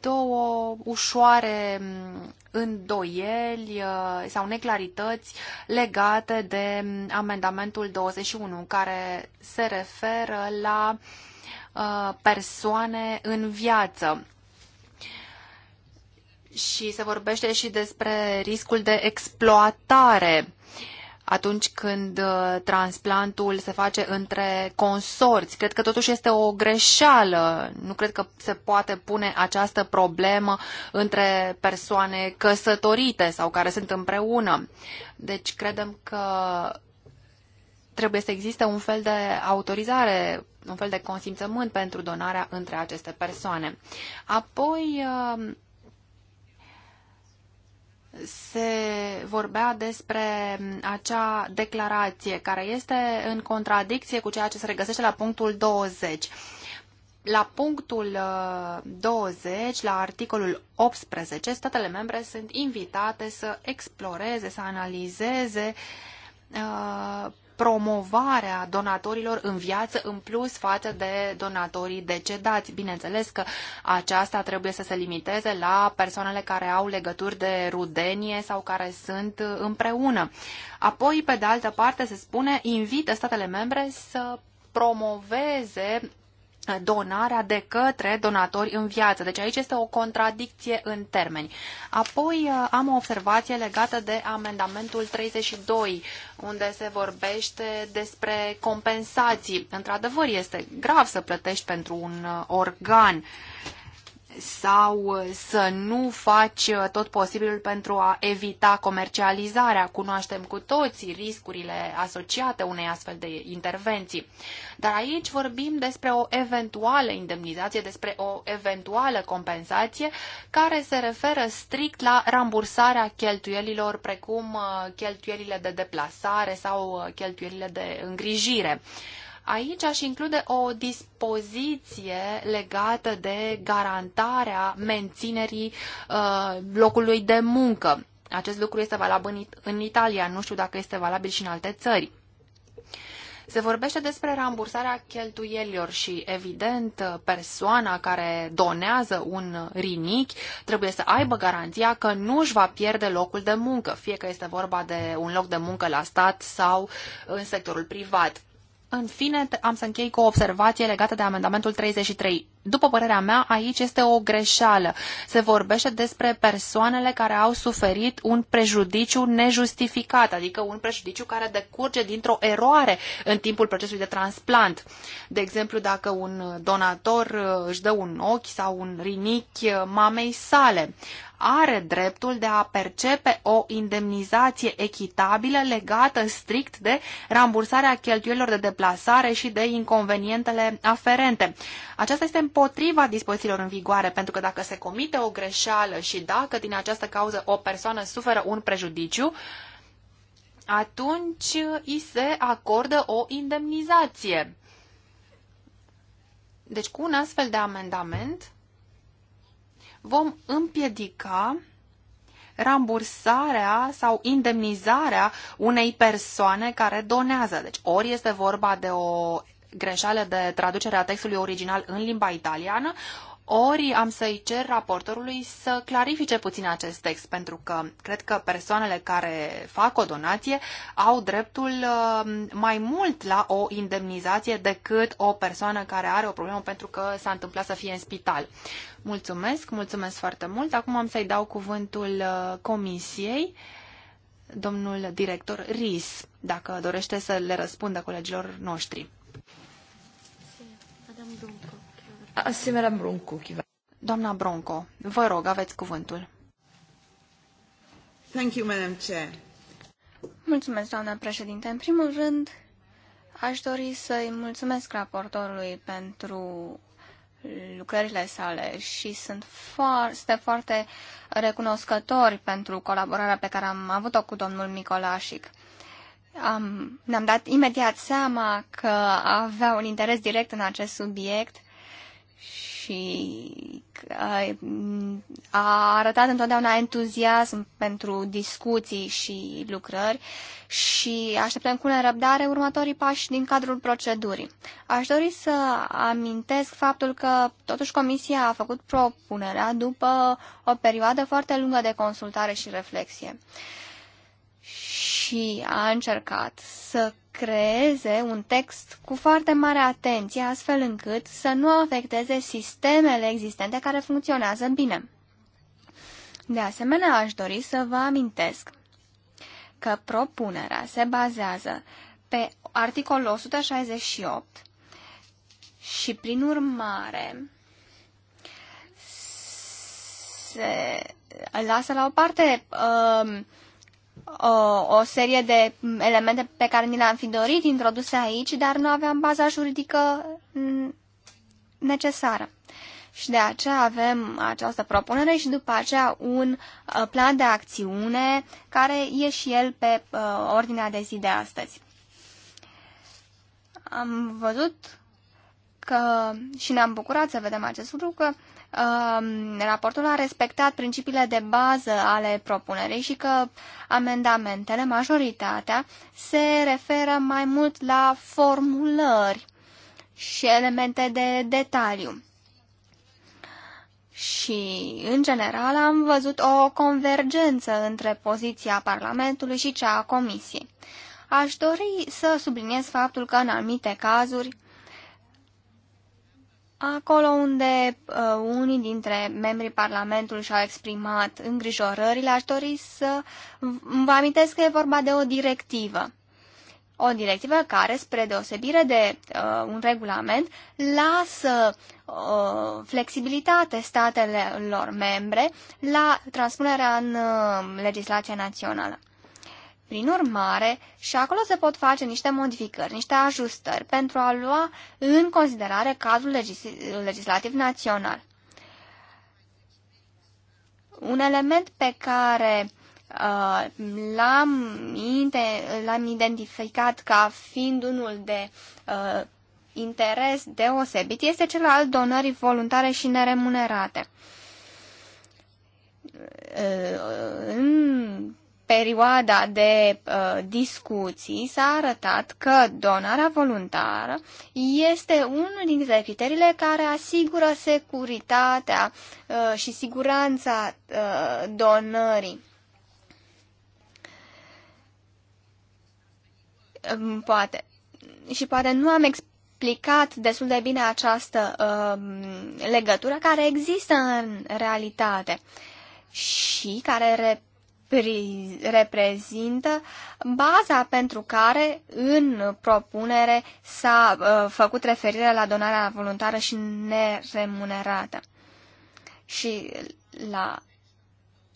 două ușoare mm, îndoieli uh, sau neclarități legate de mm, amendamentul 21, care se referă la uh, persoane în viață. Și se vorbește și despre riscul de exploatare atunci când uh, transplantul se face între consorți. Cred că totuși este o greșeală. Nu cred că se poate pune această problemă între persoane căsătorite sau care sunt împreună. Deci credem că trebuie să existe un fel de autorizare, un fel de consimțământ pentru donarea între aceste persoane. Apoi, uh, se vorbea despre acea declarație care este în contradicție cu ceea ce se regăsește la punctul 20. La punctul 20, uh, la articolul 18, statele membre sunt invitate să exploreze, să analizeze uh, promovarea donatorilor în viață în plus față de donatorii decedați. Bineînțeles că aceasta trebuie să se limiteze la persoanele care au legături de rudenie sau care sunt împreună. Apoi, pe de altă parte, se spune, invită statele membre să promoveze donarea de către donatori în viață. Deci aici este o contradicție în termeni. Apoi uh, am o observație legată de amendamentul 32, unde se vorbește despre compensații. Într-adevăr, este grav să plătești pentru un uh, organ. Uh, sau uh, să nu faci uh, tot posibilul pentru a evita comercializarea. Cunoaștem cu toții riscurile asociate unei astfel de intervenții. Dar aici vorbim despre o eventuală indemnizație, despre o eventuală compensație care se referă strict la rambursarea cheltuielilor precum uh, cheltuielile de deplasare sau cheltuielile de îngrijire. Aici aș include o dispoziție legată de garantarea menținerii uh, locului de muncă. Acest lucru este valabil în Italia, nu știu dacă este valabil și în alte țări. Se vorbește despre rambursarea cheltuielilor și, evident, persoana care donează un rinichi trebuie să aibă garanția că nu își va pierde locul de muncă, fie că este vorba de un loc de muncă la stat sau în sectorul privat. În fine, am să închei cu o observație legată de amendamentul 33. După părerea mea, aici este o greșeală. Se vorbește despre persoanele care au suferit un prejudiciu nejustificat, adică un prejudiciu care decurge dintr-o eroare în timpul procesului de transplant. De exemplu, dacă un donator uh, își dă un ochi sau un rinichi uh, mamei sale are dreptul de a percepe o indemnizație echitabilă legată strict de rambursarea cheltuielor de deplasare și de inconvenientele aferente. Aceasta este împotriva dispozițiilor în vigoare, pentru că dacă se comite o greșeală și dacă din această cauză o persoană suferă un prejudiciu, atunci îi se acordă o indemnizație. Deci cu un astfel de amendament vom împiedica rambursarea sau indemnizarea unei persoane care donează. Deci ori este vorba de o greșeală de traducere a textului original în limba italiană, ori am să-i cer raportorului să clarifice puțin acest text, pentru că cred că persoanele care fac o donație au dreptul uh, mai mult la o indemnizație decât o persoană care are o problemă pentru că s-a întâmplat să fie în spital. Mulțumesc, mulțumesc foarte mult. Acum am să-i dau cuvântul uh, comisiei, domnul director RIS, dacă dorește să le răspundă colegilor noștri. Asemenea, Bronco, Doamna Bronco, vă rog, aveți cuvântul. Thank you, Madam Chair. Mulțumesc, doamna președinte. În primul rând, aș dori să-i mulțumesc raportorului pentru lucrările sale și sunt foarte, foarte recunoscători pentru colaborarea pe care am avut-o cu domnul Micolașic. ne-am dat imediat seama că avea un interes direct în acest subiect și a arătat întotdeauna entuziasm pentru discuții și lucrări și așteptăm cu nerăbdare următorii pași din cadrul procedurii. Aș dori să amintesc faptul că totuși Comisia a făcut propunerea după o perioadă foarte lungă de consultare și reflexie și a încercat să creeze un text cu foarte mare atenție, astfel încât să nu afecteze sistemele existente care funcționează bine. De asemenea, aș dori să vă amintesc că propunerea se bazează pe articolul 168 și, prin urmare, se lasă la o parte uh, o, o serie de elemente pe care ni le-am fi dorit introduse aici, dar nu aveam baza juridică mm, necesară. Și de aceea avem această propunere și după aceea un uh, plan de acțiune care e și el pe uh, ordinea de zi de astăzi. Am văzut că și ne-am bucurat să vedem acest lucru, că uh, Um, raportul a respectat principiile de bază ale propunerii și că amendamentele, majoritatea, se referă mai mult la formulări și elemente de detaliu. Și, în general, am văzut o convergență între poziția Parlamentului și cea a Comisiei. Aș dori să subliniez faptul că, în anumite cazuri, acolo unde uh, unii dintre membrii Parlamentului și-au exprimat îngrijorările, aș dori să vă amintesc că e vorba de o directivă. O directivă care, spre deosebire de uh, un regulament, lasă uh, flexibilitate statelor membre la transpunerea în uh, legislația națională. Prin urmare, și acolo se pot face niște modificări, niște ajustări pentru a lua în considerare cadrul legis legislativ național. Un element pe care uh, l-am identificat ca fiind unul de uh, interes deosebit este cel al donării voluntare și neremunerate. Uh, în perioada de uh, discuții s-a arătat că donarea voluntară este unul dintre criteriile care asigură securitatea uh, și siguranța uh, donării. Um, poate. Și poate nu am explicat destul de bine această uh, legătură care există în realitate și care reprezintă baza pentru care în propunere s-a uh, făcut referire la donarea voluntară și neremunerată. Și la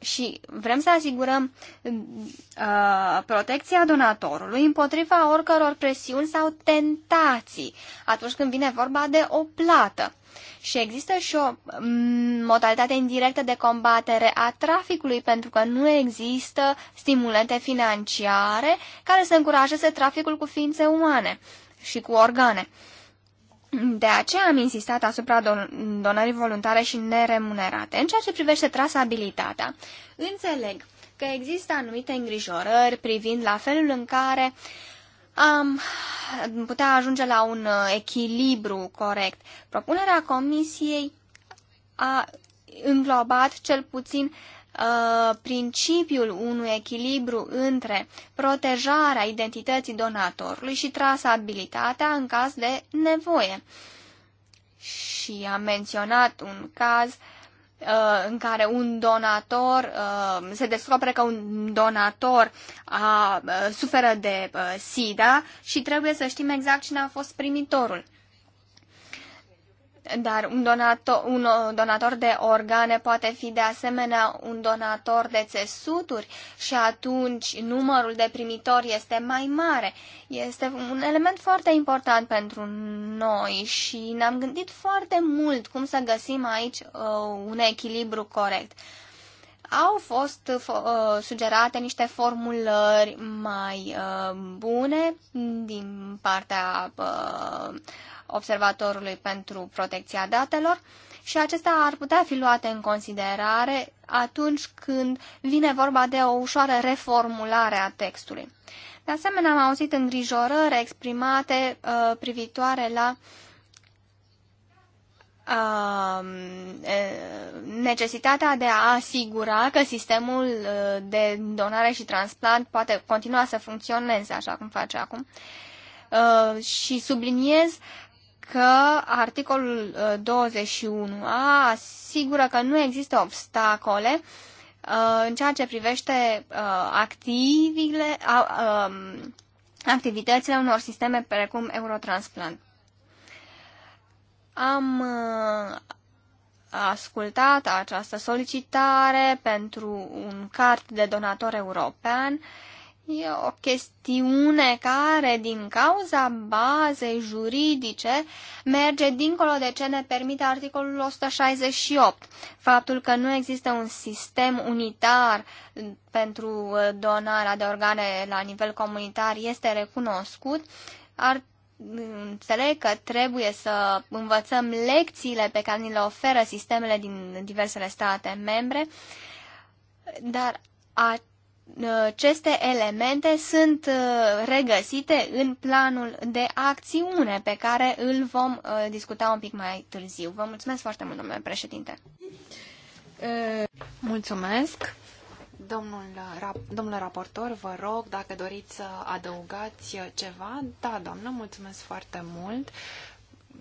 și vrem să asigurăm uh, protecția donatorului împotriva oricăror presiuni sau tentații atunci când vine vorba de o plată. Și există și o mm, modalitate indirectă de combatere a traficului, pentru că nu există stimulente financiare care să încurajeze traficul cu ființe umane și cu organe. De aceea am insistat asupra don donării voluntare și neremunerate. În ceea ce privește trasabilitatea, înțeleg că există anumite îngrijorări privind la felul în care uh, am putea ajunge la un uh, echilibru corect. Propunerea Comisiei a înglobat cel puțin uh, principiul unui echilibru între protejarea identității donatorului și trasabilitatea în caz de nevoie. Și am menționat un caz uh, Uh, în care un donator uh, se descoperă că un donator a, uh, suferă de SIDA și trebuie să știm exact cine a fost primitorul dar un donator, un uh, donator de organe poate fi de asemenea un donator de țesuturi și atunci numărul de primitori este mai mare. Este un element foarte important pentru noi și ne-am gândit foarte mult cum să găsim aici uh, un echilibru corect. Au fost uh, uh sugerate niște formulări mai uh, bune din partea uh, observatorului pentru protecția datelor și acestea ar putea fi luate în considerare atunci când vine vorba de o ușoară reformulare a textului. De asemenea, am auzit îngrijorări exprimate uh, privitoare la uh, necesitatea de a asigura că sistemul uh, de donare și transplant poate continua să funcționeze așa cum face acum. Uh, și subliniez că articolul 21a uh, asigură că nu există obstacole uh, în ceea ce privește uh, activile, um, activitățile unor sisteme precum Eurotransplant. Am ascultat această solicitare pentru un card de donator european uh, E o chestiune care, din cauza bazei juridice, merge dincolo de ce ne permite articolul 168. Faptul că nu există un sistem unitar pentru uh, donarea de organe la nivel comunitar este recunoscut. Ar înțeleg că trebuie să învățăm lecțiile pe care ni le oferă sistemele din diversele state membre, dar acest aceste elemente sunt uh, regăsite în planul de acțiune pe care îl vom uh, discuta un pic mai târziu. Vă mulțumesc foarte mult, domnule președinte. Uh. Mulțumesc. Domnul, rap- domnule raportor, vă rog dacă doriți să adăugați ceva. Da, doamnă, mulțumesc foarte mult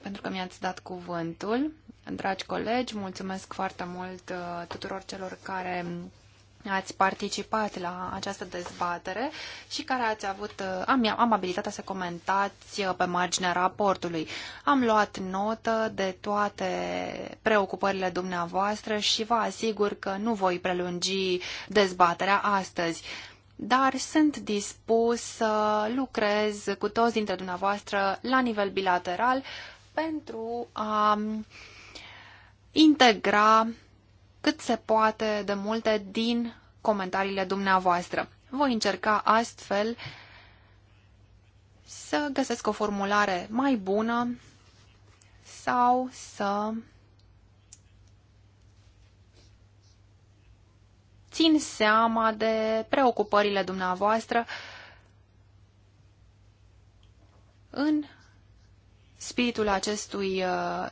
pentru că mi-ați dat cuvântul. Dragi colegi, mulțumesc foarte mult tuturor celor care ați participat la această dezbatere și care ați avut uh, am, amabilitatea să comentați uh, pe marginea raportului. Am luat notă de toate preocupările dumneavoastră și vă asigur că nu voi prelungi dezbaterea astăzi dar sunt dispus să lucrez cu toți dintre dumneavoastră la nivel bilateral pentru a integra cât se poate de multe din comentariile dumneavoastră. Voi încerca astfel să găsesc o formulare mai bună sau să țin seama de preocupările dumneavoastră în spiritul acestui uh,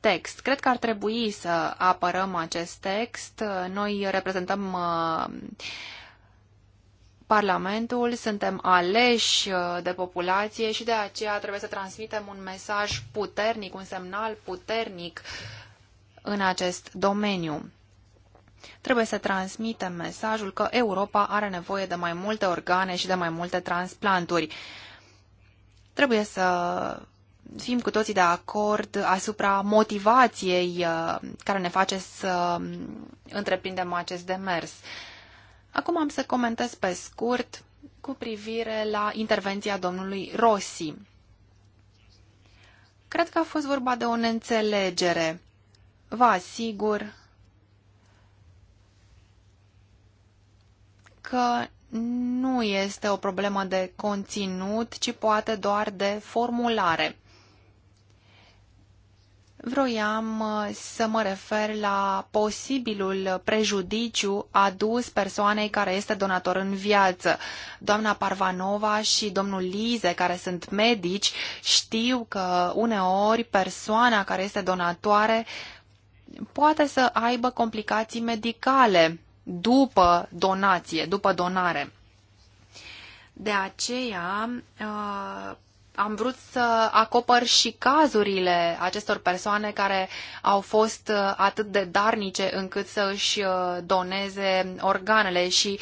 text. Cred că ar trebui să apărăm acest text. Noi reprezentăm uh, Parlamentul, suntem aleși uh, de populație și de aceea trebuie să transmitem un mesaj puternic, un semnal puternic în acest domeniu. Trebuie să transmitem mesajul că Europa are nevoie de mai multe organe și de mai multe transplanturi. Trebuie să fim cu toții de acord asupra motivației uh, care ne face să um, întreprindem acest demers. Acum am să comentez pe scurt cu privire la intervenția domnului Rossi. Cred că a fost vorba de o neînțelegere. Vă asigur că nu este o problemă de conținut, ci poate doar de formulare. Vroiam uh, să mă refer la posibilul prejudiciu adus persoanei care este donator în viață. Doamna Parvanova și domnul Lize, care sunt medici, știu că uneori persoana care este donatoare poate să aibă complicații medicale după donație, după donare. De aceea, uh, am vrut să acopăr și cazurile acestor persoane care au fost uh, atât de darnice încât să își uh, doneze organele și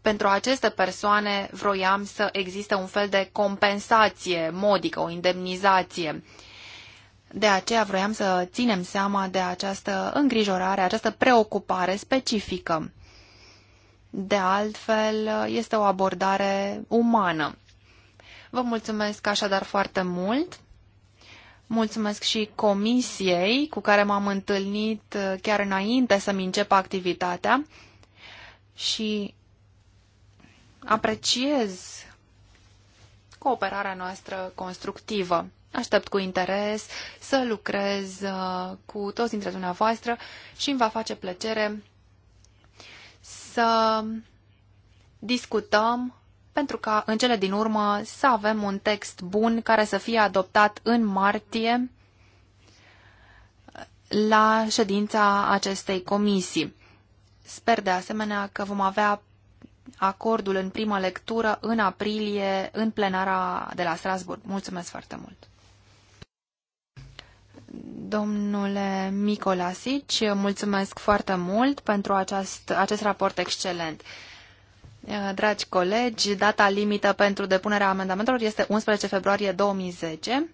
pentru aceste persoane vroiam să existe un fel de compensație modică, o indemnizație. De aceea vroiam să ținem seama de această îngrijorare, această preocupare specifică. De altfel, este o abordare umană. Vă mulțumesc așadar foarte mult. Mulțumesc și comisiei cu care m-am întâlnit uh, chiar înainte să-mi încep activitatea și apreciez cooperarea noastră constructivă. Aștept cu interes să lucrez uh, cu toți dintre dumneavoastră și îmi va face plăcere să discutăm pentru ca în cele din urmă să avem un text bun care să fie adoptat în martie la ședința acestei comisii. Sper de asemenea că vom avea acordul în prima lectură în aprilie în plenara de la Strasburg. Mulțumesc foarte mult! Domnule Micolasici, mulțumesc foarte mult pentru acest, acest raport excelent. Eh, dragi colegi, data limită pentru depunerea amendamentelor este 11 februarie 2010,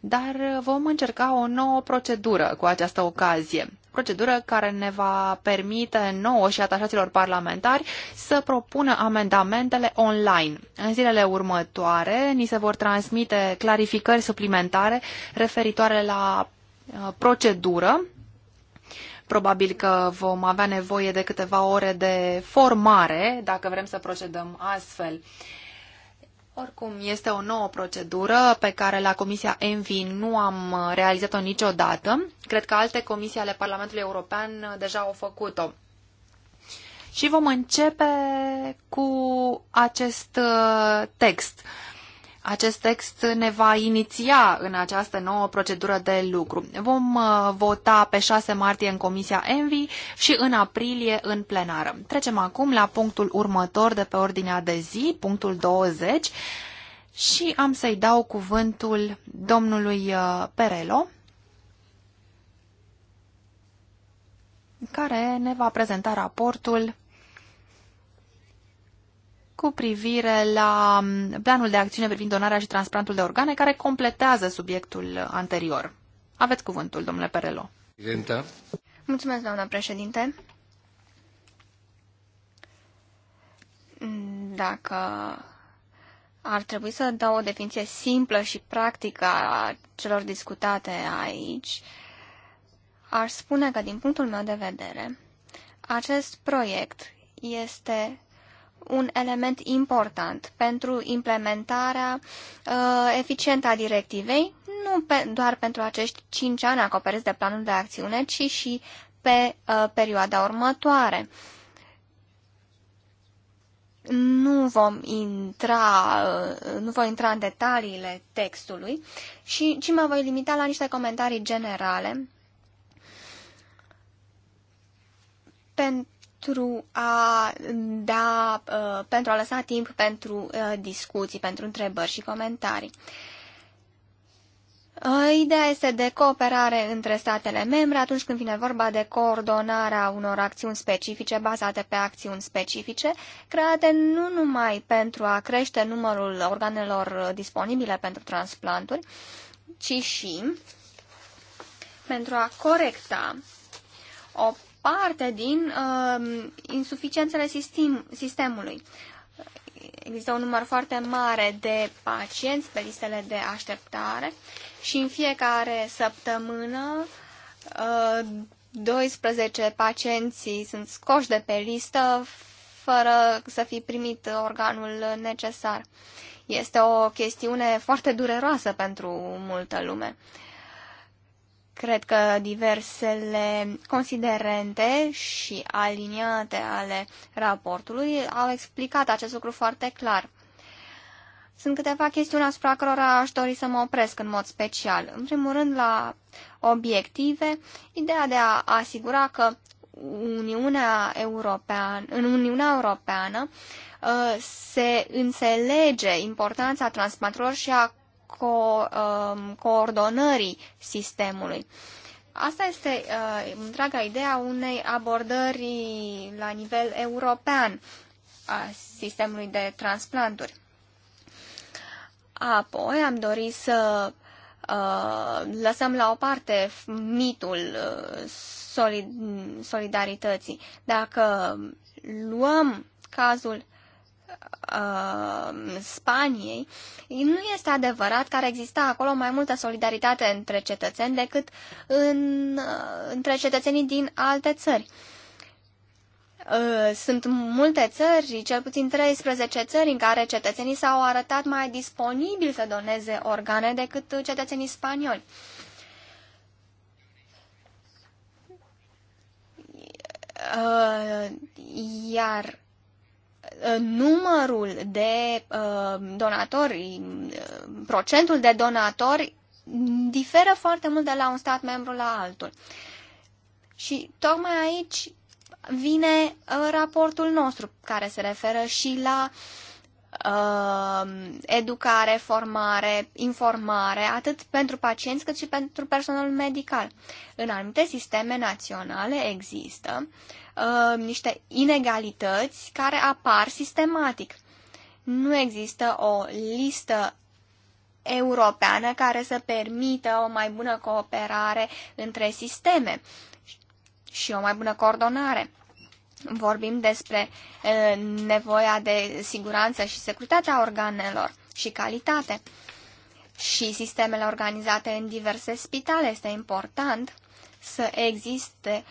dar vom încerca o nouă procedură cu această ocazie. Procedură care ne va permite nouă și atașaților parlamentari să propună amendamentele online. În zilele următoare ni se vor transmite clarificări suplimentare referitoare la eh, procedură Probabil că vom avea nevoie de câteva ore de formare dacă vrem să procedăm astfel. Oricum, este o nouă procedură pe care la Comisia ENVI nu am realizat-o niciodată. Cred că alte comisii ale Parlamentului European deja au făcut-o. Și vom începe cu acest uh, text. Uh, acest text ne va iniția în această nouă procedură de lucru. Vom uh, vota pe 6 martie în Comisia Envi și în aprilie în plenară. Trecem acum la punctul următor de pe ordinea de zi, punctul 20, și am să-i dau cuvântul domnului uh, Perelo, care ne va prezenta raportul cu privire la mm, planul de acțiune privind donarea și transplantul de organe, care completează subiectul anterior. Aveți cuvântul, domnule Perelo. Prezentă. Mulțumesc, doamna președinte. Dacă ar trebui să dau o definiție simplă și practică a celor discutate aici, aș spune că, din punctul meu de vedere, acest proiect este un element important pentru implementarea uh, eficientă a directivei, nu pe, doar pentru acești 5 ani acoperiți de planul de acțiune, ci și pe uh, perioada următoare. Nu vom intra, uh, nu voi intra în detaliile textului, și, ci mă voi limita la niște comentarii generale pentru pentru a da, uh, pentru a lăsa timp pentru uh, discuții, pentru întrebări și comentarii. Uh, ideea este de cooperare între statele membre atunci când vine vorba de coordonarea unor acțiuni specifice bazate pe acțiuni specifice, create nu numai pentru a crește numărul organelor disponibile pentru transplanturi, ci și pentru a corecta o parte din uh, insuficiențele sistem, sistemului. Există un număr foarte mare de pacienți pe listele de așteptare și în fiecare săptămână uh, 12 pacienți sunt scoși de pe listă fără să fi primit organul necesar. Este o chestiune foarte dureroasă pentru multă lume. Uh, Cred că diversele considerente și aliniate ale raportului au explicat acest lucru foarte clar. Sunt câteva chestiuni asupra cărora aș dori să mă opresc în mod special. În primul rând, la obiective, ideea de a asigura că Uniunea Europeană, în Uniunea Europeană uh, se înțelege importanța transplanturilor și a co- um, coordonării sistemului. Asta este uh, întreaga ideea unei abordări la nivel european a sistemului de transplanturi. Apoi am dorit să uh, lăsăm la o parte mitul uh, solid, solidarității. Dacă luăm cazul Uh, Spaniei, nu este adevărat că ar exista acolo mai multă solidaritate între cetățeni decât în, uh, între cetățenii din alte țări. Uh, sunt multe țări, cel puțin 13 țări, în care cetățenii s-au arătat mai disponibili să doneze organe decât cetățenii spanioli. iar Uh, numărul de uh, donatori, uh, procentul de donatori diferă foarte mult de la un stat membru la altul. Și tocmai aici vine raportul nostru, care se referă și la uh, educare, formare, informare, atât pentru pacienți cât și pentru personalul medical. În anumite sisteme naționale există uh, Uh, niște inegalități care apar sistematic. Nu există o listă europeană care să permită o mai bună cooperare între sisteme și o mai bună coordonare. Vorbim despre uh, nevoia de siguranță și securitatea organelor și calitate. Și sistemele organizate în diverse spitale este important să existe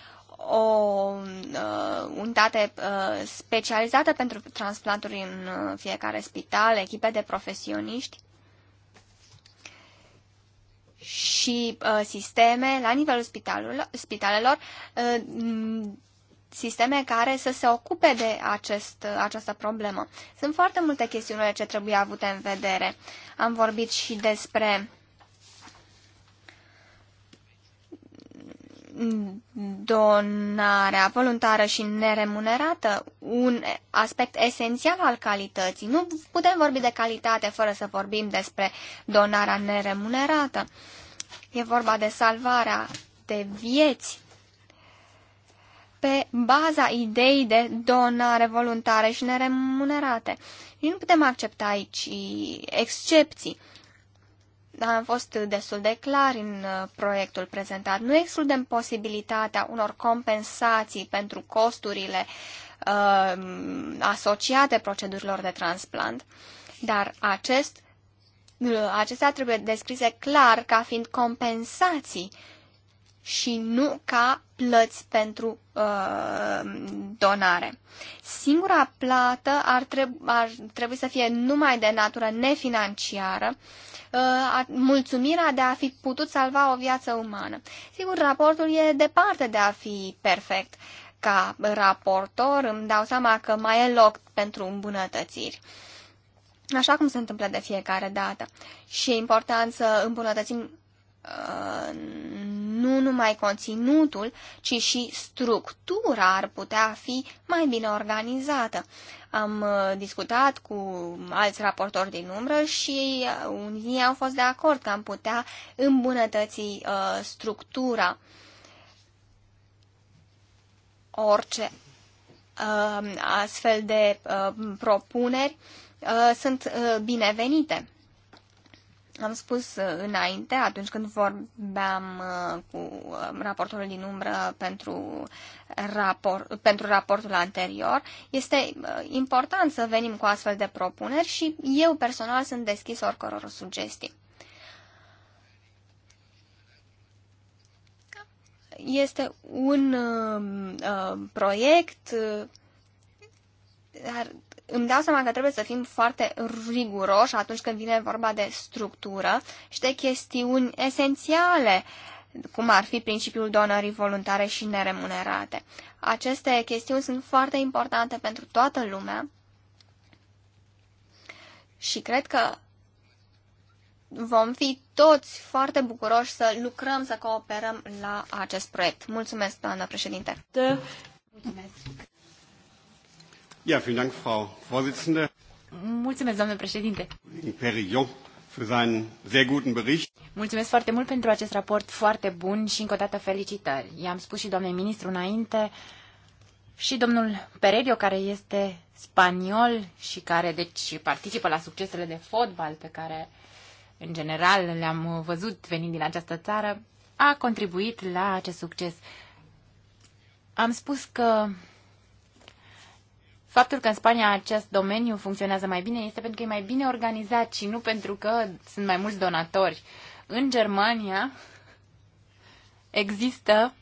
o uh, unitate uh, specializată pentru transplanturi în uh, fiecare spital, echipe de profesioniști și uh, sisteme la nivelul spitalul, spitalelor, uh, sisteme care să se ocupe de acest, uh, această problemă. Sunt foarte multe chestiuni ce trebuie avute în vedere. Am vorbit și despre uh, donarea voluntară și neremunerată un aspect esențial al calității. Nu putem vorbi de calitate fără să vorbim despre donarea neremunerată. E vorba de salvarea de vieți pe baza ideii de donare voluntare și neremunerate. nu putem accepta aici excepții am fost destul de clar în uh, proiectul prezentat. Nu excludem posibilitatea unor compensații pentru costurile uh, asociate procedurilor de transplant, dar acest, uh, acestea trebuie descrise clar ca fiind compensații și nu ca plăți pentru uh, donare. Singura plată ar, treb- ar trebui să fie numai de natură nefinanciară, uh, mulțumirea de a fi putut salva o viață umană. Sigur, raportul e departe de a fi perfect. Ca raportor îmi dau seama că mai e loc pentru îmbunătățiri așa cum se întâmplă de fiecare dată. Și e important să îmbunătățim nu numai conținutul, ci și structura ar putea fi mai bine organizată. Am uh, discutat cu alți raportori din umbră și uh, unii au fost de acord că am putea îmbunătăți uh, structura. Orice uh, astfel de uh, propuneri uh, sunt uh, binevenite. Am spus uh, înainte, atunci când vorbeam uh, cu uh, raportul din umbră pentru, raport, pentru raportul anterior, este important să venim cu astfel de propuneri și eu personal sunt deschis oricăror sugestii. Este un uh, proiect, dar uh, îmi dau seama că trebuie să fim foarte riguroși atunci când vine vorba de structură și de chestiuni esențiale, cum ar fi principiul donării voluntare și neremunerate. Aceste chestiuni sunt foarte importante pentru toată lumea și cred că vom fi toți foarte bucuroși să lucrăm, să cooperăm la acest proiect. Mulțumesc, doamnă președinte! Mulțumesc! Ja, vielen Dank, Frau Vorsitzende. Mulțumesc, doamnă președinte. Mulțumesc foarte mult pentru acest raport foarte bun și încă o dată felicitări. I-am spus și doamnei ministru înainte și domnul Peredio, care este spaniol și care deci participă la succesele de fotbal pe care în general le-am văzut venind din această țară, a contribuit la acest succes. Am spus că Faptul că în Spania acest domeniu funcționează mai bine este pentru că e mai bine organizat și nu pentru că sunt mai mulți donatori. În Germania există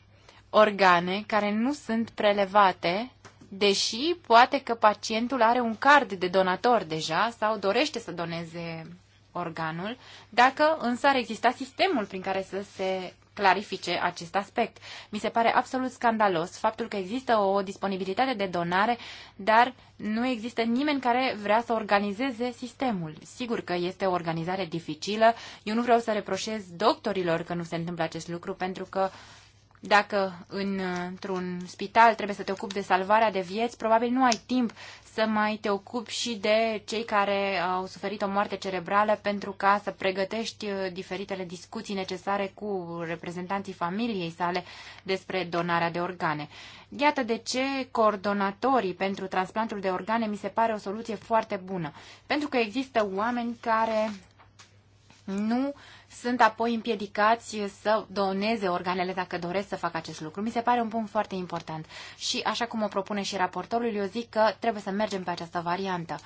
organe care nu sunt prelevate, deși poate că pacientul are un card de donator deja sau dorește să doneze organul, dacă însă ar exista sistemul prin care să se clarifice acest aspect. Mi se pare absolut scandalos faptul că există o disponibilitate de donare, dar nu există nimeni care vrea să organizeze sistemul. Sigur că este o organizare dificilă. Eu nu vreau să reproșez doctorilor că nu se întâmplă acest lucru, pentru că uh, dacă într-un spital trebuie să te ocupi de salvarea de vieți, probabil nu ai timp să mai te ocupi și de cei care au suferit o moarte cerebrală pentru ca să pregătești uh, diferitele discuții necesare cu reprezentanții familiei sale despre donarea de organe. Iată de ce coordonatorii pentru transplantul de organe mi se pare o soluție foarte bună, pentru că există oameni care nu sunt apoi împiedicați să doneze organele dacă doresc să facă acest lucru. Mi se pare un punct foarte important și așa cum o propune și raportorul, eu zic că trebuie să mergem pe această variantă.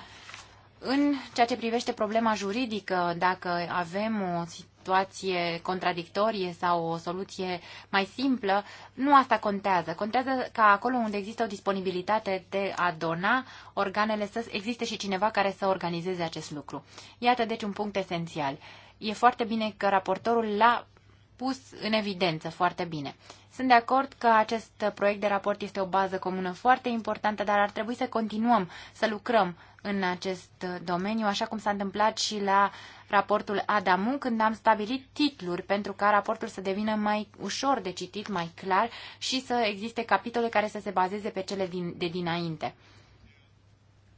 În ceea ce privește problema juridică, dacă avem o situație contradictorie sau o soluție mai simplă, nu asta contează. Contează ca acolo unde există o disponibilitate de a dona organele să existe și cineva care să organizeze acest lucru. Iată deci un punct esențial. E foarte bine că raportorul l-a pus în evidență foarte bine. Sunt de acord că acest proiect de raport este o bază comună foarte importantă, dar ar trebui să continuăm să lucrăm în acest domeniu, așa cum s-a întâmplat și la raportul Adamu, când am stabilit titluri pentru ca raportul să devină mai ușor de citit, mai clar și să existe capitole care să se bazeze pe cele din, de dinainte.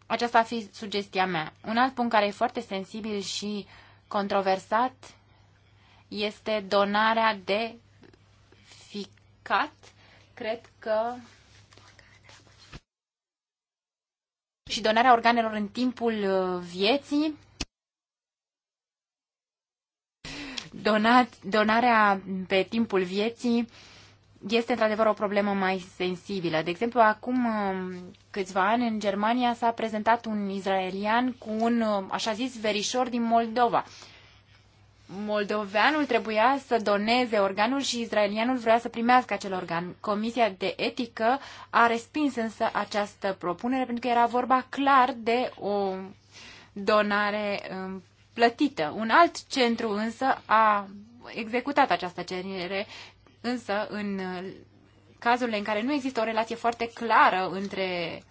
Aceasta ar fi sugestia mea. Un alt punct care e foarte sensibil și uh, controversat este donarea de ficat. Cred că și donarea organelor în timpul uh, vieții, donat, donarea pe timpul vieții este într-adevăr o problemă mai sensibilă. De exemplu, acum um, câțiva ani în Germania s-a prezentat un izraelian cu un, um, așa zis, verișor din Moldova. Moldoveanul trebuia să doneze organul și izraelianul vrea să primească acel organ. Comisia de etică a respins însă această propunere pentru că era vorba clar de o donare um, plătită. Un alt centru însă a executat această cerere Însă, în uh, cazurile în care nu există o relație foarte clară între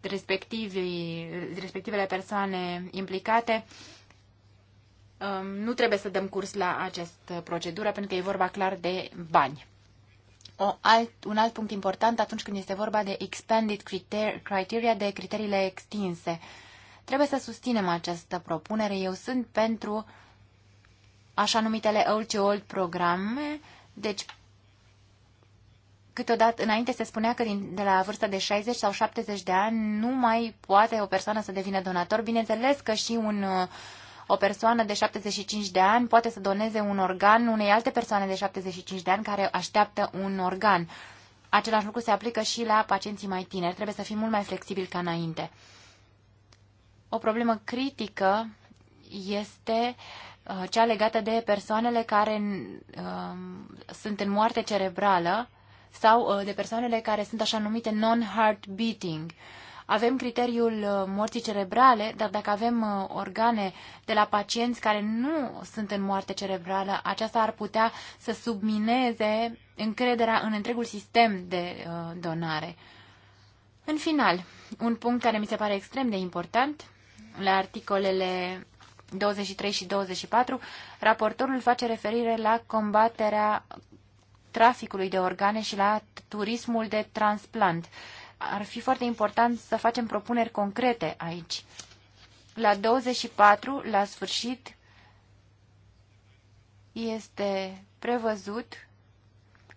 respectivele persoane implicate, um, nu trebuie să dăm curs la această procedură, pentru că e vorba clar de bani. O alt, un alt punct important atunci când este vorba de expanded criteria, de criteriile extinse. Trebuie să susținem această propunere. Eu sunt pentru uh, așa numitele old to old programe, deci câteodată, înainte se spunea că din, de la vârsta de 60 sau 70 de ani nu mai poate o persoană să devină donator. Bineînțeles că și un, o persoană de 75 de ani poate să doneze un organ unei alte persoane de 75 de ani care așteaptă un organ. Același lucru se aplică și la pacienții mai tineri. Trebuie să fim mult mai flexibili ca înainte. O problemă critică este uh, Uh, cea legată de persoanele care uh, sunt în moarte cerebrală sau uh, de persoanele care sunt așa numite non-heart beating. Avem criteriul morții cerebrale, dar dacă avem organe de la pacienți care nu sunt în moarte cerebrală, aceasta ar putea să submineze încrederea în întregul sistem de donare. În final, un punct care mi se pare extrem de important, la articolele 23 și 24, raportorul face referire la combaterea traficului de organe și la turismul de transplant. Ar fi foarte important să facem propuneri concrete aici. La 24, la sfârșit, este prevăzut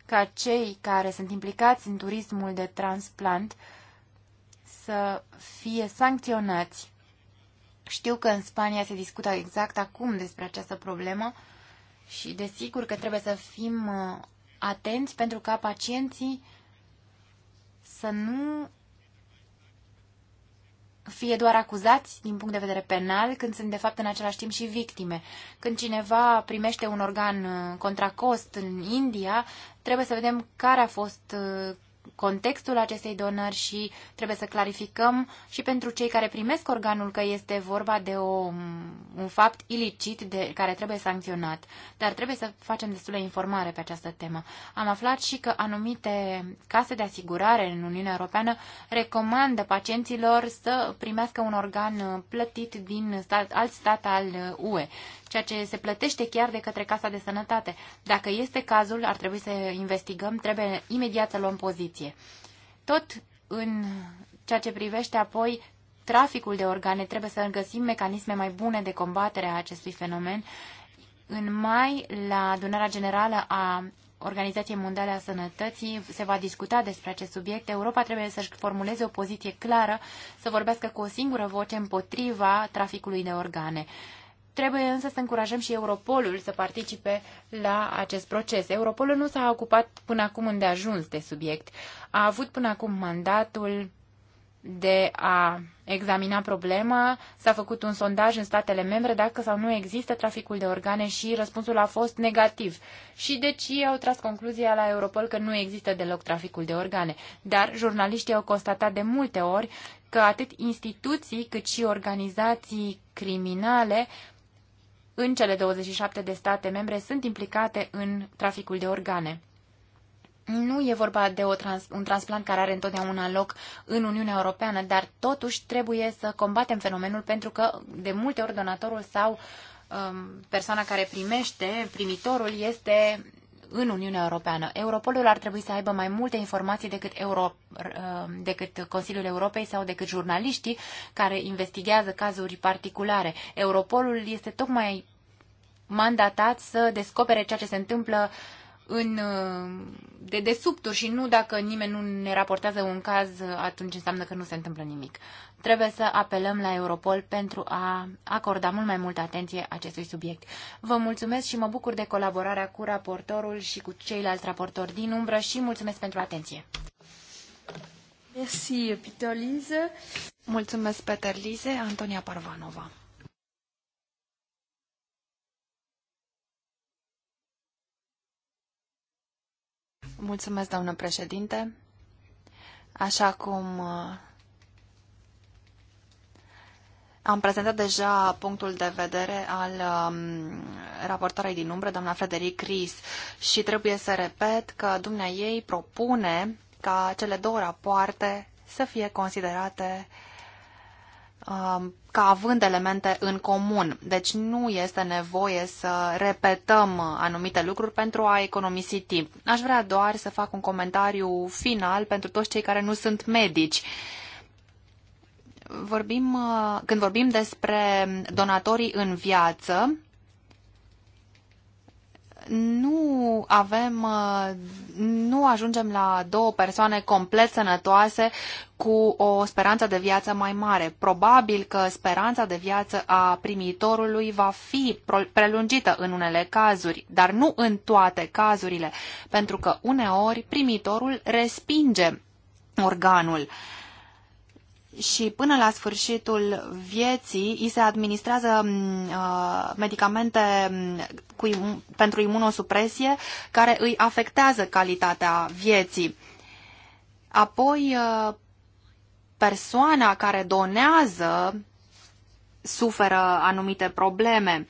ca cei care sunt implicați în turismul de transplant să fie sancționați știu că în Spania se discută exact acum despre această problemă și desigur că trebuie să fim uh, atenți pentru ca pacienții să nu fie doar acuzați din punct de vedere penal, când sunt de fapt în același timp și victime. Când cineva primește un organ uh, contra cost în India, trebuie să vedem care a fost uh, contextul acestei donări și trebuie să clarificăm și pentru cei care primesc organul că este vorba de o, un fapt ilicit de, care trebuie sancționat. Dar trebuie să facem destulă informare pe această temă. Am aflat și că anumite case de asigurare în Uniunea Europeană recomandă pacienților să primească un organ plătit din stat, alt stat al UE ceea ce se plătește chiar de către Casa de Sănătate. Dacă este cazul, ar trebui să investigăm, trebuie imediat să luăm poziție. Tot în ceea ce privește apoi traficul de organe, trebuie să găsim mecanisme mai bune de combatere a acestui fenomen. În mai, la adunarea generală a Organizației Mondiale a Sănătății se va discuta despre acest subiect. Europa trebuie să-și formuleze o poziție clară, să vorbească cu o singură voce împotriva traficului de organe. Trebuie însă să încurajăm și Europolul să participe la acest proces. Europolul nu s-a ocupat până acum îndeajuns de subiect. A avut până acum mandatul de a examina problema, s-a făcut un sondaj în statele membre dacă sau nu există traficul de organe și răspunsul a fost negativ. Și deci ei au tras concluzia la Europol că nu există deloc traficul de organe. Dar jurnaliștii au constatat de multe ori că atât instituții cât și organizații criminale în cele 27 de state membre sunt implicate în traficul de organe. Nu e vorba de o trans- un transplant care are întotdeauna loc în Uniunea Europeană, dar totuși trebuie să combatem fenomenul pentru că de multe ori donatorul sau um, persoana care primește, primitorul, este în Uniunea Europeană. Europolul ar trebui să aibă mai multe informații decât, Euro, uh, decât Consiliul Europei sau decât jurnaliștii care investigează cazuri particulare. Europolul este tocmai mandatat să descopere ceea ce se întâmplă uh, în uh, desubturi și nu dacă nimeni nu ne raportează un caz, uh, atunci înseamnă că nu se întâmplă nimic. Trebuie să apelăm la Europol pentru a acorda mult mai multă atenție acestui subiect. Vă mulțumesc și mă bucur de colaborarea cu raportorul și cu ceilalți raportori din umbră și mulțumesc pentru atenție. Merci, Peter Lise. Mulțumesc, Peter Antonia Parvanova. Mulțumesc, doamnă președinte. Așa cum uh, am prezentat deja punctul de vedere al um, raportoarei din umbră, doamna Frederic Ries, și trebuie să repet că dumnea ei propune ca cele două rapoarte să fie considerate uh, Um, ca având elemente în comun. Deci nu este nevoie să repetăm anumite lucruri pentru a economisi timp. Aș vrea doar să fac un comentariu final pentru toți cei care nu sunt medici. Vorbim, uh, când vorbim despre donatorii în viață, nu avem, uh, nu ajungem la două persoane complet sănătoase cu o speranță de viață mai mare. Probabil că speranța de viață a primitorului va fi prelungită în unele cazuri, dar nu în toate cazurile, pentru că uneori primitorul respinge organul și până la sfârșitul vieții îi se administrează mm, uh, medicamente mm, cu pentru imunosupresie care îi afectează calitatea vieții. Apoi, uh, persoana care donează suferă anumite probleme.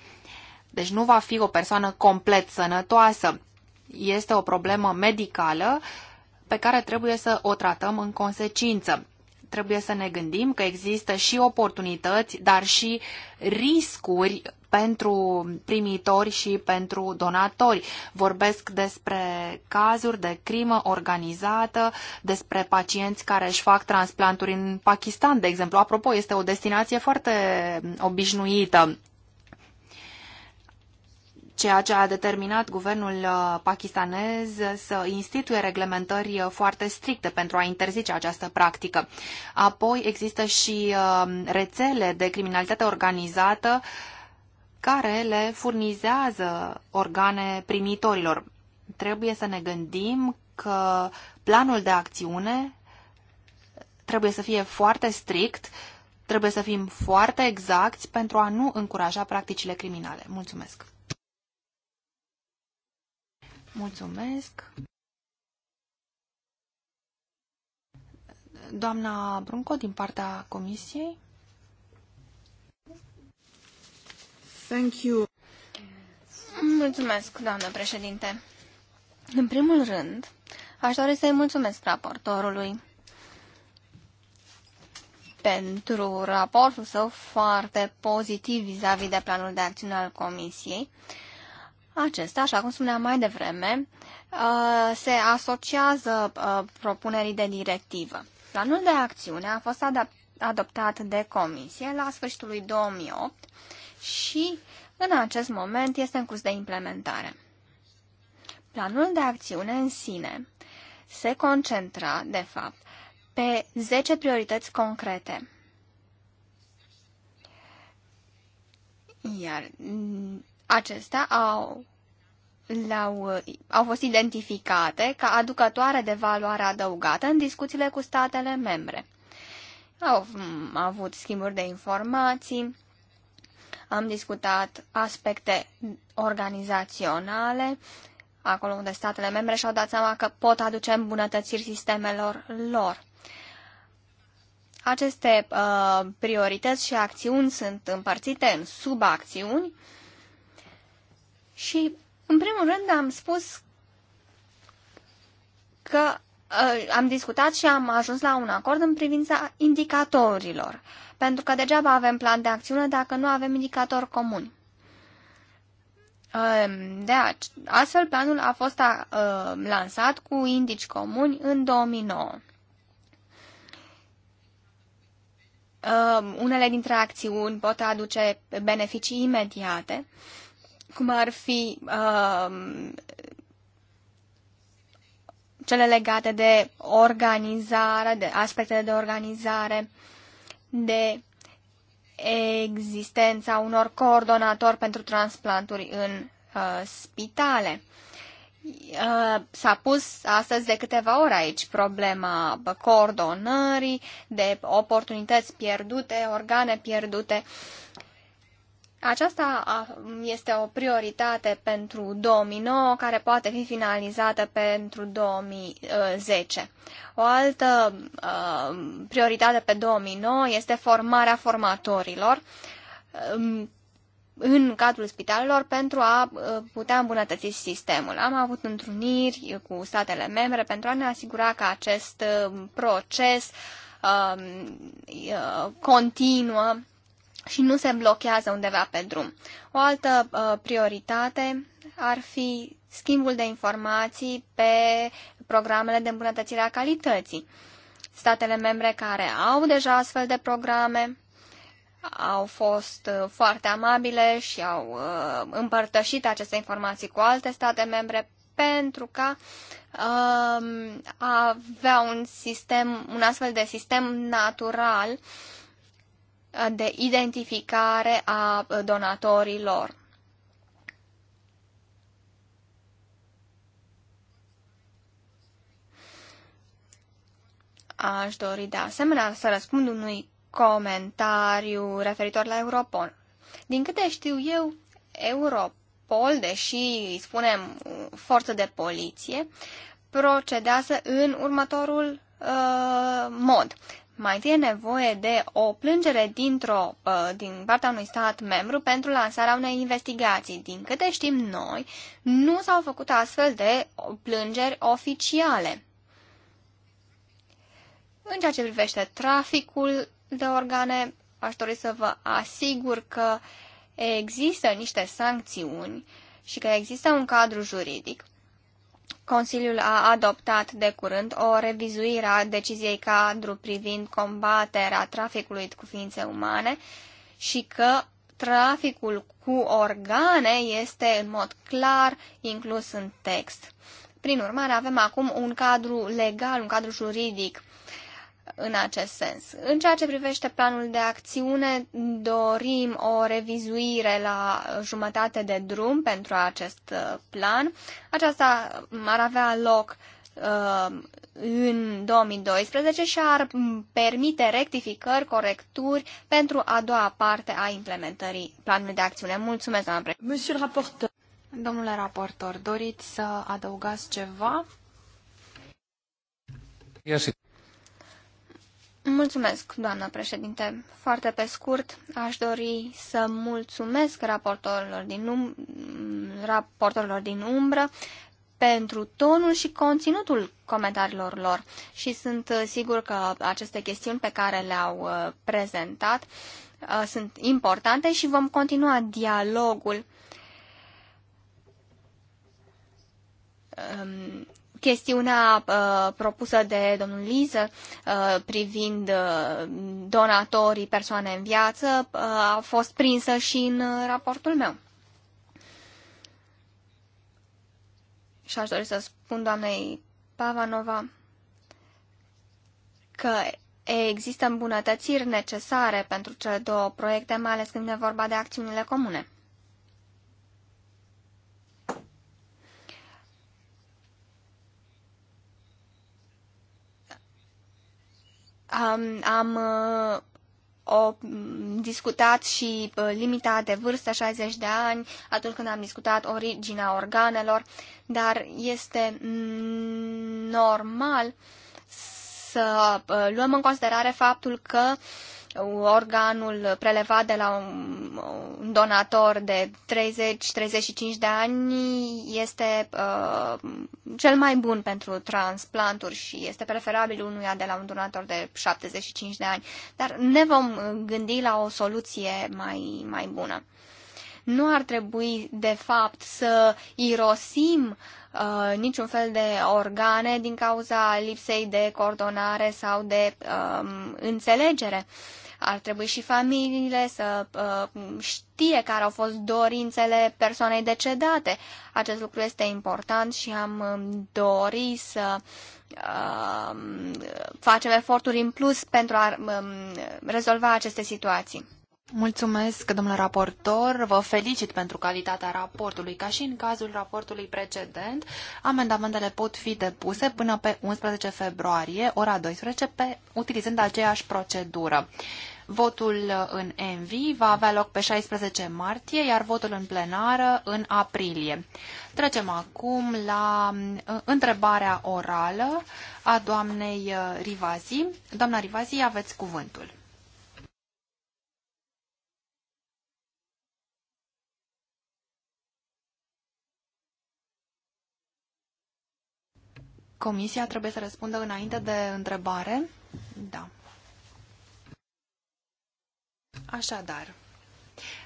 Deci nu va fi o persoană complet sănătoasă. Este o problemă medicală pe care trebuie să o tratăm în consecință trebuie să ne gândim că există și oportunități, dar și riscuri pentru primitori și pentru donatori. Vorbesc despre cazuri de crimă organizată, despre pacienți care își fac transplanturi în Pakistan, de exemplu. Apropo, este o destinație foarte obișnuită ceea ce a determinat guvernul uh, pakistanez să instituie reglementări uh, foarte stricte pentru a interzice această practică. Apoi există și uh, rețele de criminalitate organizată care le furnizează organe primitorilor. Trebuie să ne gândim că planul de acțiune trebuie să fie foarte strict, trebuie să fim foarte exacti pentru a nu încuraja practicile criminale. Mulțumesc! Mulțumesc. Doamna Brunco, din partea Comisiei. Thank you. Mulțumesc, doamnă președinte. În primul rând, aș dori să-i mulțumesc raportorului pentru raportul său foarte pozitiv vis-a-vis -vis de planul de acțiune al Comisiei acesta, așa cum spuneam mai devreme, uh, se asociază uh, propunerii de directivă. Planul de acțiune a fost adoptat de comisie la sfârșitul lui 2008 și în acest moment este în curs de implementare. Planul de acțiune în sine se concentra, de fapt, pe 10 priorități concrete. Iar acestea au, -au, au fost identificate ca aducătoare de valoare adăugată în discuțiile cu statele membre. Au avut schimburi de informații, am discutat aspecte organizaționale, acolo unde statele membre și-au dat seama că pot aduce îmbunătățiri sistemelor lor. Aceste uh, priorități și acțiuni sunt împărțite în subacțiuni și, în primul rând, am spus că uh, am discutat și am ajuns la un acord în privința indicatorilor, pentru că degeaba avem plan de acțiune dacă nu avem indicatori comuni. Um, de astfel, planul a fost a, uh, a, lansat cu indici comuni în 2009. A, um, unele dintre acțiuni pot aduce beneficii imediate, cum ar fi um, cele legate de organizare, de aspectele de organizare, de existența unor coordonatori pentru transplanturi în uh, spitale. Uh, s-a pus astăzi de câteva ori aici problema coordonării, de oportunități pierdute, organe pierdute. Aceasta este o prioritate pentru 2009, care poate fi finalizată pentru 2010. O altă uh, prioritate pe 2009 este formarea formatorilor um, în cadrul spitalelor pentru a uh, putea îmbunătăți sistemul. Am avut întruniri cu statele membre pentru a ne asigura că acest uh, proces um, uh, continuă și nu se blochează undeva pe drum. O altă uh, prioritate ar fi schimbul de informații pe programele de îmbunătățire a calității. Statele membre care au deja astfel de programe au fost uh, foarte amabile și au uh, împărtășit aceste informații cu alte state membre pentru ca uh, avea un sistem, un astfel de sistem natural uh, de identificare a donatorilor. Aș dori de asemenea să răspund unui comentariu referitor la Europol. Din câte știu eu, Europol, deși îi spunem forță de poliție, procedează în următorul uh, mod mai întâi e nevoie de o plângere dintr-o, uh, din partea unui stat membru pentru lansarea unei investigații. Din câte știm noi, nu s-au făcut astfel de plângeri oficiale. În ceea ce privește traficul de organe, aș dori să vă asigur că există niște sancțiuni și că există un cadru juridic Consiliul a adoptat de curând o revizuire a deciziei cadru privind combaterea traficului cu ființe umane și că traficul cu organe este în mod clar inclus în text. Prin urmare, avem acum un cadru legal, un cadru juridic în acest sens. În ceea ce privește planul de acțiune, dorim o revizuire la jumătate de drum pentru acest uh, plan. Aceasta ar avea loc uh, în 2012 și ar permite rectificări, corecturi pentru a doua parte a implementării planului de acțiune. Mulțumesc, doamna președinte. Domnule raportor, doriți să adăugați ceva? Yes. Mulțumesc, doamnă președinte. Foarte pe scurt, aș dori să mulțumesc raportorilor din, um, raportorilor din umbră pentru tonul și conținutul comentariilor lor și sunt uh, sigur că aceste chestiuni pe care le-au uh, prezentat uh, sunt importante și vom continua dialogul um, chestiunea uh, propusă de domnul Liză uh, privind uh, donatorii persoane în viață uh, a fost prinsă și în uh, raportul meu. Și aș dori să spun doamnei Pavanova că există îmbunătățiri necesare pentru cele două proiecte, mai ales când e vorba de acțiunile comune. am uh, o, mm, discutat și uh, limita de vârstă 60 de ani atunci când am discutat originea organelor, dar este mm, normal să uh, luăm în considerare faptul că uh, organul prelevat de la un, donator de 30-35 de ani este uh, cel mai bun pentru transplanturi și este preferabil unuia de la un donator de 75 de ani, dar ne vom gândi la o soluție mai, mai bună. Nu ar trebui, de fapt, să irosim uh, niciun fel de organe din cauza lipsei de coordonare sau de uh, înțelegere. Uh, ar trebui și familiile să uh, știe care au fost dorințele persoanei decedate. Acest lucru este important și am um, dori să uh, facem eforturi în plus pentru a um, rezolva aceste situații. Mulțumesc, domnule raportor. Vă felicit pentru calitatea raportului. Ca și în cazul raportului precedent, amendamentele pot fi depuse până pe 11 februarie, ora 12, pe, utilizând aceeași procedură. Votul în ENVI va avea loc pe 16 martie, iar votul în plenară în aprilie. Trecem acum la uh, întrebarea orală a doamnei uh, Rivazi. Doamna Rivazi, aveți cuvântul. Comisia trebuie să răspundă înainte de întrebare? Da. Așadar,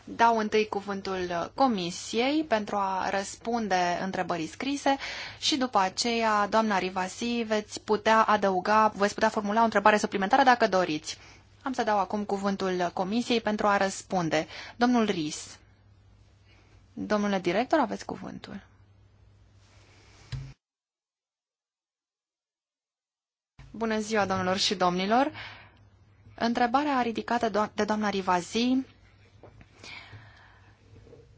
dau întâi cuvântul Comisiei pentru a răspunde întrebării scrise și după aceea, doamna Rivasi, veți putea adăuga, veți putea formula o întrebare suplimentară dacă doriți. Am să dau acum cuvântul Comisiei pentru a răspunde. Domnul Ris. Domnule director, aveți cuvântul. Bună ziua, domnilor și domnilor! Întrebarea ridicată de doamna Rivazi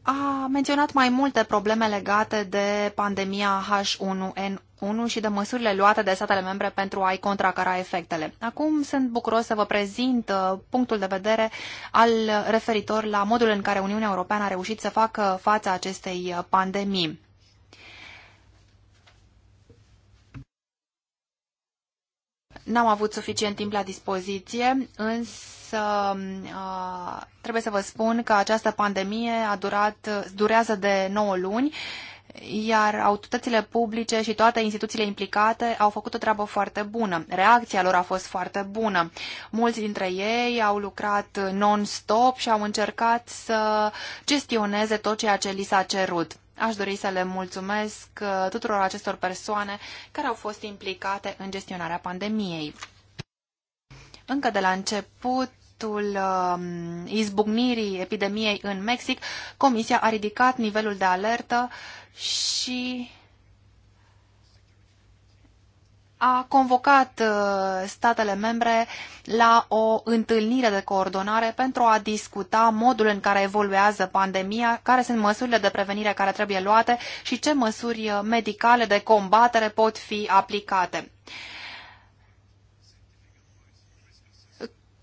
a menționat mai multe probleme legate de pandemia H1N1 și de măsurile luate de statele membre pentru a-i contracara efectele. Acum sunt bucuros să vă prezint uh, punctul de vedere al referitor la modul în care Uniunea Europeană a reușit să facă fața acestei uh, pandemii. N-am avut suficient timp la dispoziție, însă uh, trebuie să vă spun că această pandemie a durat, durează de 9 luni, iar autoritățile publice și toate instituțiile implicate au făcut o treabă foarte bună. Reacția lor a fost foarte bună. Mulți dintre ei au lucrat non-stop și au încercat să gestioneze tot ceea ce li s-a cerut. Aș dori să le mulțumesc uh, tuturor acestor persoane care au fost implicate în gestionarea pandemiei. Încă de la început, um, izbucnirii epidemiei în Mexic, Comisia a ridicat nivelul de alertă și a convocat uh, statele membre la o întâlnire de coordonare pentru a discuta modul în care evoluează pandemia, care sunt măsurile de prevenire care trebuie luate și ce măsuri uh, medicale de combatere pot fi aplicate.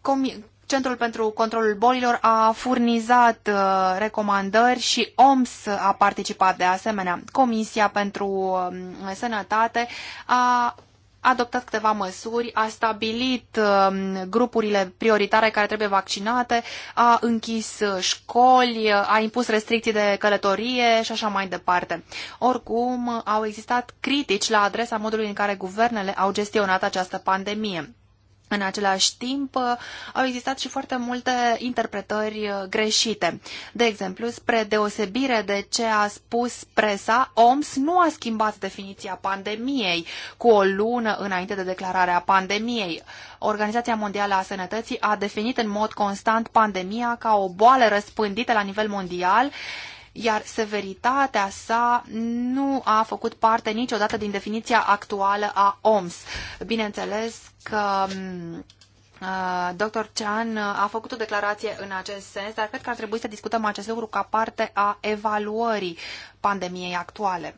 Com Centrul pentru Controlul Bolilor a furnizat uh, recomandări și OMS a participat de asemenea. Comisia pentru um, Sănătate a adoptat câteva măsuri, a stabilit um, grupurile prioritare care trebuie vaccinate, a închis uh, școli, a impus restricții de călătorie și așa mai departe. Oricum, au existat critici la adresa modului în care guvernele au gestionat această pandemie. În același timp, uh, au existat și foarte multe interpretări uh, greșite. De exemplu, spre deosebire de ce a spus presa, OMS nu a schimbat definiția pandemiei cu o lună înainte de declararea pandemiei. Organizația Mondială a Sănătății a definit în mod constant pandemia ca o boală răspândită la nivel mondial iar severitatea sa nu a făcut parte niciodată din definiția actuală a OMS. Bineînțeles că mm, uh, Dr. Chan a făcut o declarație în acest sens, dar cred că ar trebui să discutăm acest lucru ca parte a evaluării pandemiei actuale.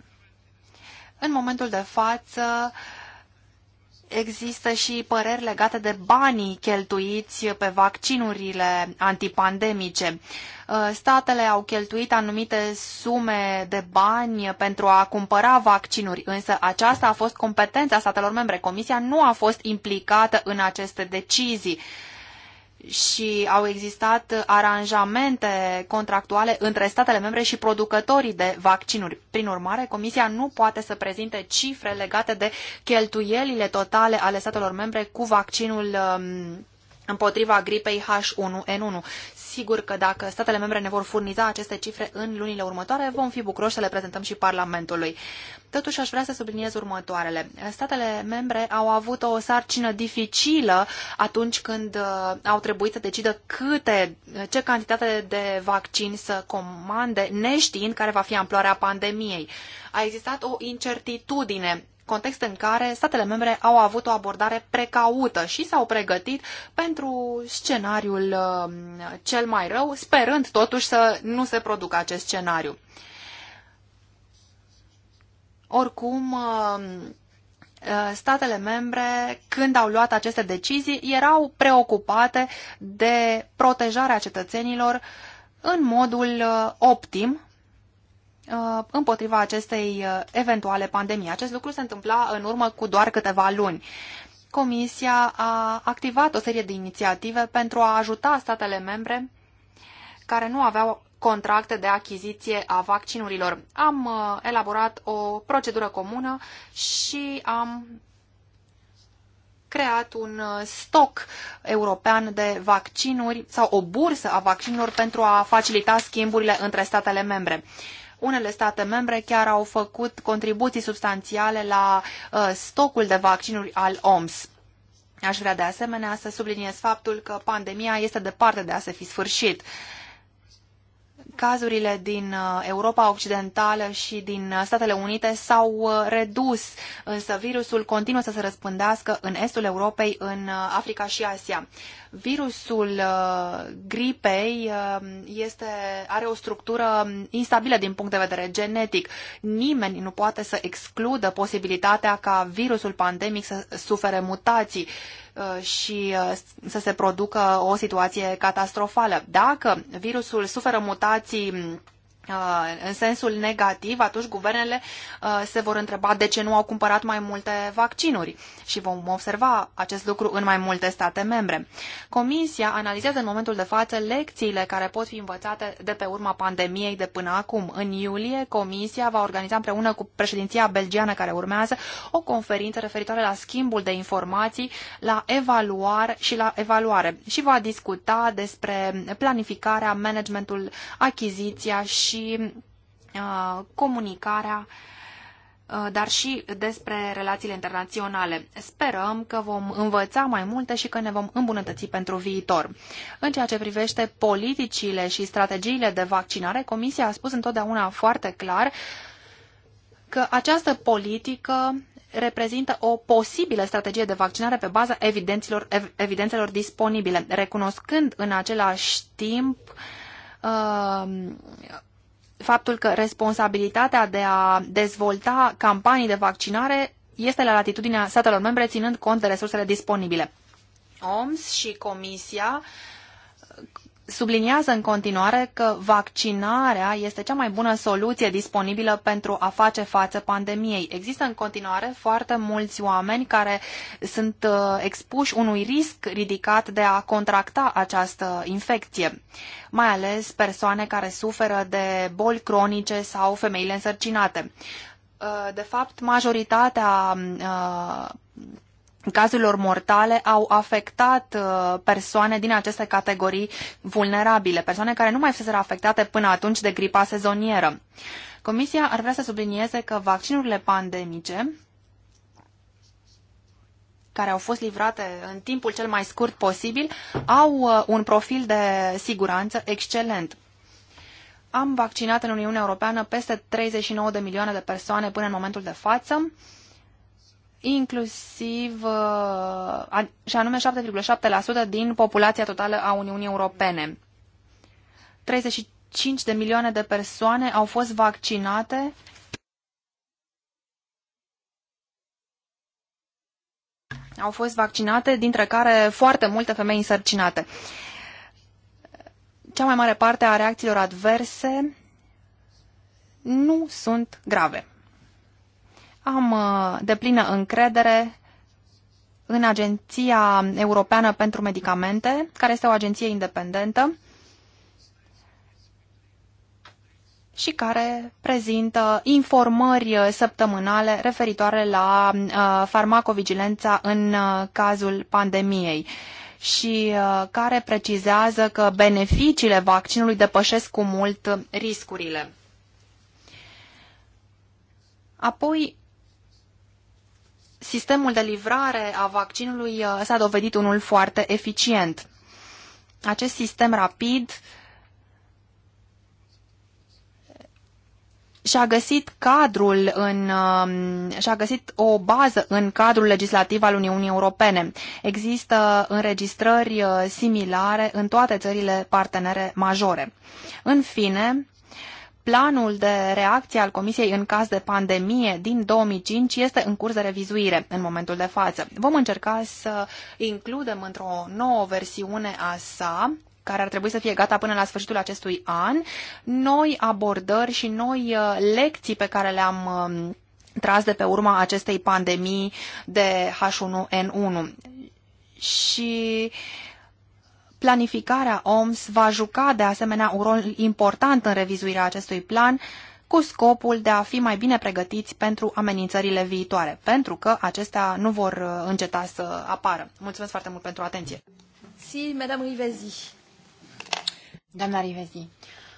În momentul de față, există și păreri legate de banii cheltuiți pe vaccinurile antipandemice. Uh, statele au cheltuit anumite sume de bani pentru a cumpăra vaccinuri, însă aceasta a fost competența statelor membre. Comisia nu a fost implicată în aceste decizii și au existat aranjamente contractuale între statele membre și producătorii de vaccinuri. Prin urmare, Comisia nu poate să prezinte cifre legate de cheltuielile totale ale statelor membre cu vaccinul um, împotriva gripei H1N1. Sigur că dacă statele membre ne vor furniza aceste cifre în lunile următoare, vom fi bucuroși să le prezentăm și Parlamentului. Totuși aș vrea să subliniez următoarele. Statele membre au avut o sarcină dificilă atunci când uh, au trebuit să decidă câte, ce cantitate de vaccin să comande, neștiind care va fi amploarea pandemiei. A existat o incertitudine context în care statele membre au avut o abordare precaută și s-au pregătit pentru scenariul um, cel mai rău, sperând totuși să nu se producă acest scenariu. Oricum, um, uh, statele membre, când au luat aceste decizii, erau preocupate de protejarea cetățenilor în modul uh, optim Uh, împotriva acestei uh, eventuale pandemii. Acest lucru se întâmpla în urmă cu doar câteva luni. Comisia a activat o serie de inițiative pentru a ajuta statele membre care nu aveau contracte de achiziție a vaccinurilor. Am uh, elaborat o procedură comună și am creat un stoc european de vaccinuri sau o bursă a vaccinurilor pentru a facilita schimburile între statele membre. Unele state membre chiar au făcut contribuții substanțiale la uh, stocul de vaccinuri al OMS. Aș vrea de asemenea să subliniez faptul că pandemia este departe de a se fi sfârșit cazurile din uh, Europa Occidentală și din uh, Statele Unite s-au uh, redus, însă virusul continuă să se răspândească în estul Europei, în Africa și Asia. Virusul gripei este, are o structură um, instabilă din punct de vedere genetic. Nimeni nu poate să excludă posibilitatea ca virusul pandemic să sufere mutații Uh, și uh, să se producă o situație catastrofală. Dacă virusul suferă mutații Uh, în sensul negativ, atunci guvernele uh, se vor întreba de ce nu au cumpărat mai multe vaccinuri și vom observa acest lucru în mai multe state membre. Comisia analizează în momentul de față lecțiile care pot fi învățate de pe urma pandemiei de până acum. În iulie, Comisia va organiza împreună cu președinția belgiană care urmează o conferință referitoare la schimbul de informații, la evaluare și la evaluare și va discuta despre planificarea, managementul, achiziția și și uh, comunicarea, uh, dar și despre relațiile internaționale. Sperăm că vom învăța mai multe și că ne vom îmbunătăți pentru viitor. În ceea ce privește politicile și strategiile de vaccinare, Comisia a spus întotdeauna foarte clar că această politică reprezintă o posibilă strategie de vaccinare pe baza evidențelor, evidențelor disponibile, recunoscând în același timp uh, faptul că responsabilitatea de a dezvolta campanii de vaccinare este la latitudinea statelor membre, ținând cont de resursele disponibile. OMS și Comisia uh, subliniază în continuare că vaccinarea este cea mai bună soluție disponibilă pentru a face față pandemiei. Există în continuare foarte mulți oameni care sunt uh, expuși unui risc ridicat de a contracta această infecție, mai ales persoane care suferă de boli cronice sau femeile însărcinate. Uh, de fapt, majoritatea uh, cazurilor mortale au afectat uh, persoane din aceste categorii vulnerabile, persoane care nu mai fuseseră afectate până atunci de gripa sezonieră. Comisia ar vrea să sublinieze că vaccinurile pandemice care au fost livrate în timpul cel mai scurt posibil au uh, un profil de siguranță excelent. Am vaccinat în Uniunea Europeană peste 39 de milioane de persoane până în momentul de față inclusiv uh, și anume 7,7% din populația totală a Uniunii Europene. 35 de milioane de persoane au fost vaccinate au fost vaccinate, dintre care foarte multe femei însărcinate. Cea mai mare parte a reacțiilor adverse nu sunt grave. Am uh, plină încredere în Agenția Europeană pentru Medicamente, care este o agenție independentă și care prezintă informări uh, săptămânale referitoare la uh, farmacovigilența în cazul pandemiei și care precizează că beneficiile vaccinului depășesc cu mult riscurile. Apoi, sistemul de livrare a vaccinului uh, s-a dovedit unul foarte eficient. Acest sistem rapid și-a găsit cadrul în, um, și-a găsit o bază în cadrul legislativ al Uniunii Europene. Există înregistrări uh, similare în toate țările partenere majore. În fine, Planul de reacție al Comisiei în caz de pandemie din 2005 este în curs de revizuire în momentul de față. Vom încerca să includem într-o nouă versiune a sa care ar trebui să fie gata până la sfârșitul acestui an, noi abordări și noi uh, lecții pe care le-am um, tras de pe urma acestei pandemii de H1N1. Și uh, Planificarea OMS va juca de asemenea un rol important în revizuirea acestui plan, cu scopul de a fi mai bine pregătiți pentru amenințările viitoare, pentru că acestea nu vor uh, înceta să apară. Mulțumesc foarte mult pentru atenție. Si, Madame Rivezi. Doamna Rivezi,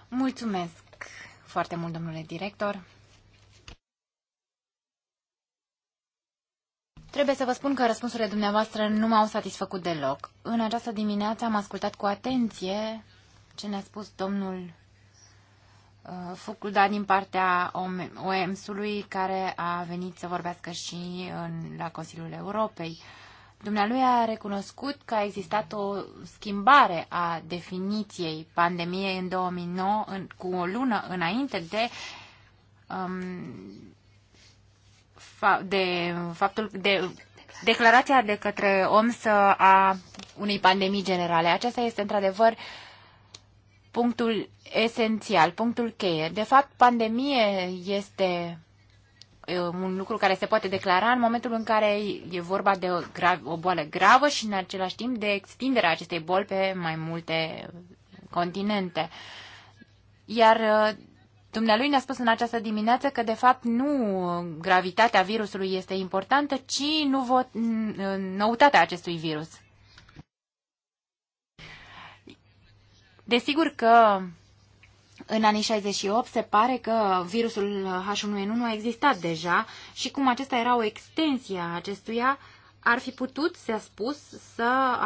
mulțumesc foarte mult, domnule director. Trebuie să vă spun că răspunsurile dumneavoastră nu m-au satisfăcut deloc. În această dimineață am ascultat cu atenție ce ne-a spus domnul uh, Fucuda din partea OMS-ului, care a venit să vorbească și în, la Consiliul Europei. Dumnealui a recunoscut că a existat o schimbare a definiției pandemiei în 2009, în, cu o lună înainte de um, de faptul de declarația de către om să a unei pandemii generale. Aceasta este într-adevăr punctul esențial, punctul cheie. De fapt, pandemie este un lucru care se poate declara în momentul în care e vorba de o, grav, o boală gravă și în același timp de extinderea acestei boli pe mai multe continente. Iar Dumnealui ne-a spus în această dimineață că, de fapt, nu gravitatea virusului este importantă, ci nu vo- noutatea acestui virus. Desigur că în anii 68 se pare că virusul H1N1 a existat deja și cum acesta era o extensie a acestuia, ar fi putut, se a spus, să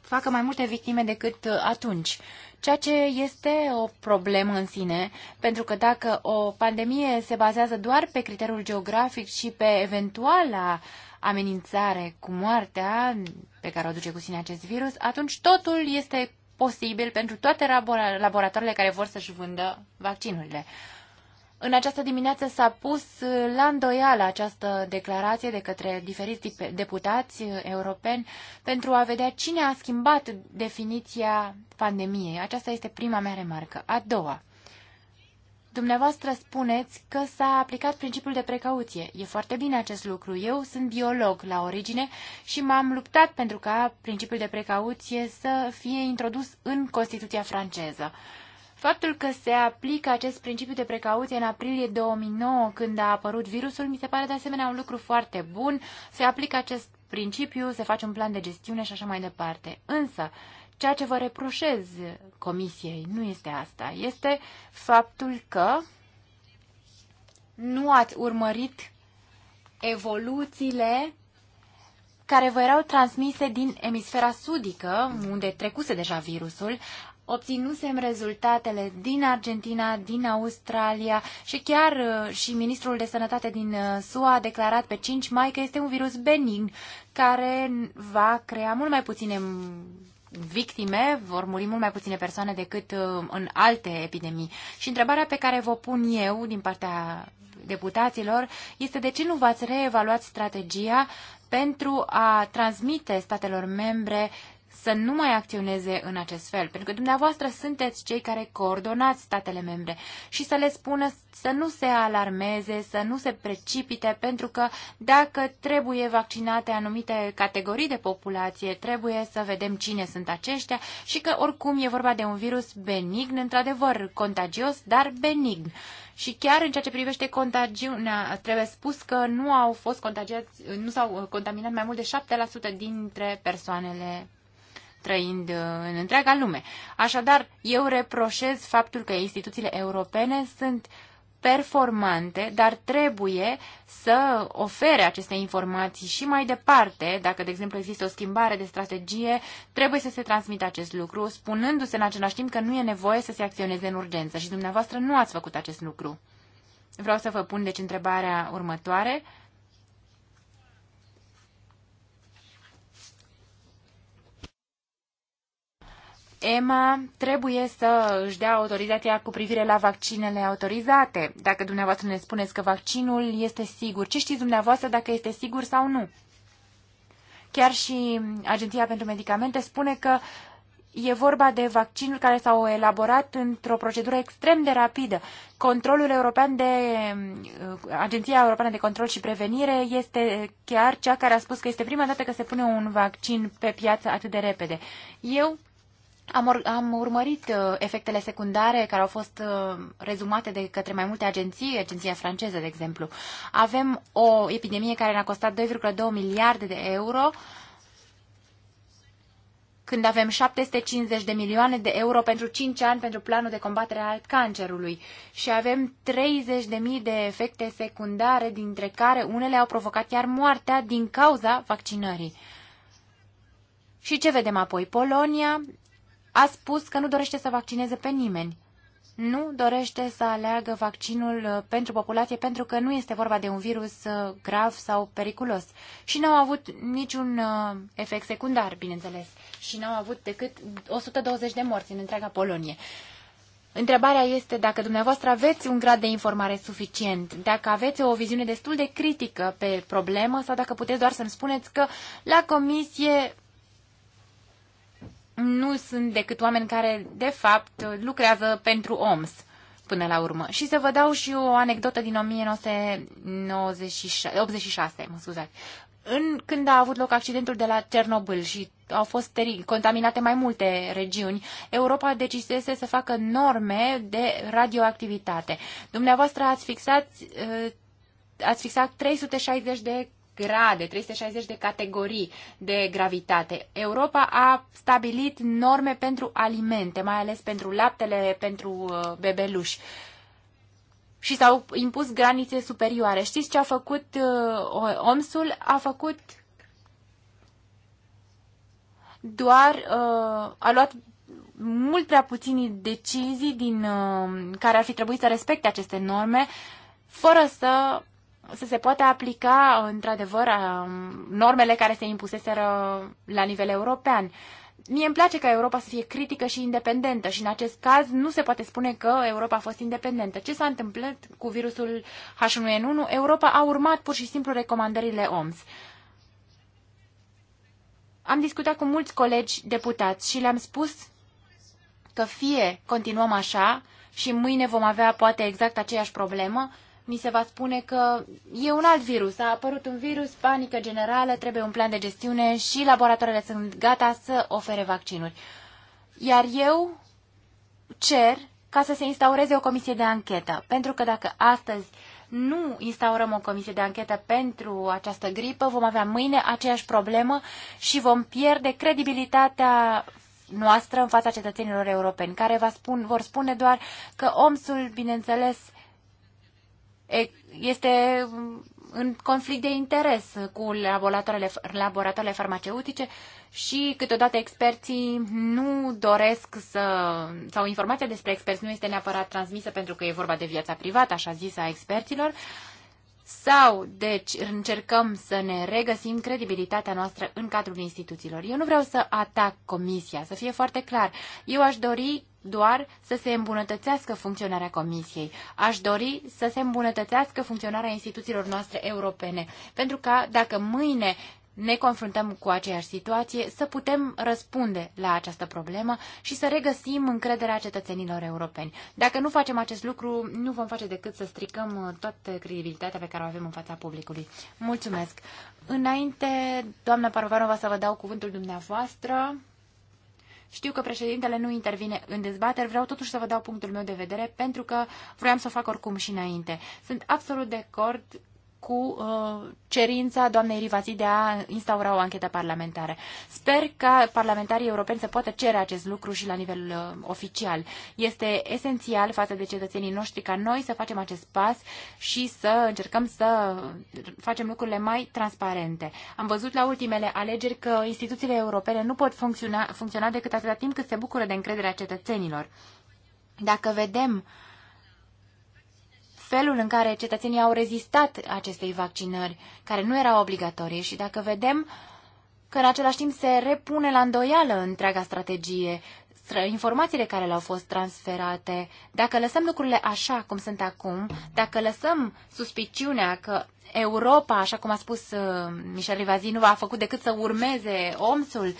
facă mai multe victime decât atunci ceea ce este o problemă în sine, pentru că dacă o pandemie se bazează doar pe criteriul geografic și pe eventuala amenințare cu moartea pe care o duce cu sine acest virus, atunci totul este posibil pentru toate laboratoarele care vor să-și vândă vaccinurile. În această dimineață s-a pus uh, la îndoială această declarație de către diferiți deputați uh, europeni pentru a vedea cine a schimbat definiția pandemiei. Aceasta este prima mea remarcă. A doua. Dumneavoastră spuneți că s-a aplicat principiul de precauție. E foarte bine acest lucru. Eu sunt biolog la origine și m-am luptat pentru ca principiul de precauție să fie introdus în Constituția franceză. Faptul că se aplică acest principiu de precauție în aprilie 2009, când a apărut virusul, mi se pare de asemenea un lucru foarte bun. Se aplică acest principiu, se face un plan de gestiune și așa mai departe. Însă, ceea ce vă reproșez comisiei nu este asta, este faptul că nu ați urmărit evoluțiile care vă erau transmise din emisfera sudică, unde trecuse deja virusul, obținusem rezultatele din Argentina, din Australia și chiar uh, și ministrul de sănătate din uh, SUA a declarat pe 5 mai că este un virus benign care va crea mult mai puține victime, vor muri mult mai puține persoane decât uh, în alte epidemii. Și întrebarea pe care vă pun eu din partea deputaților este de ce nu v-ați reevaluat strategia pentru a transmite statelor membre să nu mai acționeze în acest fel, pentru că dumneavoastră sunteți cei care coordonați statele membre și să le spună să nu se alarmeze, să nu se precipite, pentru că dacă trebuie vaccinate anumite categorii de populație, trebuie să vedem cine sunt aceștia și că oricum e vorba de un virus benign, într-adevăr contagios, dar benign. Și chiar în ceea ce privește contagiunea, trebuie spus că nu au fost contagiați, nu s-au contaminat mai mult de 7% dintre persoanele trăind uh, în întreaga lume. Așadar, eu reproșez faptul că instituțiile europene sunt performante, dar trebuie să ofere aceste informații și mai departe, dacă, de exemplu, există o schimbare de strategie, trebuie să se transmită acest lucru, spunându-se în același timp că nu e nevoie să se acționeze în urgență și dumneavoastră nu ați făcut acest lucru. Vreau să vă pun, deci, întrebarea următoare. EMA trebuie să își dea autorizația cu privire la vaccinele autorizate. Dacă dumneavoastră ne spuneți că vaccinul este sigur, ce știți dumneavoastră dacă este sigur sau nu? Chiar și Agenția pentru Medicamente spune că e vorba de vaccinuri care s-au elaborat într-o procedură extrem de rapidă. Controlul european de uh, Agenția Europeană de Control și Prevenire este chiar cea care a spus că este prima dată că se pune un vaccin pe piață atât de repede. Eu am, am urmărit uh, efectele secundare care au fost uh, rezumate de către mai multe agenții, agenția franceză, de exemplu. Avem o epidemie care ne-a costat 2,2 miliarde de euro, când avem 750 de milioane de euro pentru 5 ani pentru planul de combatere al cancerului și avem 30.000 de efecte secundare, dintre care unele au provocat chiar moartea din cauza vaccinării. Și ce vedem apoi? Polonia a spus că nu dorește să vaccineze pe nimeni. Nu dorește să aleagă vaccinul uh, pentru populație pentru că nu este vorba de un virus uh, grav sau periculos. Și n-au avut niciun uh, efect secundar, bineînțeles. Și n-au avut decât 120 de morți în întreaga Polonie. Întrebarea este dacă dumneavoastră aveți un grad de informare suficient, dacă aveți o viziune destul de critică pe problemă sau dacă puteți doar să-mi spuneți că la comisie nu sunt decât oameni care, de fapt, lucrează pentru OMS până la urmă. Și să vă dau și o anecdotă din 1986, mă scuzați. În, când a avut loc accidentul de la Cernobâl și au fost teri, contaminate mai multe regiuni, Europa decisese să facă norme de radioactivitate. Dumneavoastră ați fixat, uh, ați fixat 360 de grade, 360 de categorii de gravitate. Europa a stabilit norme pentru alimente, mai ales pentru laptele, pentru uh, bebeluși. Și s-au impus granițe superioare. Știți ce a făcut uh, OMS-ul? A făcut doar uh, a luat mult prea puțini decizii din uh, care ar fi trebuit să respecte aceste norme, fără să să se poată aplica, într-adevăr, um, normele care se impuseseră la nivel european. Mie îmi place ca Europa să fie critică și independentă și în acest caz nu se poate spune că Europa a fost independentă. Ce s-a întâmplat cu virusul H1N1? Europa a urmat pur și simplu recomandările OMS. Am discutat cu mulți colegi deputați și le-am spus că fie continuăm așa și mâine vom avea poate exact aceeași problemă, ni se va spune că e un alt virus, a apărut un virus, panică generală, trebuie un plan de gestiune și laboratoarele sunt gata să ofere vaccinuri. Iar eu cer ca să se instaureze o comisie de anchetă, pentru că dacă astăzi nu instaurăm o comisie de anchetă pentru această gripă, vom avea mâine aceeași problemă și vom pierde credibilitatea noastră în fața cetățenilor europeni, care va spun, vor spune doar că omsul, bineînțeles, este în conflict de interes cu laboratoarele, laboratoarele farmaceutice și câteodată experții nu doresc să... sau informația despre experți nu este neapărat transmisă pentru că e vorba de viața privată, așa zisă a experților, sau, deci, încercăm să ne regăsim credibilitatea noastră în cadrul instituțiilor. Eu nu vreau să atac comisia, să fie foarte clar. Eu aș dori doar să se îmbunătățească funcționarea Comisiei. Aș dori să se îmbunătățească funcționarea instituțiilor noastre europene, pentru că dacă mâine ne confruntăm cu aceeași situație, să putem răspunde la această problemă și să regăsim încrederea cetățenilor europeni. Dacă nu facem acest lucru, nu vom face decât să stricăm uh, toată credibilitatea pe care o avem în fața publicului. Mulțumesc! Înainte, doamna Parovanova, să vă dau cuvântul dumneavoastră. Știu că președintele nu intervine în dezbateri, vreau totuși să vă dau punctul meu de vedere, pentru că vroiam să o fac oricum și înainte. Sunt absolut de acord cu uh, cerința doamnei Rivasi de a instaura o anchetă parlamentară. Sper ca parlamentarii europeni să poată cere acest lucru și la nivel uh, oficial. Este esențial față de cetățenii noștri ca noi să facem acest pas și să încercăm să facem lucrurile mai transparente. Am văzut la ultimele alegeri că instituțiile europene nu pot funcționa, funcționa decât atâta timp cât se bucură de încrederea cetățenilor. Dacă vedem uh, felul în care cetățenii au rezistat acestei vaccinări, care nu era obligatorie și dacă vedem că în același timp se repune la îndoială întreaga strategie, informațiile care le-au fost transferate, dacă lăsăm lucrurile așa cum sunt acum, dacă lăsăm suspiciunea că Europa, așa cum a spus uh, Michel Rivazi, nu a făcut decât să urmeze OMS-ul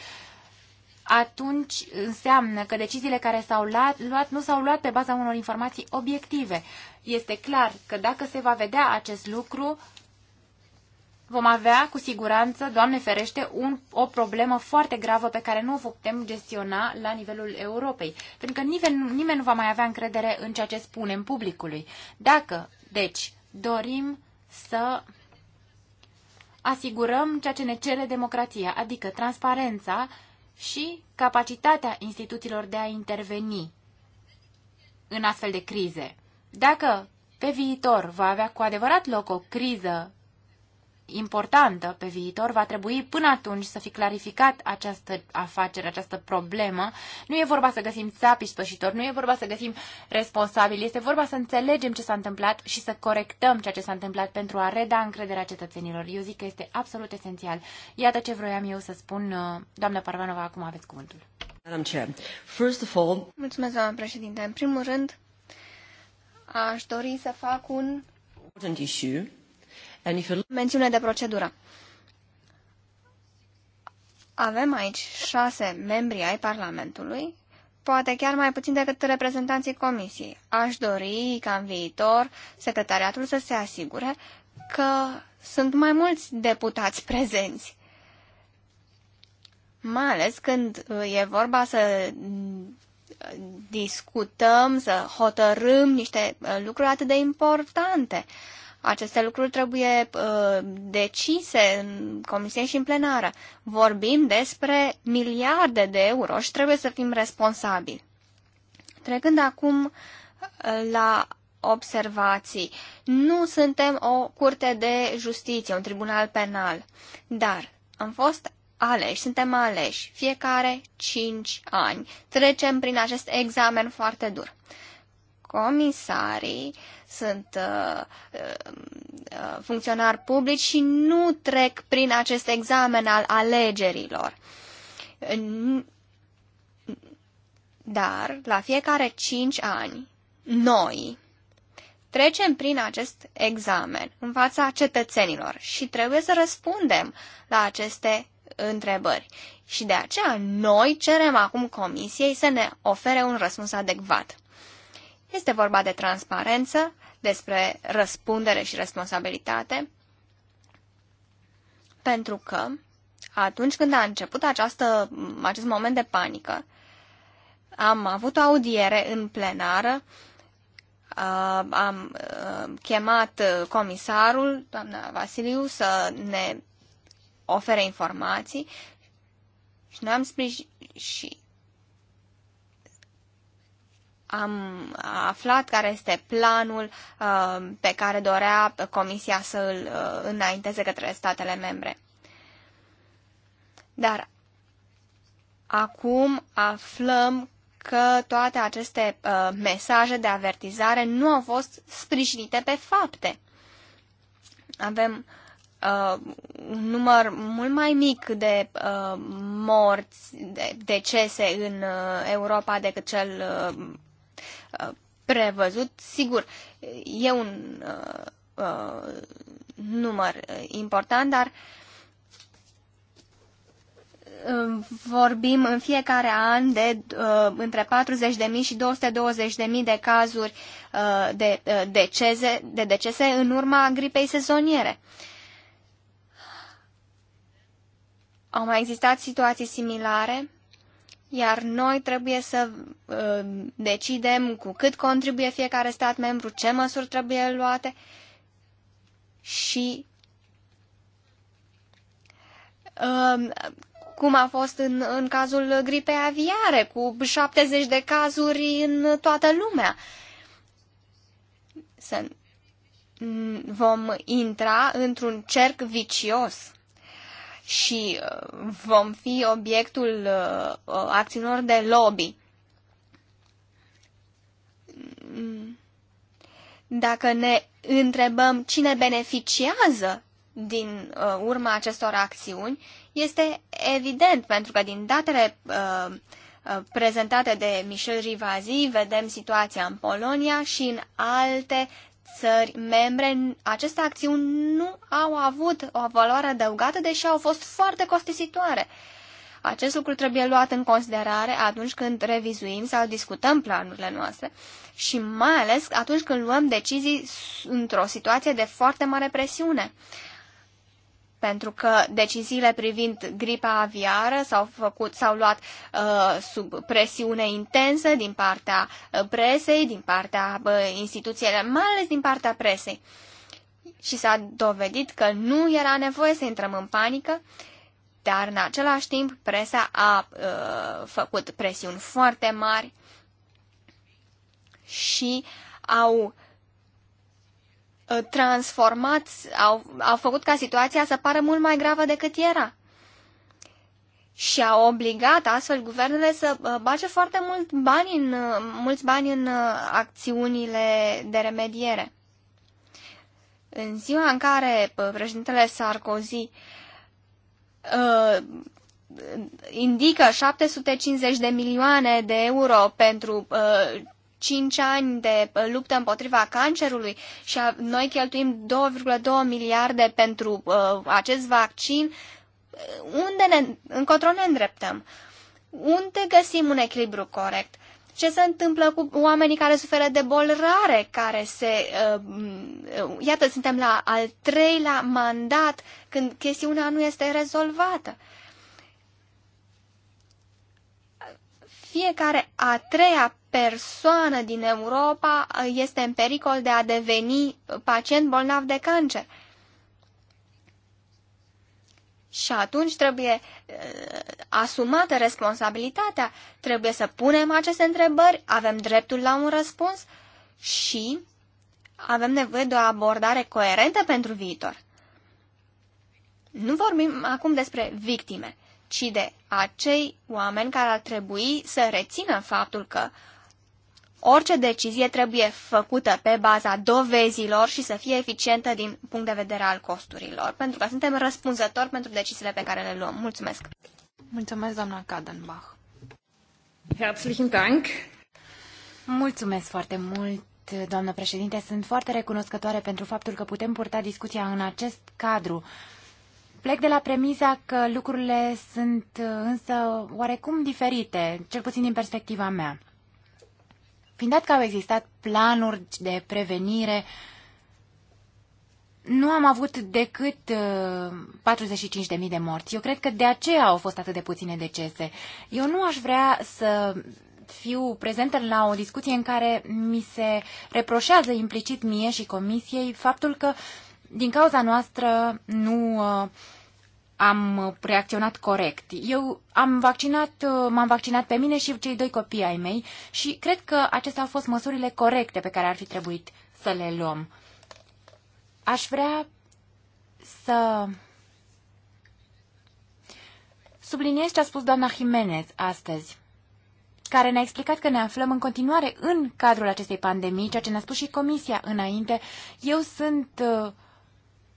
atunci înseamnă că deciziile care s-au luat, luat nu s-au luat pe baza unor informații obiective. Este clar că dacă se va vedea acest lucru, vom avea cu siguranță, Doamne ferește, un, o problemă foarte gravă pe care nu o putem gestiona la nivelul Europei. Pentru că nimeni, nimeni nu va mai avea încredere în ceea ce spunem publicului. Dacă, deci, dorim să asigurăm ceea ce ne cere democrația, adică transparența și capacitatea instituțiilor de a interveni în astfel de crize. Dacă pe viitor va avea cu adevărat loc o criză importantă pe viitor. Va trebui până atunci să fi clarificat această afacere, această problemă. Nu e vorba să găsim țapii spășitori, nu e vorba să găsim responsabili, este vorba să înțelegem ce s-a întâmplat și să corectăm ceea ce s-a întâmplat pentru a reda încrederea cetățenilor. Eu zic că este absolut esențial. Iată ce vroiam eu să spun. Uh, doamna Parvanova, acum aveți cuvântul. First of all... Mulțumesc, doamna președinte. În primul rând, aș dori să fac un important issue Mențiune de procedură. Avem aici șase membri ai Parlamentului, poate chiar mai puțin decât reprezentanții Comisiei. Aș dori ca în viitor secretariatul să se asigure că sunt mai mulți deputați prezenți. Mai ales când uh, e vorba să uh, discutăm, să hotărâm niște uh, lucruri atât de importante. Aceste lucruri trebuie uh, decise în comisie și în plenară. Vorbim despre miliarde de euro și trebuie să fim responsabili. Trecând acum uh, la observații. Nu suntem o curte de justiție, un tribunal penal, dar am fost aleși, suntem aleși fiecare 5 ani. Trecem prin acest examen foarte dur comisarii sunt uh, uh, uh, funcționari publici și nu trec prin acest examen al alegerilor. Dar la fiecare cinci ani, noi trecem prin acest examen în fața cetățenilor și trebuie să răspundem la aceste întrebări. Și de aceea noi cerem acum comisiei să ne ofere un răspuns adecvat. Este vorba de transparență, despre răspundere și responsabilitate, pentru că atunci când a început această, acest moment de panică, am avut o audiere în plenară, uh, am uh, chemat uh, comisarul, doamna Vasiliu, să ne ofere informații și noi am sprijin și am aflat care este planul uh, pe care dorea Comisia să îl uh, înainteze către statele membre. Dar acum aflăm că toate aceste uh, mesaje de avertizare nu au fost sprijinite pe fapte. Avem uh, un număr mult mai mic de uh, morți, de decese în uh, Europa decât cel uh, Uh, prevăzut. Sigur, e un uh, uh, număr important, dar vorbim în fiecare an de uh, între 40.000 și 220.000 de cazuri uh, de, uh, decese, de decese în urma gripei sezoniere. Au mai existat situații similare iar noi trebuie să uh, decidem cu cât contribuie fiecare stat membru, ce măsuri trebuie luate și uh, cum a fost în, în cazul gripei aviare, cu 70 de cazuri în toată lumea. Să mm, vom intra într-un cerc vicios și uh, vom fi obiectul uh, uh, acțiunilor de lobby. Dacă ne întrebăm cine beneficiază din uh, urma acestor acțiuni, este evident, pentru că din datele uh, prezentate de Michel Rivazi vedem situația în Polonia și în alte țări membre, aceste acțiuni nu au avut o valoare adăugată, deși au fost foarte costisitoare. Acest lucru trebuie luat în considerare atunci când revizuim sau discutăm planurile noastre și mai ales atunci când luăm decizii într-o situație de foarte mare presiune pentru că deciziile privind gripa aviară s-au făcut, s-au luat uh, sub presiune intensă din partea uh, presei, din partea uh, instituțiilor, mai ales din partea presei. Și s-a dovedit că nu era nevoie să intrăm în panică, dar în același timp presa a uh, făcut presiuni foarte mari și au uh, Uh, transformat, au, au făcut ca situația să pară mult mai gravă decât era. Și au obligat astfel guvernele să uh, bage foarte mult bani în, uh, mulți bani în acțiunile de remediere. În ziua în care președintele Sarkozy uh, indică 750 de milioane de euro pentru uh, 5 ani de uh, luptă împotriva cancerului și noi cheltuim 2,2 miliarde pentru uh, acest vaccin, uh, unde ne, încotro ne îndreptăm? Unde găsim un echilibru corect? Ce se întâmplă cu oamenii care suferă de boli rare, care se... Uh, uh, iată, suntem la al treilea mandat când chestiunea nu este rezolvată. Fiecare a treia persoană din Europa uh, este în pericol de a deveni pacient bolnav de cancer. Și atunci trebuie uh, asumată responsabilitatea, trebuie să punem aceste întrebări, avem dreptul la un răspuns și avem nevoie de o abordare coerentă pentru viitor. Nu vorbim acum despre victime, ci de acei oameni care ar trebui să rețină faptul că uh, Orice decizie trebuie făcută pe baza dovezilor și să fie eficientă din punct de vedere al costurilor, pentru că suntem răspunzători pentru deciziile pe care le luăm. Mulțumesc! Mulțumesc, doamna Kadenbach! Herzlichen Dank! Mulțumesc foarte mult! doamnă președinte, sunt foarte recunoscătoare pentru faptul că putem purta discuția în acest cadru. Plec de la premisa că lucrurile sunt însă oarecum diferite, cel puțin din perspectiva mea. Fiind dat că au existat planuri de prevenire, nu am avut decât 45.000 uh, de morți. Eu cred că de aceea au fost atât de puține decese. Eu nu aș vrea să fiu prezentă la o discuție în care mi se reproșează implicit mie și comisiei faptul că din cauza noastră nu uh, am reacționat corect. Eu am vaccinat, m-am vaccinat pe mine și cei doi copii ai mei și cred că acestea au fost măsurile corecte pe care ar fi trebuit să le luăm. Aș vrea să subliniez ce a spus doamna Jimenez astăzi, care ne-a explicat că ne aflăm în continuare în cadrul acestei pandemii, ceea ce ne-a spus și Comisia înainte. Eu sunt uh,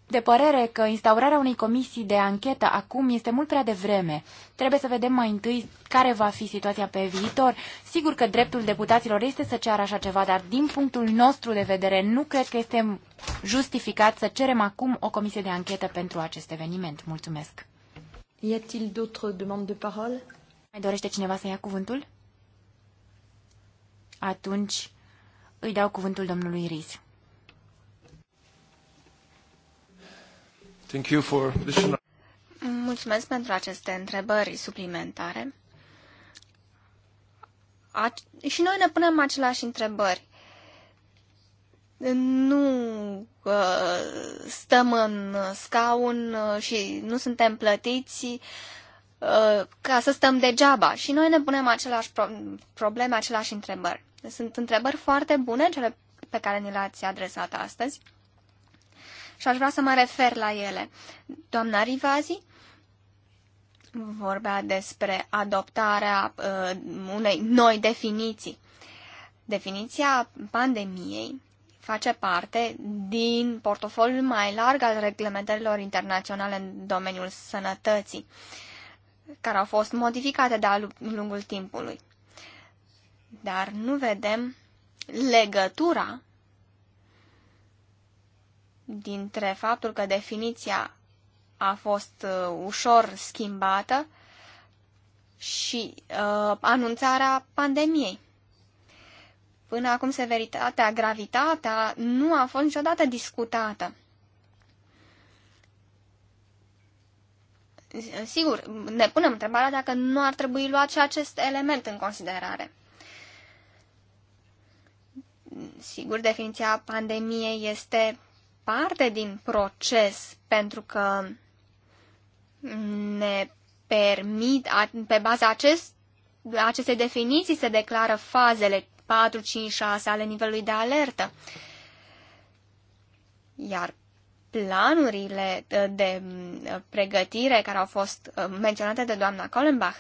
de părere că instaurarea unei comisii de anchetă acum este mult prea devreme. Trebuie să vedem mai întâi care va fi situația pe viitor. Sigur că dreptul deputaților este să ceară așa ceva, dar din punctul nostru de vedere nu cred că este justificat să cerem acum o comisie de anchetă pentru acest eveniment. Mulțumesc. Y a-t-il d'autres demandes de parole? Mai dorește cineva să ia cuvântul? Atunci îi dau cuvântul domnului Riz. Thank you for additional... Mulțumesc pentru aceste întrebări suplimentare. A... Și noi ne punem aceleași întrebări. Nu uh, stăm în scaun uh, și nu suntem plătiți uh, ca să stăm degeaba. Și noi ne punem aceleași probleme, aceleași întrebări. Sunt întrebări foarte bune, cele pe care ni le-ați adresat astăzi și aș vrea să mă refer la ele. Doamna Rivazi vorbea despre adoptarea uh, unei noi definiții. Definiția pandemiei face parte din portofoliul mai larg al reglementărilor internaționale în domeniul sănătății, care au fost modificate de-a lungul timpului. Dar nu vedem legătura dintre faptul că definiția a fost uh, ușor schimbată și uh, anunțarea pandemiei. Până acum severitatea, gravitatea nu a fost niciodată discutată. Sigur, ne punem întrebarea dacă nu ar trebui luat și acest element în considerare. Sigur, definiția pandemiei este parte din proces pentru că ne permit, pe baza acest, acestei definiții se declară fazele 4, 5, 6 ale nivelului de alertă. Iar planurile de pregătire care au fost uh, menționate de doamna Collenbach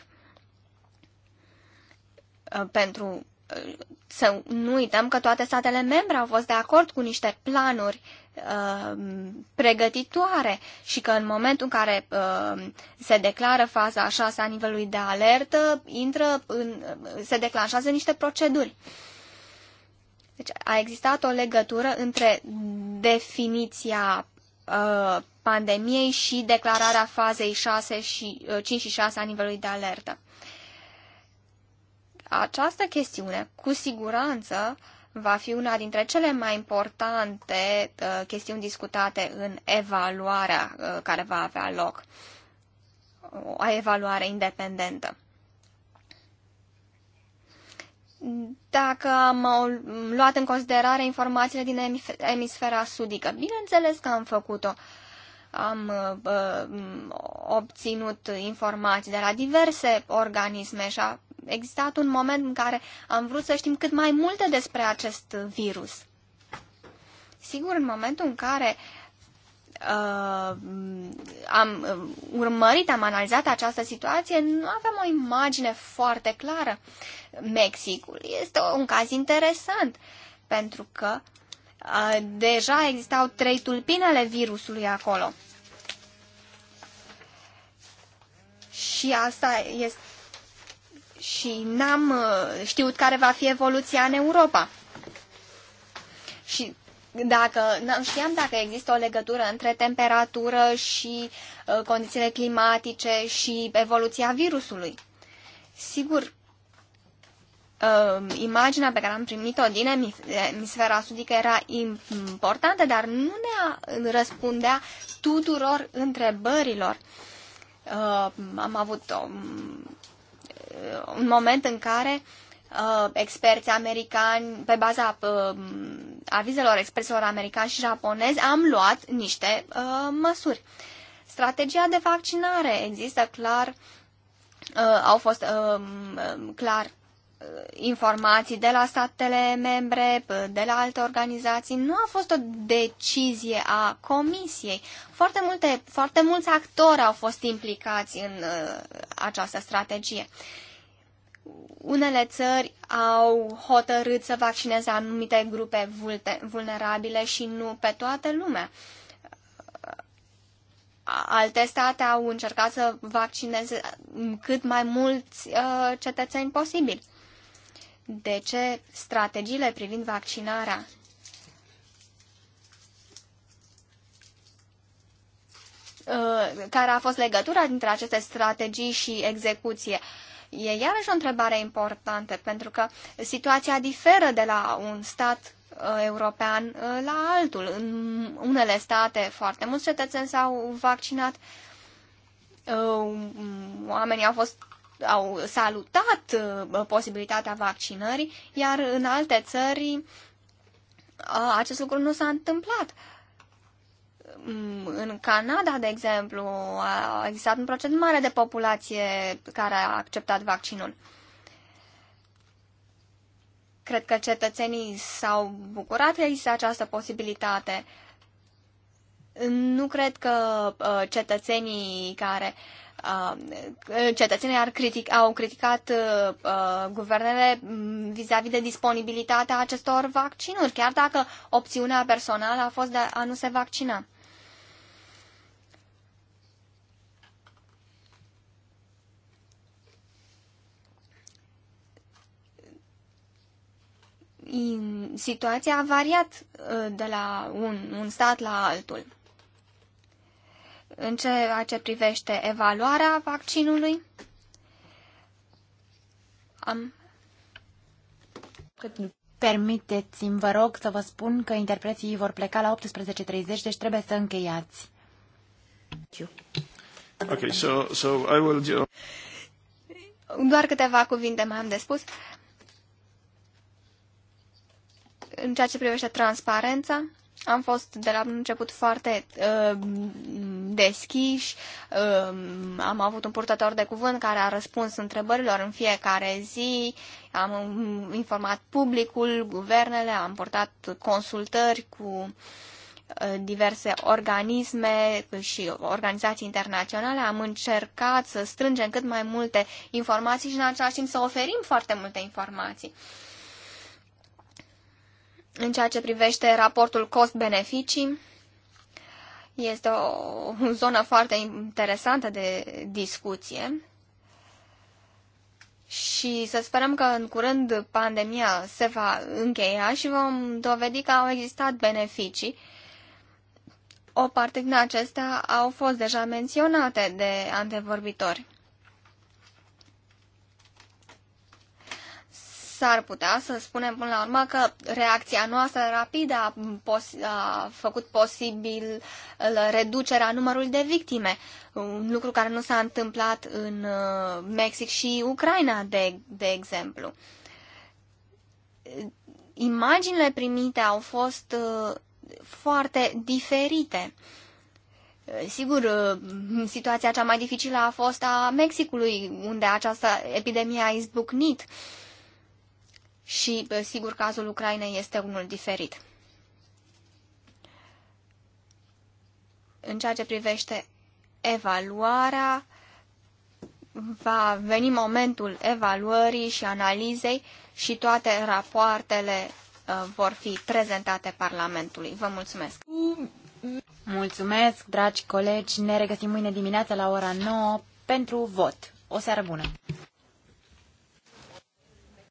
uh, pentru uh, să nu uităm că toate statele membre au fost de acord cu niște planuri Um, pregătitoare și că în momentul în care um, se declară faza a șasea a nivelului de alertă, intră în, se declanșează niște proceduri. Deci a existat o legătură între definiția uh, pandemiei și declararea fazei 6 și, 5 uh, și 6 a nivelului de alertă. Această chestiune, cu siguranță, uh, va fi una dintre cele mai importante uh, chestiuni discutate în evaluarea uh, care va avea loc, o evaluare independentă. Dacă am uh, luat în considerare informațiile din emisfera sudică, bineînțeles că am făcut-o. Am uh, uh, obținut informații de la diverse organisme și a existat un moment în care am vrut să știm cât mai multe despre acest virus. Sigur, în momentul în care uh, am uh, urmărit, am analizat această situație, nu aveam o imagine foarte clară. Mexicul este un caz interesant, pentru că uh, deja existau trei tulpini ale virusului acolo. Și asta este și n-am uh, știut care va fi evoluția în Europa. Și dacă nu știam dacă există o legătură între temperatură și uh, condițiile climatice și evoluția virusului. Sigur, uh, imaginea pe care am primit-o din emisfera sudică era importantă, dar nu ne uh, răspundea tuturor întrebărilor. Uh, am avut o, un moment în care uh, experți americani, pe baza uh, avizelor experților americani și japonezi, am luat niște uh, măsuri. Strategia de vaccinare există clar, uh, au fost uh, clar uh, informații de la statele membre, de la alte organizații. Nu a fost o decizie a comisiei. Foarte, multe, foarte mulți actori au fost implicați în uh, această strategie. Uh, unele țări au hotărât să vaccineze anumite grupe vulnerabile și nu pe toată lumea. Alte state au încercat să vaccineze cât mai mulți uh, cetățeni posibil. De ce strategiile privind vaccinarea uh, care a fost legătura dintre aceste strategii și execuție. Uh, E iarăși o întrebare importantă, pentru că situația diferă de la un stat uh, european uh, la altul. În unele state foarte mulți cetățeni s-au vaccinat, uh, oamenii au fost au salutat posibilitatea vaccinării, iar în alte țări acest lucru nu s-a întâmplat. Mm, în Canada, de exemplu, a existat un procent mare de populație care a acceptat vaccinul. Cred că cetățenii s-au bucurat că există această posibilitate. Nu cred că uh, cetățenii care uh, cetățenii ar critic, au criticat uh, uh guvernele mm, vis-a-vis -vis de disponibilitatea acestor vaccinuri, chiar dacă opțiunea personală a fost de a nu se vaccina. situația a variat uh, de la un, un stat la altul. În ceea ce privește evaluarea vaccinului, am... Permiteți-mi, vă rog, să vă spun că interpreții vor pleca la 18.30, deci trebuie să încheiați. Okay, so, so I will Doar câteva cuvinte mai am de spus. Uh, În ceea ce privește transparența, am fost de la început foarte uh, deschiși, uh, am avut un purtător de cuvânt care a răspuns întrebărilor în fiecare zi, am um, informat publicul, guvernele, am portat consultări cu uh, diverse organisme și organizații internaționale. Am încercat să strângem cât mai multe informații și în același timp să oferim foarte multe informații. Uh, în ceea ce privește raportul cost-beneficii, este o zonă foarte interesantă de discuție și să sperăm că în curând pandemia se va încheia și vom dovedi că au existat beneficii. O parte din acestea au fost deja menționate de antevorbitori. S-ar putea să spunem până la urmă că reacția noastră rapidă a, pos- a făcut posibil uh, reducerea numărului de victime, un lucru care nu s-a întâmplat în uh, Mexic și Ucraina, de, de exemplu. Imaginile primite au fost uh, foarte diferite. Sigur, situația cea mai dificilă a fost a Mexicului, unde această epidemie a izbucnit. Uh, și, sigur, cazul Ucrainei este unul diferit. În ceea ce privește evaluarea, va veni momentul evaluării și analizei și toate rapoartele ă, vor fi prezentate Parlamentului. Vă mulțumesc! Mulțumesc, dragi colegi! Ne regăsim mâine dimineața la ora 9 pentru vot. O seară bună!